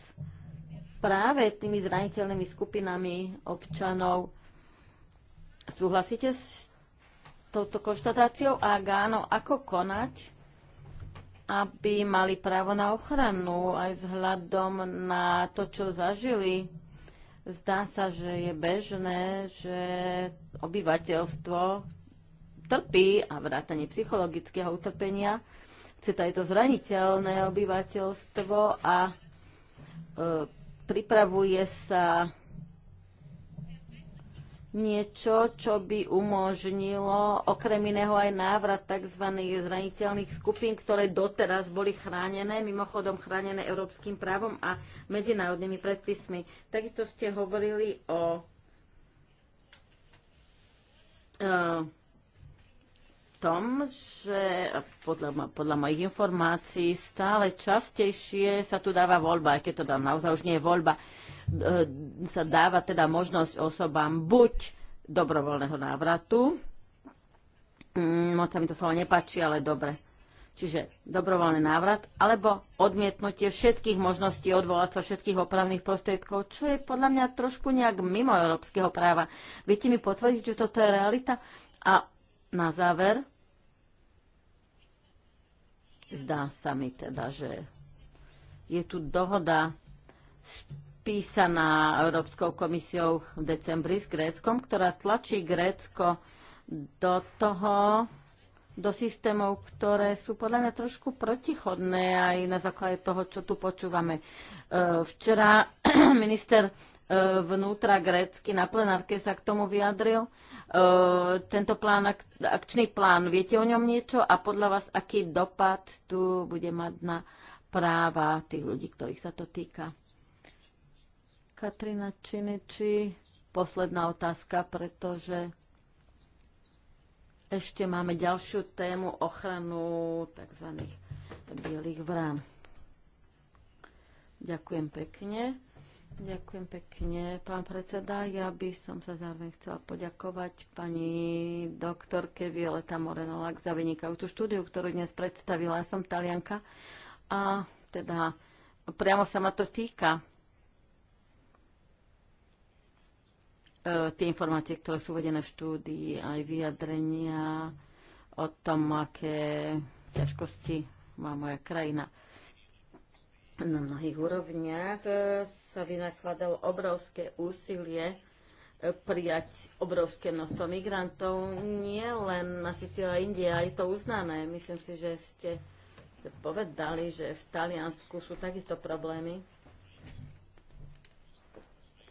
práve tými zraniteľnými skupinami občanov. Súhlasíte s touto konštatáciou? Ak áno, ako konať, aby mali právo na ochranu aj vzhľadom na to, čo zažili? Zdá sa, že je bežné, že obyvateľstvo trpí a vrátanie psychologického utrpenia, cita je to zraniteľné obyvateľstvo a e, pripravuje sa niečo, čo by umožnilo okrem iného aj návrat tzv. zraniteľných skupín, ktoré doteraz boli chránené, mimochodom chránené európskym právom a medzinárodnými predpismi. Takisto ste hovorili o uh, tom, že podľa, podľa mojich informácií stále častejšie sa tu dáva voľba, aj keď to tam naozaj už nie je voľba. E, sa dáva teda možnosť osobám buď dobrovoľného návratu, mm, moc sa mi to slovo nepáči, ale dobre. Čiže dobrovoľný návrat, alebo odmietnutie všetkých možností odvolať sa všetkých opravných prostriedkov, čo je podľa mňa trošku nejak mimo európskeho práva. Viete mi potvrdiť, že toto je realita? A na záver, zdá sa mi teda, že je tu dohoda podpísaná Európskou komisiou v decembri s Gréckom, ktorá tlačí Grécko do toho, do systémov, ktoré sú podľa mňa trošku protichodné aj na základe toho, čo tu počúvame. E, včera minister e, vnútra grécky na plenárke sa k tomu vyjadril. E, tento plán, akčný plán, viete o ňom niečo a podľa vás, aký dopad tu bude mať na práva tých ľudí, ktorých sa to týka? Katrina Činiči, posledná otázka, pretože ešte máme ďalšiu tému ochranu tzv. bielých vrán. Ďakujem pekne. Ďakujem pekne, pán predseda. Ja by som sa zároveň chcela poďakovať pani doktorke Violeta Morenolak za vynikajúcu štúdiu, ktorú dnes predstavila. Ja som talianka a teda priamo sa ma to týka. E, tie informácie, ktoré sú vedené v štúdii, aj vyjadrenia o tom, aké ťažkosti má moja krajina. Na mnohých úrovniach e, sa vynakladalo obrovské úsilie e, prijať obrovské množstvo migrantov, nie len na a India, aj to uznané. Myslím si, že ste povedali, že v Taliansku sú takisto problémy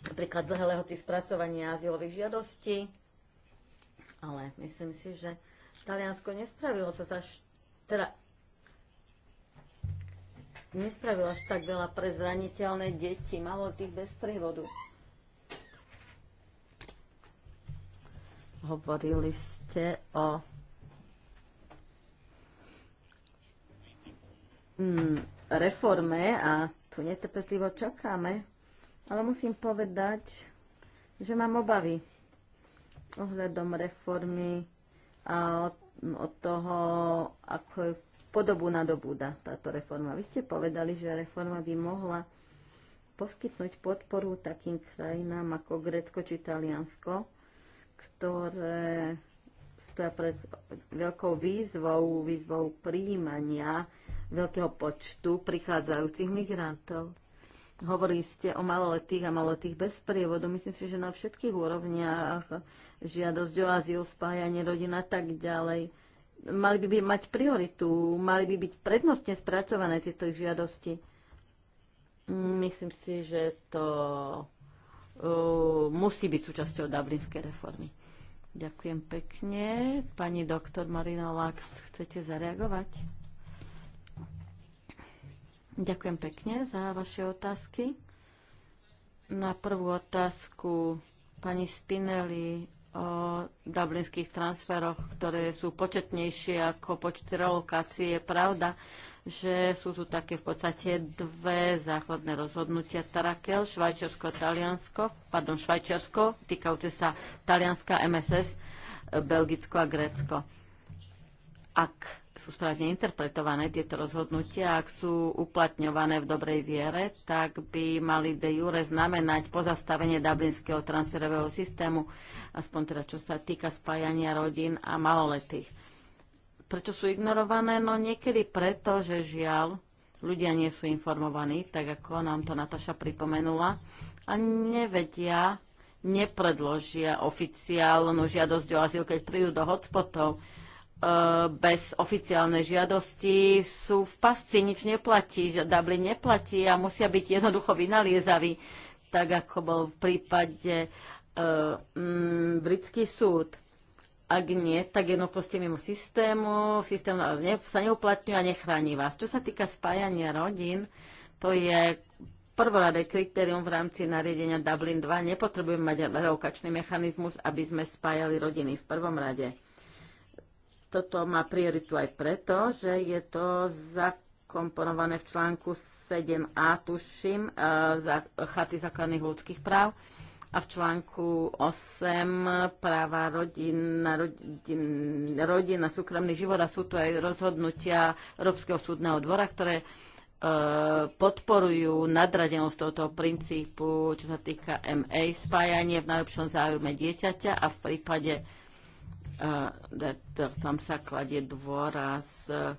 napríklad dlhé lehoty spracovania azylových žiadostí, ale myslím si, že Taliansko nespravilo sa až, teda nespravilo až tak veľa pre zraniteľné deti, malo tých bez prívodu. Hovorili ste o mm, reforme a tu netrpezlivo čakáme ale musím povedať, že mám obavy ohľadom reformy a od, od toho, ako je podobu nadobúda táto reforma. Vy ste povedali, že reforma by mohla poskytnúť podporu takým krajinám ako Grécko či Taliansko, ktoré stoja pred veľkou výzvou, výzvou príjmania veľkého počtu prichádzajúcich migrantov. Hovorili ste o maloletých a maloletých bez prievodu. Myslím si, že na všetkých úrovniach žiadosť o azyl, spájanie rodina a tak ďalej mali by, by mať prioritu, mali by byť prednostne spracované tieto ich žiadosti. Myslím si, že to uh, musí byť súčasťou dublinskej reformy. Ďakujem pekne. Pani doktor Marina Lax, chcete zareagovať? Ďakujem pekne za vaše otázky. Na prvú otázku pani Spinelli o dublinských transferoch, ktoré sú početnejšie ako počet relokácií. Je pravda, že sú tu také v podstate dve základné rozhodnutia Tarakel, Švajčiarsko, Taliansko, pardon, Švajčiarsko, týkajúce sa Talianska, MSS, Belgicko a Grécko. Ak sú správne interpretované tieto rozhodnutia, ak sú uplatňované v dobrej viere, tak by mali de jure znamenať pozastavenie dublinského transferového systému, aspoň teda čo sa týka spájania rodín a maloletých. Prečo sú ignorované? No niekedy preto, že žiaľ, ľudia nie sú informovaní, tak ako nám to Nataša pripomenula, a nevedia, nepredložia oficiálnu žiadosť o azyl, keď prídu do hotspotov E, bez oficiálnej žiadosti sú v pasci, nič neplatí, že Dublin neplatí a musia byť jednoducho vynaliezaví, tak ako bol v prípade uh, mm, britský súd. Ak nie, tak jednoducho ste mimo systému, systém ne, sa neuplatňuje a nechráni vás. Čo sa týka spájania rodín, to je prvoradé kritérium v rámci nariadenia Dublin 2. Nepotrebujeme mať relokačný mechanizmus, aby sme spájali rodiny v prvom rade toto má prioritu aj preto, že je to zakomponované v článku 7a, tuším, e, za chaty základných ľudských práv a v článku 8 práva rodin, rodin, rodin na súkromný život a sú tu aj rozhodnutia Európskeho súdneho dvora, ktoré e, podporujú nadradenosť tohoto princípu, čo sa týka MA, spájanie v najlepšom záujme dieťaťa a v prípade tam sa kladie dôraz e,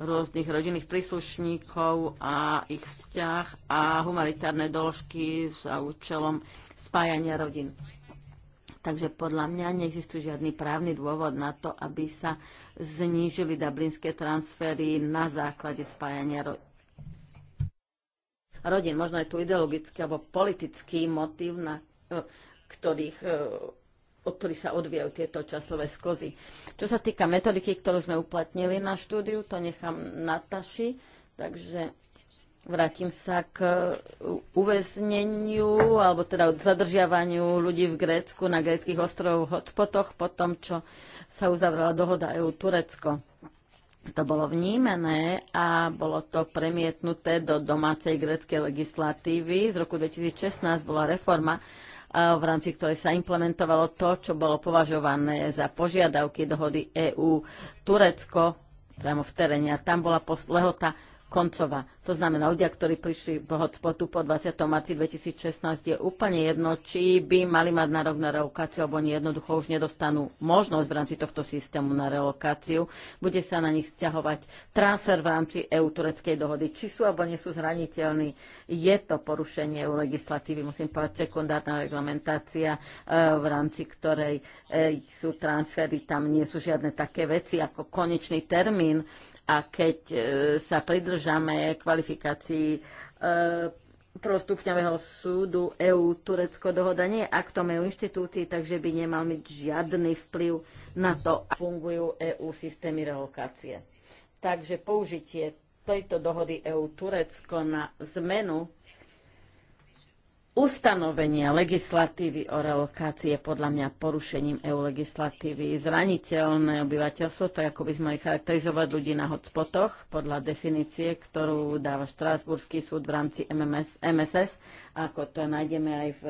rôznych rodinných príslušníkov a ich vzťah a humanitárne doložky za účelom spájania rodín. Takže podľa mňa neexistuje žiadny právny dôvod na to, aby sa znížili dublinské transfery na základe spájania ro- rodín. Možno je tu ideologický alebo politický motív, na e, ktorých e, od ktorých sa odvíjajú tieto časové skozy. Čo sa týka metodiky, ktorú sme uplatnili na štúdiu, to nechám na taši, takže vrátim sa k uväzneniu alebo teda zadržiavaniu ľudí v Grécku na gréckých ostrovoch hotspotoch po tom, čo sa uzavrela dohoda EU-Turecko. To bolo vnímené a bolo to premietnuté do domácej gréckej legislatívy. Z roku 2016 bola reforma, v rámci ktorej sa implementovalo to, čo bolo považované za požiadavky dohody EÚ-Turecko priamo v teréne. A tam bola lehota koncová. To znamená, ľudia, ktorí prišli po hotspotu po 20. marci 2016, je úplne jedno, či by mali mať nárok na relokáciu, alebo oni jednoducho už nedostanú možnosť v rámci tohto systému na relokáciu. Bude sa na nich stiahovať transfer v rámci EU-tureckej dohody. Či sú alebo nie sú zraniteľní, je to porušenie EU legislatívy, musím povedať, sekundárna reglementácia, e, v rámci ktorej e, sú transfery, tam nie sú žiadne také veci ako konečný termín a keď e, sa pridržame kvalifikácii e, prostupňového súdu EU-Turecko dohoda nie je aktom EU inštitúcií, takže by nemal mať žiadny vplyv na to, ako fungujú EU systémy relokácie. Takže použitie tejto dohody EU-Turecko na zmenu ustanovenia legislatívy o relokácii je podľa mňa porušením EU legislatívy. Zraniteľné obyvateľstvo, tak ako by sme mali charakterizovať ľudí na hotspotoch, podľa definície, ktorú dáva Štrásburský súd v rámci MMS, MSS, ako to nájdeme aj v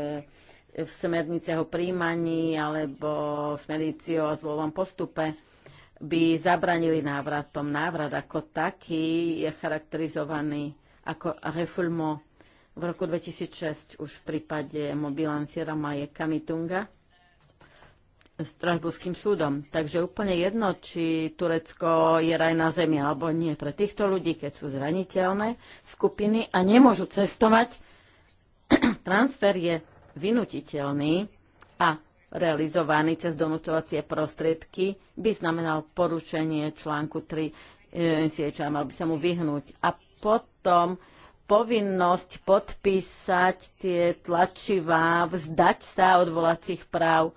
v smerniciach o príjmaní alebo v smernici o zvolom postupe by zabranili návratom. Návrat ako taký je charakterizovaný ako refoulement v roku 2006 už v prípade mobilanciera Maje Kamitunga Strasburským súdom. Takže úplne jedno, či Turecko je raj na zemi alebo nie pre týchto ľudí, keď sú zraniteľné skupiny a nemôžu cestovať, transfer je vynutiteľný a realizovaný cez donúcovacie prostriedky by znamenal poručenie článku 3 e, eh, mal by sa mu vyhnúť. A potom povinnosť podpísať tie tlačivá, vzdať sa odvolacích práv.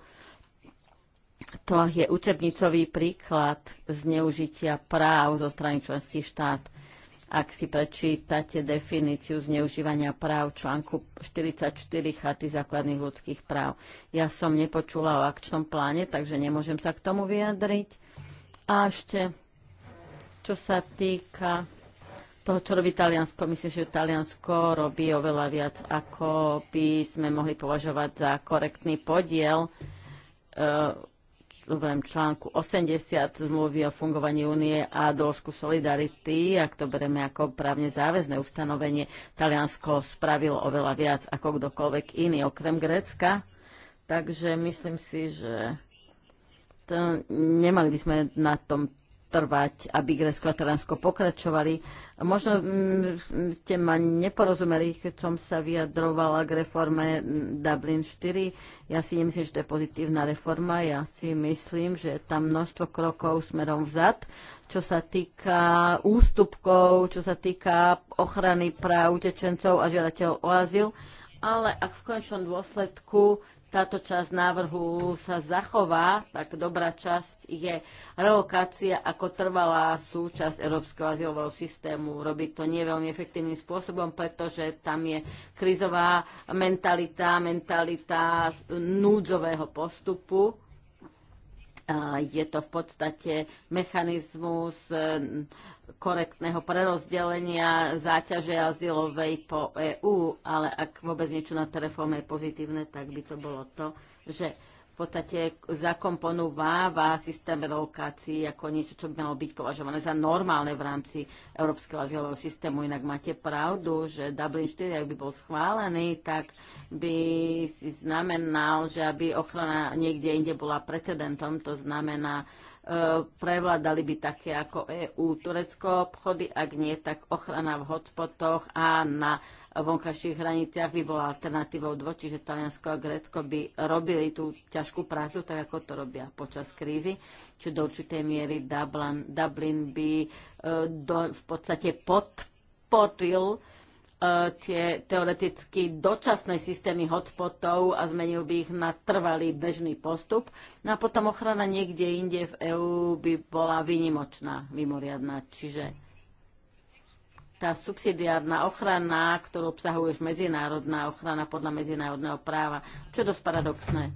To je učebnicový príklad zneužitia práv zo strany členských štát. Ak si prečítate definíciu zneužívania práv článku 44 chaty základných ľudských práv. Ja som nepočula o akčnom pláne, takže nemôžem sa k tomu vyjadriť. A ešte, čo sa týka toho, čo robí Taliansko. Myslím, že Taliansko robí oveľa viac, ako by sme mohli považovať za korektný podiel eh, v článku 80 zmluvy o fungovaní únie a dĺžku solidarity, ak to bereme ako právne záväzné ustanovenie, Taliansko spravilo oveľa viac ako kdokoľvek iný, okrem Grécka. Takže myslím si, že to, nemali by sme na tom trvať, aby Grécko a Taliansko pokračovali. Možno mm, ste ma neporozumeli, keď som sa vyjadrovala k reforme Dublin 4. Ja si nemyslím, že to je pozitívna reforma. Ja si myslím, že je tam množstvo krokov smerom vzad, čo sa týka ústupkov, čo sa týka ochrany práv utečencov a žiadateľov o azyl. Ale ak v končnom dôsledku táto časť návrhu sa zachová, tak dobrá časť je relokácia ako trvalá súčasť Európskeho azylového systému. Robiť to nie veľmi efektívnym spôsobom, pretože tam je krizová mentalita, mentalita núdzového postupu. Je to v podstate mechanizmus korektného prerozdelenia záťaže azylovej po EÚ, ale ak vôbec niečo na tej reforme je pozitívne, tak by to bolo to, že v podstate zakomponováva systém relokácií ako niečo, čo by malo byť považované za normálne v rámci Európskeho azylového systému. Inak máte pravdu, že Dublin 4, ak by bol schválený, tak by si znamenal, že aby ochrana niekde inde bola precedentom, to znamená, E, prevládali by také ako EU Turecko obchody, ak nie, tak ochrana v hotspotoch a na vonkajších hraniciach by bola alternatívou dvo, čiže Taliansko a Grécko by robili tú ťažkú prácu, tak ako to robia počas krízy, čo do určitej miery Dublin, Dublin by e, do, v podstate podporil E, tie teoreticky dočasné systémy hotspotov a zmenil by ich na trvalý bežný postup. No a potom ochrana niekde inde v EÚ by bola vynimočná, mimoriadná. Čiže tá subsidiárna ochrana, ktorú obsahuje medzinárodná ochrana podľa medzinárodného práva, čo je dosť paradoxné.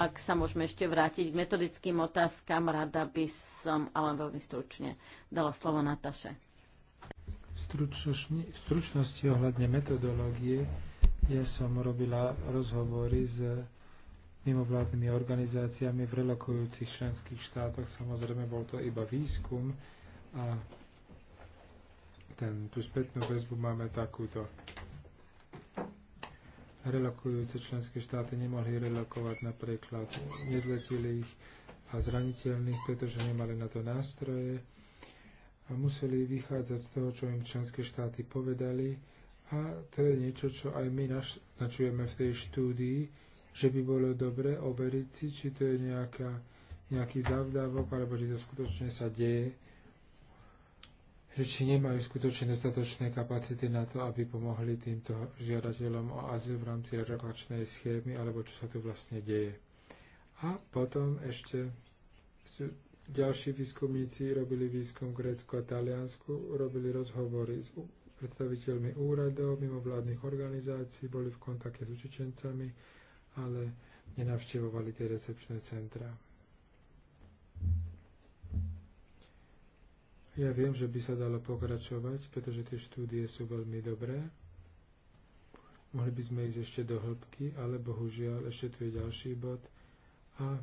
Ak sa môžeme ešte vrátiť k metodickým otázkam, rada by som ale veľmi stručne dala slovo Nataše v stručnosti ohľadne metodológie ja som robila rozhovory s mimovládnymi organizáciami v relokujúcich členských štátoch. Samozrejme, bol to iba výskum a ten, tú spätnú väzbu máme takúto. Relokujúce členské štáty nemohli relokovať napríklad nezletilých a zraniteľných, pretože nemali na to nástroje museli vychádzať z toho, čo im členské štáty povedali a to je niečo, čo aj my naznačujeme v tej štúdii, že by bolo dobre overiť si, či to je nejaká, nejaký zavdávok, alebo či to skutočne sa deje, že či nemajú skutočne dostatočné kapacity na to, aby pomohli týmto žiadateľom o azyl v rámci relokačnej schémy, alebo čo sa tu vlastne deje. A potom ešte ďalší výskumníci robili výskum v Grécku a Taliansku, robili rozhovory s predstaviteľmi úradov, mimovládnych organizácií, boli v kontakte s učečencami, ale nenavštevovali tie recepčné centra. Ja viem, že by sa dalo pokračovať, pretože tie štúdie sú veľmi dobré. Mohli by sme ísť ešte do hĺbky, ale bohužiaľ ešte tu je ďalší bod a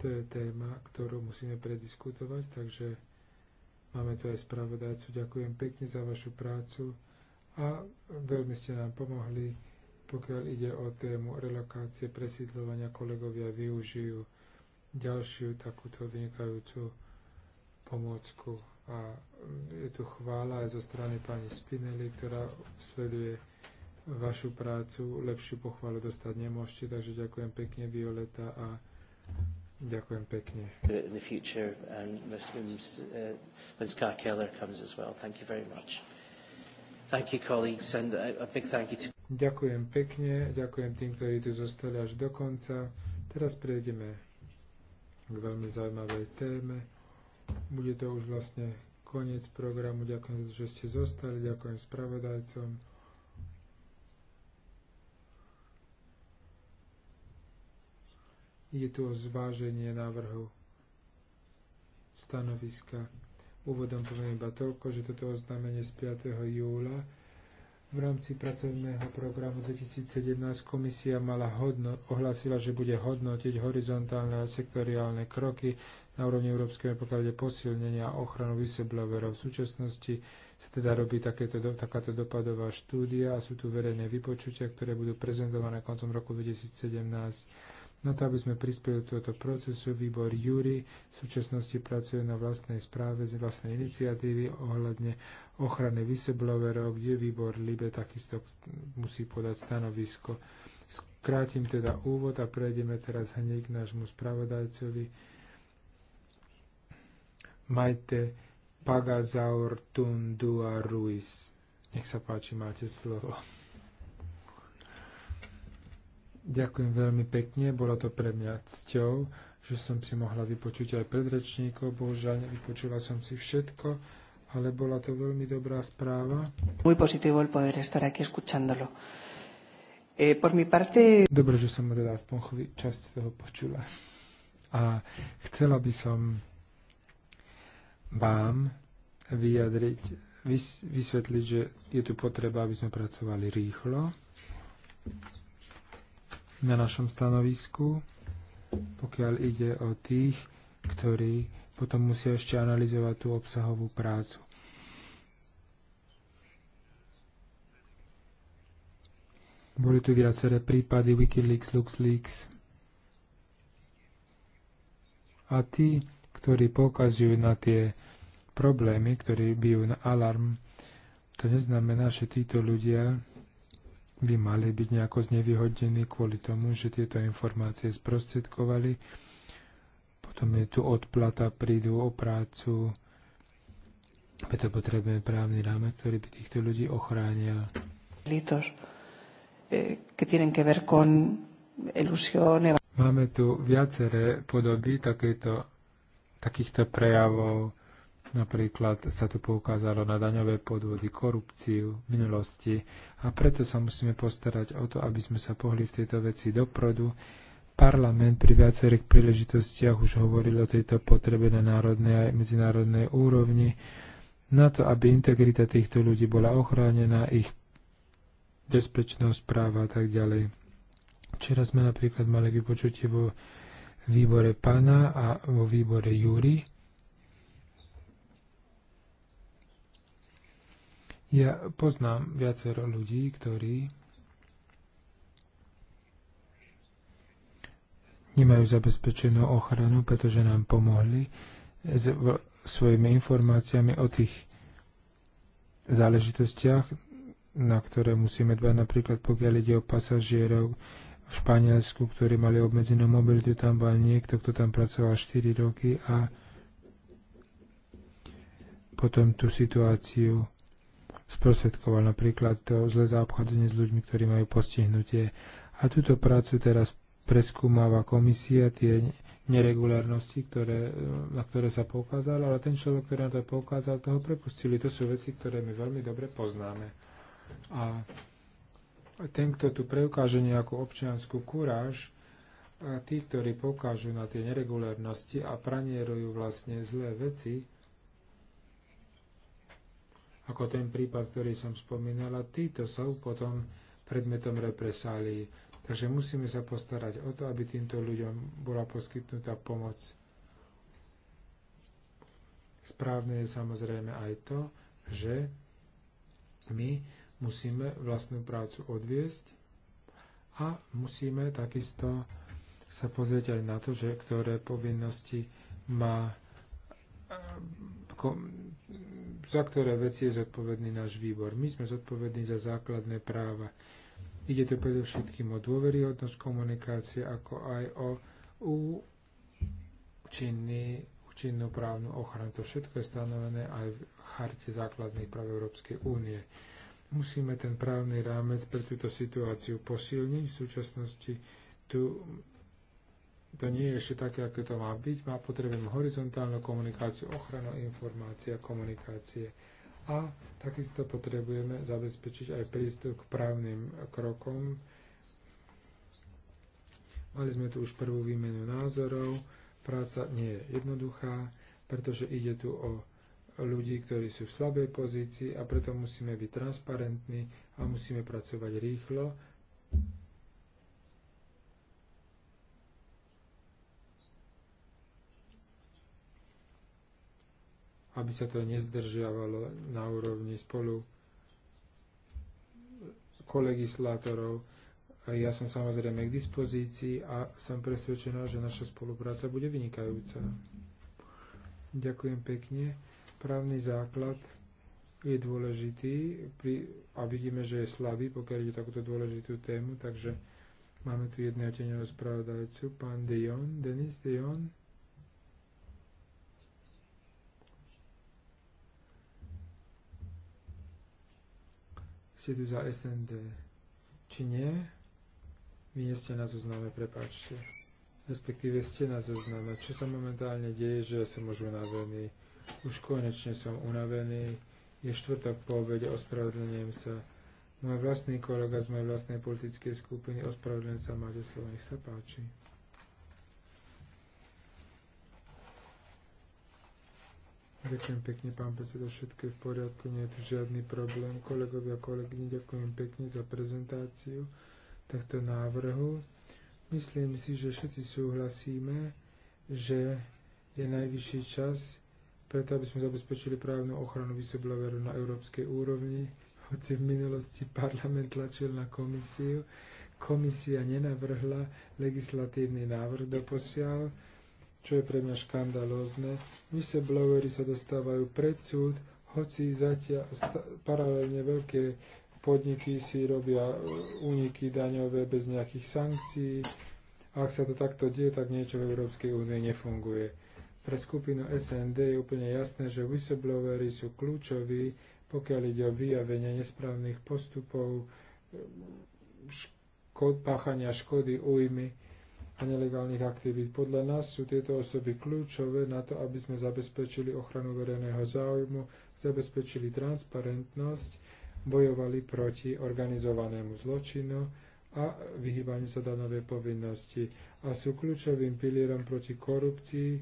to je téma, ktorú musíme prediskutovať, takže máme tu aj spravodajcu. Ďakujem pekne za vašu prácu a veľmi ste nám pomohli, pokiaľ ide o tému relokácie, presídľovania kolegovia využijú ďalšiu takúto vynikajúcu pomôcku. A je tu chvála aj zo strany pani Spinelli, ktorá sleduje vašu prácu. Lepšiu pochvalu dostať nemôžete, takže ďakujem pekne Violeta a Ďakujem pekne. Uh, in the future and um, Muslims, uh, when Ska Keller comes as well. Thank you very much. Thank you, colleagues, and a big thank you to... Ďakujem pekne, ďakujem tým, ktorí tu zostali až do konca. Teraz prejdeme k veľmi zaujímavej téme. Bude to už vlastne koniec programu. Ďakujem, že ste zostali, ďakujem spravodajcom. Ide tu o zváženie návrhu stanoviska. Úvodom poviem iba toľko, že toto oznámenie z 5. júla v rámci pracovného programu 2017 komisia mala hodno- ohlasila, že bude hodnotiť horizontálne a sektoriálne kroky na úrovni Európskej pokladne posilnenia a ochranu whistleblowerov. V súčasnosti sa teda robí takéto, takáto dopadová štúdia a sú tu verejné vypočutia, ktoré budú prezentované koncom roku 2017 na to, aby sme prispeli do tohoto procesu, výbor Júri v súčasnosti pracuje na vlastnej správe z vlastnej iniciatívy ohľadne ochrany whistleblowerov, kde výbor Libe takisto musí podať stanovisko. Skrátim teda úvod a prejdeme teraz hneď k nášmu spravodajcovi Majte Pagazaur Tundua Ruiz. Nech sa páči, máte slovo. Ďakujem veľmi pekne, bola to pre mňa cťou, že som si mohla vypočuť aj predrečníkov, bohužiaľ nevypočula som si všetko, ale bola to veľmi dobrá správa. Muy positivo el poder estar aquí escuchándolo. Eh, por mi parte... Dobre, že som teda aspoň časť z toho počula. A chcela by som vám vyjadriť, vys- vysvetliť, že je tu potreba, aby sme pracovali rýchlo na našom stanovisku, pokiaľ ide o tých, ktorí potom musia ešte analyzovať tú obsahovú prácu. Boli tu viaceré prípady Wikileaks, LuxLeaks. A tí, ktorí poukazujú na tie problémy, ktorí bijú na alarm, to neznamená, že títo ľudia by mali byť nejako znevýhodnení kvôli tomu, že tieto informácie sprostredkovali. Potom je tu odplata, prídu o prácu. Preto potrebujeme právny rámec, ktorý by týchto ľudí ochránil. Eh, Máme tu viaceré podoby takéto, takýchto prejavov Napríklad sa tu poukázalo na daňové podvody, korupciu v minulosti a preto sa musíme postarať o to, aby sme sa pohli v tejto veci doprodu. Parlament pri viacerých príležitostiach už hovoril o tejto potrebe na národnej a medzinárodnej úrovni, na to, aby integrita týchto ľudí bola ochránená, ich bezpečnosť práva a tak ďalej. Včera sme napríklad mali vypočutie vo výbore pána a vo výbore Júri Ja poznám viacero ľudí, ktorí nemajú zabezpečenú ochranu, pretože nám pomohli s svojimi informáciami o tých záležitostiach, na ktoré musíme dbať, napríklad pokiaľ ide o pasažierov v Španielsku, ktorí mali obmedzenú mobilitu, tam bol niekto, kto tam pracoval 4 roky a potom tú situáciu sprostredkoval napríklad to zle zaobchádzanie s ľuďmi, ktorí majú postihnutie. A túto prácu teraz preskúmava komisia, tie neregulárnosti, ktoré, na ktoré sa poukázal, ale ten človek, ktorý na to poukázal, toho prepustili. To sú veci, ktoré my veľmi dobre poznáme. A ten, kto tu preukáže nejakú občianskú kuráž, tí, ktorí poukážu na tie neregulárnosti a pranierujú vlastne zlé veci, ako ten prípad, ktorý som spomínala, títo sú potom predmetom represálií. Takže musíme sa postarať o to, aby týmto ľuďom bola poskytnutá pomoc. Správne je samozrejme aj to, že my musíme vlastnú prácu odviesť a musíme takisto sa pozrieť aj na to, že ktoré povinnosti má eh, za ktoré veci je zodpovedný náš výbor. My sme zodpovední za základné práva. Ide to predovšetkým o dôveryhodnosť komunikácie, ako aj o účinný, účinnú právnu ochranu. To všetko je stanovené aj v charte základných práv Európskej únie. Musíme ten právny rámec pre túto situáciu posilniť. V súčasnosti tu to nie je ešte také, ako to má byť. Má potrebujem horizontálnu komunikáciu, ochranu informácia, a komunikácie. A takisto potrebujeme zabezpečiť aj prístup k právnym krokom. Mali sme tu už prvú výmenu názorov. Práca nie je jednoduchá, pretože ide tu o ľudí, ktorí sú v slabej pozícii a preto musíme byť transparentní a musíme pracovať rýchlo aby sa to nezdržiavalo na úrovni spolu kolegislátorov. Ja som samozrejme k dispozícii a som presvedčená, že naša spolupráca bude vynikajúca. Ďakujem pekne. Právny základ je dôležitý pri, a vidíme, že je slabý, pokiaľ ide takúto dôležitú tému, takže máme tu jedného teného spravodajcu, pán Dion, Denis Dion. ste tu za SND. Či nie? Vy nie ste na zozname, prepáčte. Respektíve ste na zozname. Čo sa momentálne deje, že ja som už unavený. Už konečne som unavený. Je štvrtok po obede, ospravedlňujem sa. Môj vlastný kolega z mojej vlastnej politickej skupiny, ospravedlňujem sa, máte slovo, nech sa páči. Ďakujem pekne, pán predseda, všetko je v poriadku, nie je tu žiadny problém. Kolegovia a kolegyne, ďakujem pekne za prezentáciu tohto návrhu. Myslím si, že všetci súhlasíme, že je najvyšší čas preto, aby sme zabezpečili právnu ochranu whistleblowerov na európskej úrovni, hoci v minulosti parlament tlačil na komisiu. Komisia nenavrhla legislatívny návrh do posiaľ čo je pre mňa škandalózne. Whistleblowery sa dostávajú pred súd, hoci zatiaľ paralelne veľké podniky si robia e, úniky daňové bez nejakých sankcií. A ak sa to takto deje, tak niečo v Európskej únie nefunguje. Pre skupinu SND je úplne jasné, že whistleblowery sú kľúčoví, pokiaľ ide o vyjavenie nesprávnych postupov, e, škod, páchania škody, újmy a nelegálnych aktivít. Podľa nás sú tieto osoby kľúčové na to, aby sme zabezpečili ochranu verejného záujmu, zabezpečili transparentnosť, bojovali proti organizovanému zločinu a vyhýbaniu sa danovej povinnosti a sú kľúčovým pilierom proti korupcii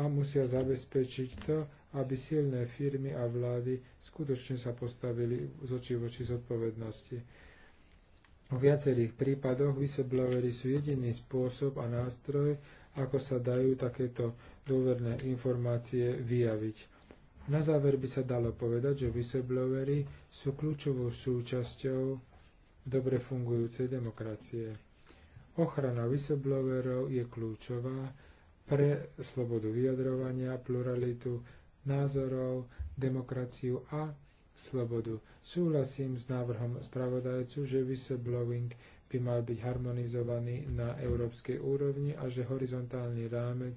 a musia zabezpečiť to, aby silné firmy a vlády skutočne sa postavili z očí voči zodpovednosti. V viacerých prípadoch whistleblowery sú jediný spôsob a nástroj, ako sa dajú takéto dôverné informácie vyjaviť. Na záver by sa dalo povedať, že whistleblowery sú kľúčovou súčasťou dobre fungujúcej demokracie. Ochrana whistleblowerov je kľúčová pre slobodu vyjadrovania, pluralitu názorov, demokraciu a slobodu. Súhlasím s návrhom spravodajcu, že whistleblowing by mal byť harmonizovaný na európskej úrovni a že horizontálny rámec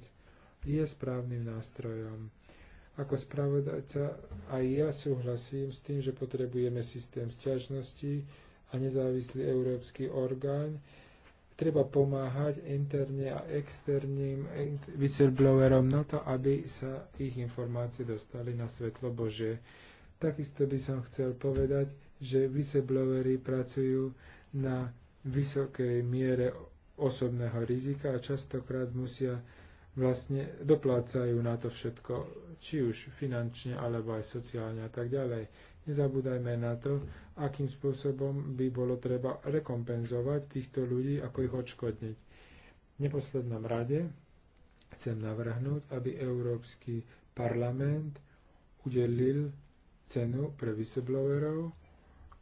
je správnym nástrojom. Ako spravodajca aj ja súhlasím s tým, že potrebujeme systém sťažností a nezávislý európsky orgán. Treba pomáhať interne a externým whistleblowerom na to, aby sa ich informácie dostali na svetlo Bože. Takisto by som chcel povedať, že whistleblowery pracujú na vysokej miere osobného rizika a častokrát musia vlastne doplácajú na to všetko, či už finančne, alebo aj sociálne a tak ďalej. Nezabúdajme na to, akým spôsobom by bolo treba rekompenzovať týchto ľudí, ako ich odškodniť. V neposlednom rade chcem navrhnúť, aby Európsky parlament udelil cenu pre whistleblowerov,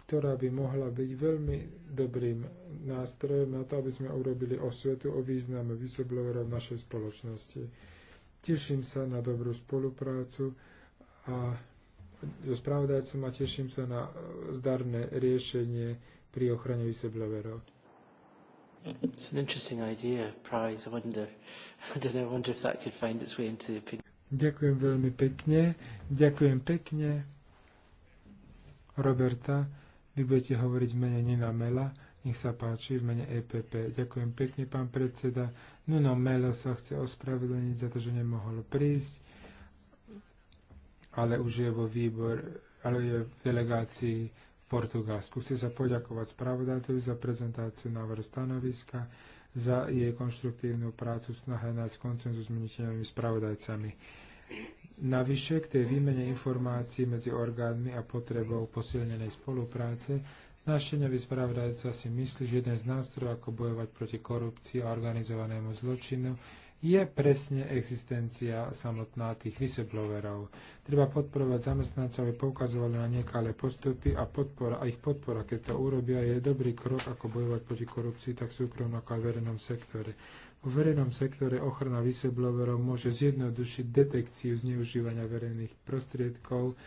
ktorá by mohla byť veľmi dobrým nástrojom na to, aby sme urobili osvetu o význame whistleblowerov v našej spoločnosti. Teším sa na dobrú spoluprácu a so spravodajcom a teším sa na zdarné riešenie pri ochrane whistleblowerov. It's an interesting idea, prize. I wonder, I don't know, I wonder if that could find its way into the opinion. Ďakujem veľmi pekne. Ďakujem pekne. Roberta, vy budete hovoriť v mene Nina Mela, nech sa páči, v mene EPP. Ďakujem pekne, pán predseda. Nuno Melo sa chce ospravedlniť za to, že nemohol prísť, ale už je vo výbor, ale je v delegácii v Portugalsku. Chce sa poďakovať spravodajtovi za prezentáciu návrhu stanoviska, za jej konštruktívnu prácu v snahe nájsť koncenzu s spravodajcami. Navyše k tej výmene informácií medzi orgánmi a potrebou posilnenej spolupráce, náš šeňový spravodajca si myslí, že jeden z nástrojov, ako bojovať proti korupcii a organizovanému zločinu, je presne existencia samotná tých whistleblowerov. Treba podporovať zamestnancov, aby poukazovali na nekalé postupy a, podpora, a ich podpora, keď to urobia, je dobrý krok, ako bojovať proti korupcii, tak súkromno ako aj verejnom sektore. V verejnom sektore ochrana whistleblowerov môže zjednodušiť detekciu zneužívania verejných prostriedkov,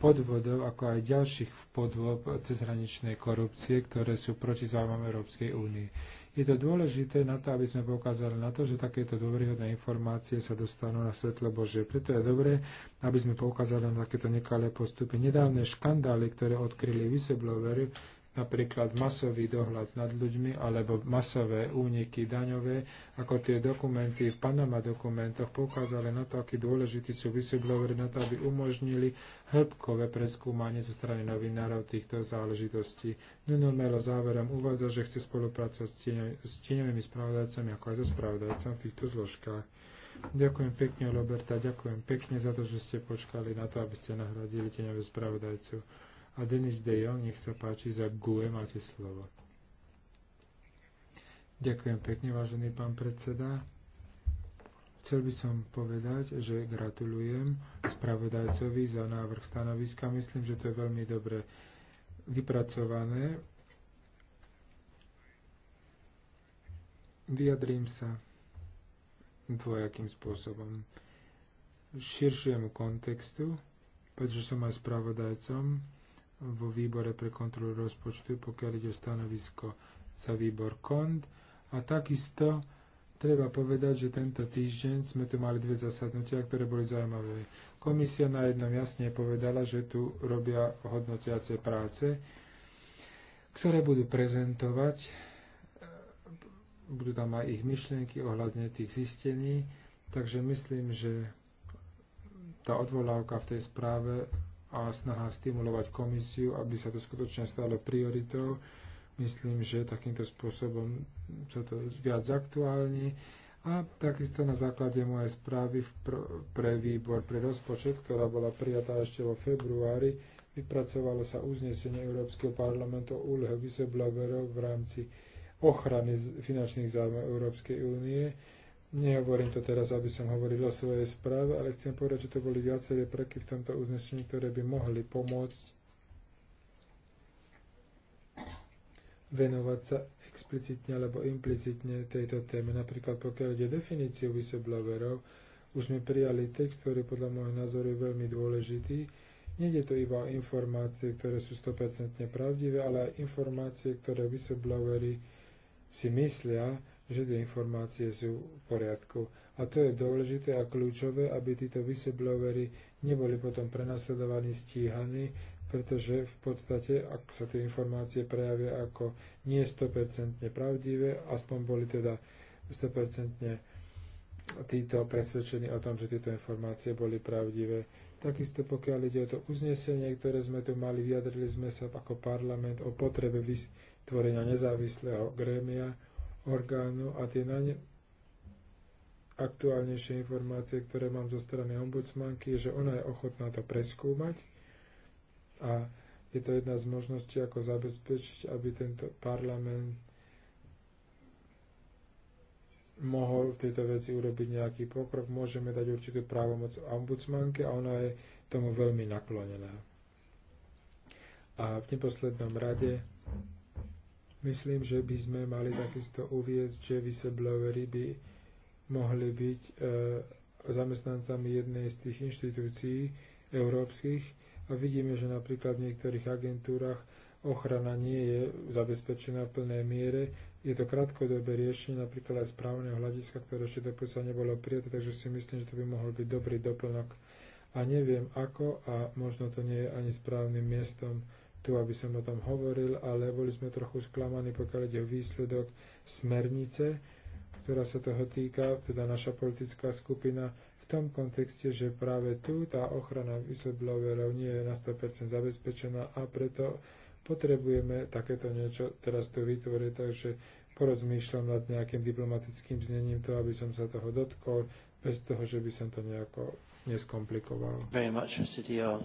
podvodov, ako aj ďalších podvob cezhraničnej korupcie, ktoré sú proti záujmom Európskej únie. Je to dôležité na to, aby sme poukázali na to, že takéto dôveryhodné informácie sa dostanú na svetlo Bože. Preto je dobré, aby sme poukázali na takéto nekalé postupy. Nedávne škandály, ktoré odkryli whistleblowery, napríklad masový dohľad nad ľuďmi alebo masové úniky daňové, ako tie dokumenty v Panama dokumentoch poukázali na to, aký dôležitý sú whistleblowery na to, aby umožnili hĺbkové preskúmanie zo strany novinárov týchto záležitostí. Nuno Melo záverom uvádza, že chce spolupracovať s tieňovými spravodajcami ako aj so spravodajcami v týchto zložkách. Ďakujem pekne, Roberta, ďakujem pekne za to, že ste počkali na to, aby ste nahradili tieňovú spravodajcu. A Denis De Jong, nech sa páči, za GUE máte slovo. Ďakujem pekne, vážený pán predseda. Chcel by som povedať, že gratulujem spravodajcovi za návrh stanoviska. Myslím, že to je veľmi dobre vypracované. Vyjadrím sa dvojakým spôsobom. Širšiemu kontextu, pretože som aj spravodajcom vo výbore pre kontrolu rozpočtu, pokiaľ ide o stanovisko za výbor KOND. A takisto treba povedať, že tento týždeň sme tu mali dve zasadnutia, ktoré boli zaujímavé. Komisia na jednom jasne povedala, že tu robia hodnotiace práce, ktoré budú prezentovať, budú tam aj ich myšlienky ohľadne tých zistení, takže myslím, že tá odvolávka v tej správe a snaha stimulovať komisiu, aby sa to skutočne stalo prioritou. Myslím, že takýmto spôsobom sa to viac aktuálni. A takisto na základe mojej správy pre výbor pre rozpočet, ktorá bola prijatá ešte vo februári, vypracovalo sa uznesenie Európskeho parlamentu o úlohe whistleblowerov v rámci ochrany finančných zájmov Európskej únie Nehovorím to teraz, aby som hovoril o svojej správe, ale chcem povedať, že to boli viaceré preky v tomto uznesení, ktoré by mohli pomôcť venovať sa explicitne alebo implicitne tejto téme. Napríklad pokiaľ ide definíciu whistleblowerov, už sme prijali text, ktorý podľa môjho názoru je veľmi dôležitý. Nede to iba o informácie, ktoré sú 100% pravdivé, ale aj informácie, ktoré whistleblowery si myslia, že tie informácie sú v poriadku. A to je dôležité a kľúčové, aby títo whistleblowery neboli potom prenasledovaní, stíhaní, pretože v podstate, ak sa tie informácie prejavia ako nie 100% pravdivé, aspoň boli teda 100% títo presvedčení o tom, že tieto informácie boli pravdivé. Takisto pokiaľ ide o to uznesenie, ktoré sme tu mali, vyjadrili sme sa ako parlament o potrebe vytvorenia nezávislého grémia, orgánu a tie najaktuálnejšie informácie, ktoré mám zo strany ombudsmanky, je, že ona je ochotná to preskúmať a je to jedna z možností, ako zabezpečiť, aby tento parlament mohol v tejto veci urobiť nejaký pokrok. Môžeme dať určitú právomoc ombudsmanke a ona je tomu veľmi naklonená. A v neposlednom rade Myslím, že by sme mali takisto uviezť, že whistleblowery by mohli byť e, zamestnancami jednej z tých inštitúcií európskych a vidíme, že napríklad v niektorých agentúrach ochrana nie je zabezpečená v plnej miere. Je to krátkodobé riešenie napríklad aj správneho hľadiska, ktoré ešte doposiaľ nebolo prijaté, takže si myslím, že to by mohol byť dobrý doplnok. A neviem ako a možno to nie je ani správnym miestom tu, aby som o tom hovoril, ale boli sme trochu sklamaní, pokiaľ ide o výsledok smernice, ktorá sa toho týka, teda naša politická skupina, v tom kontexte, že práve tu tá ochrana whistleblowerov nie je na 100% zabezpečená a preto potrebujeme takéto niečo teraz tu vytvoriť, takže porozmýšľam nad nejakým diplomatickým znením to, aby som sa toho dotkol, bez toho, že by som to nejako neskomplikoval. Very much, Mr. Dion.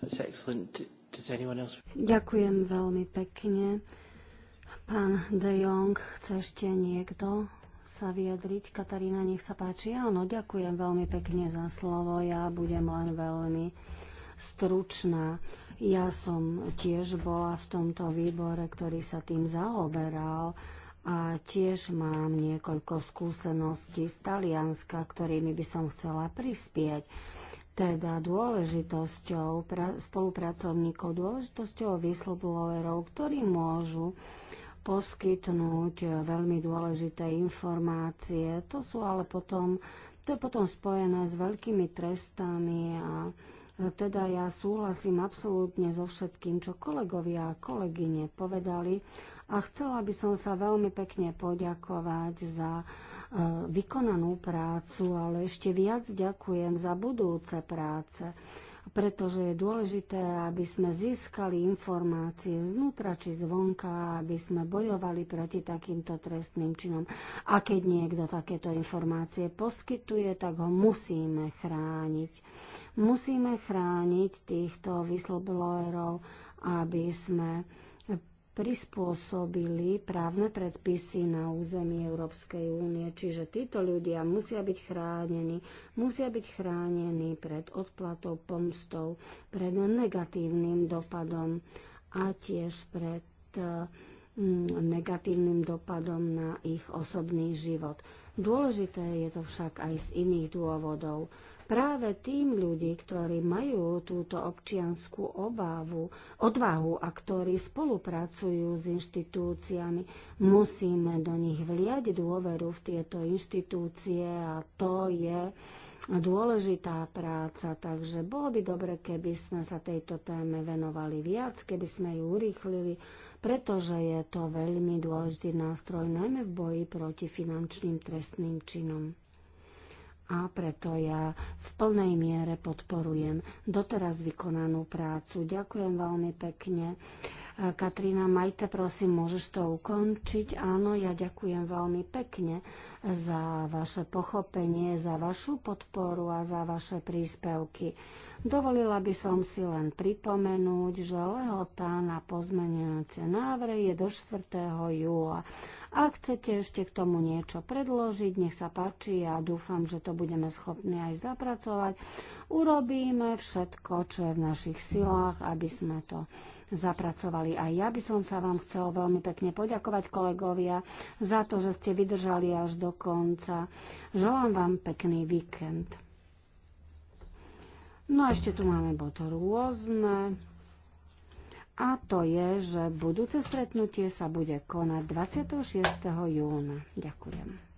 That's excellent. Ďakujem veľmi pekne. Pán De Jong, chce ešte niekto sa vyjadriť? Katarína, nech sa páči. Áno, ďakujem veľmi pekne za slovo. Ja budem len veľmi stručná. Ja som tiež bola v tomto výbore, ktorý sa tým zaoberal a tiež mám niekoľko skúseností z Talianska, ktorými by som chcela prispieť teda dôležitosťou spolupracovníkov, dôležitosťou whistleblowerov, ktorí môžu poskytnúť e, veľmi dôležité informácie. To sú ale potom, to je potom spojené s veľkými trestami a e, teda ja súhlasím absolútne so všetkým, čo kolegovia a kolegyne povedali a chcela by som sa veľmi pekne poďakovať za E, vykonanú prácu, ale ešte viac ďakujem za budúce práce pretože je dôležité, aby sme získali informácie znútra či zvonka, aby sme bojovali proti takýmto trestným činom. A keď niekto takéto informácie poskytuje, tak ho musíme chrániť. Musíme chrániť týchto whistleblowerov, aby sme prispôsobili právne predpisy na území Európskej únie. Čiže títo ľudia musia byť chránení, musia byť chránení pred odplatou, pomstou, pred negatívnym dopadom a tiež pred e, negatívnym dopadom na ich osobný život. Dôležité je to však aj z iných dôvodov práve tým ľudí, ktorí majú túto občianskú obávu, odvahu a ktorí spolupracujú s inštitúciami, musíme do nich vliať dôveru v tieto inštitúcie a to je dôležitá práca, takže bolo by dobre, keby sme sa tejto téme venovali viac, keby sme ju urýchlili, pretože je to veľmi dôležitý nástroj, najmä v boji proti finančným trestným činom a preto ja v plnej miere podporujem doteraz vykonanú prácu. Ďakujem veľmi pekne. E, Katrina Majte, prosím, môžeš to ukončiť? Áno, ja ďakujem veľmi pekne za vaše pochopenie, za vašu podporu a za vaše príspevky. Dovolila by som si len pripomenúť, že lehota na pozmenujúce návrhy je do 4. júla. Ak chcete ešte k tomu niečo predložiť, nech sa páči, ja dúfam, že to budeme schopní aj zapracovať. Urobíme všetko, čo je v našich silách, aby sme to zapracovali. A ja by som sa vám chcel veľmi pekne poďakovať kolegovia za to, že ste vydržali až do konca. Želám vám pekný víkend. No a ešte tu máme bod rôzne a to je, že budúce stretnutie sa bude konať 26. júna. Ďakujem.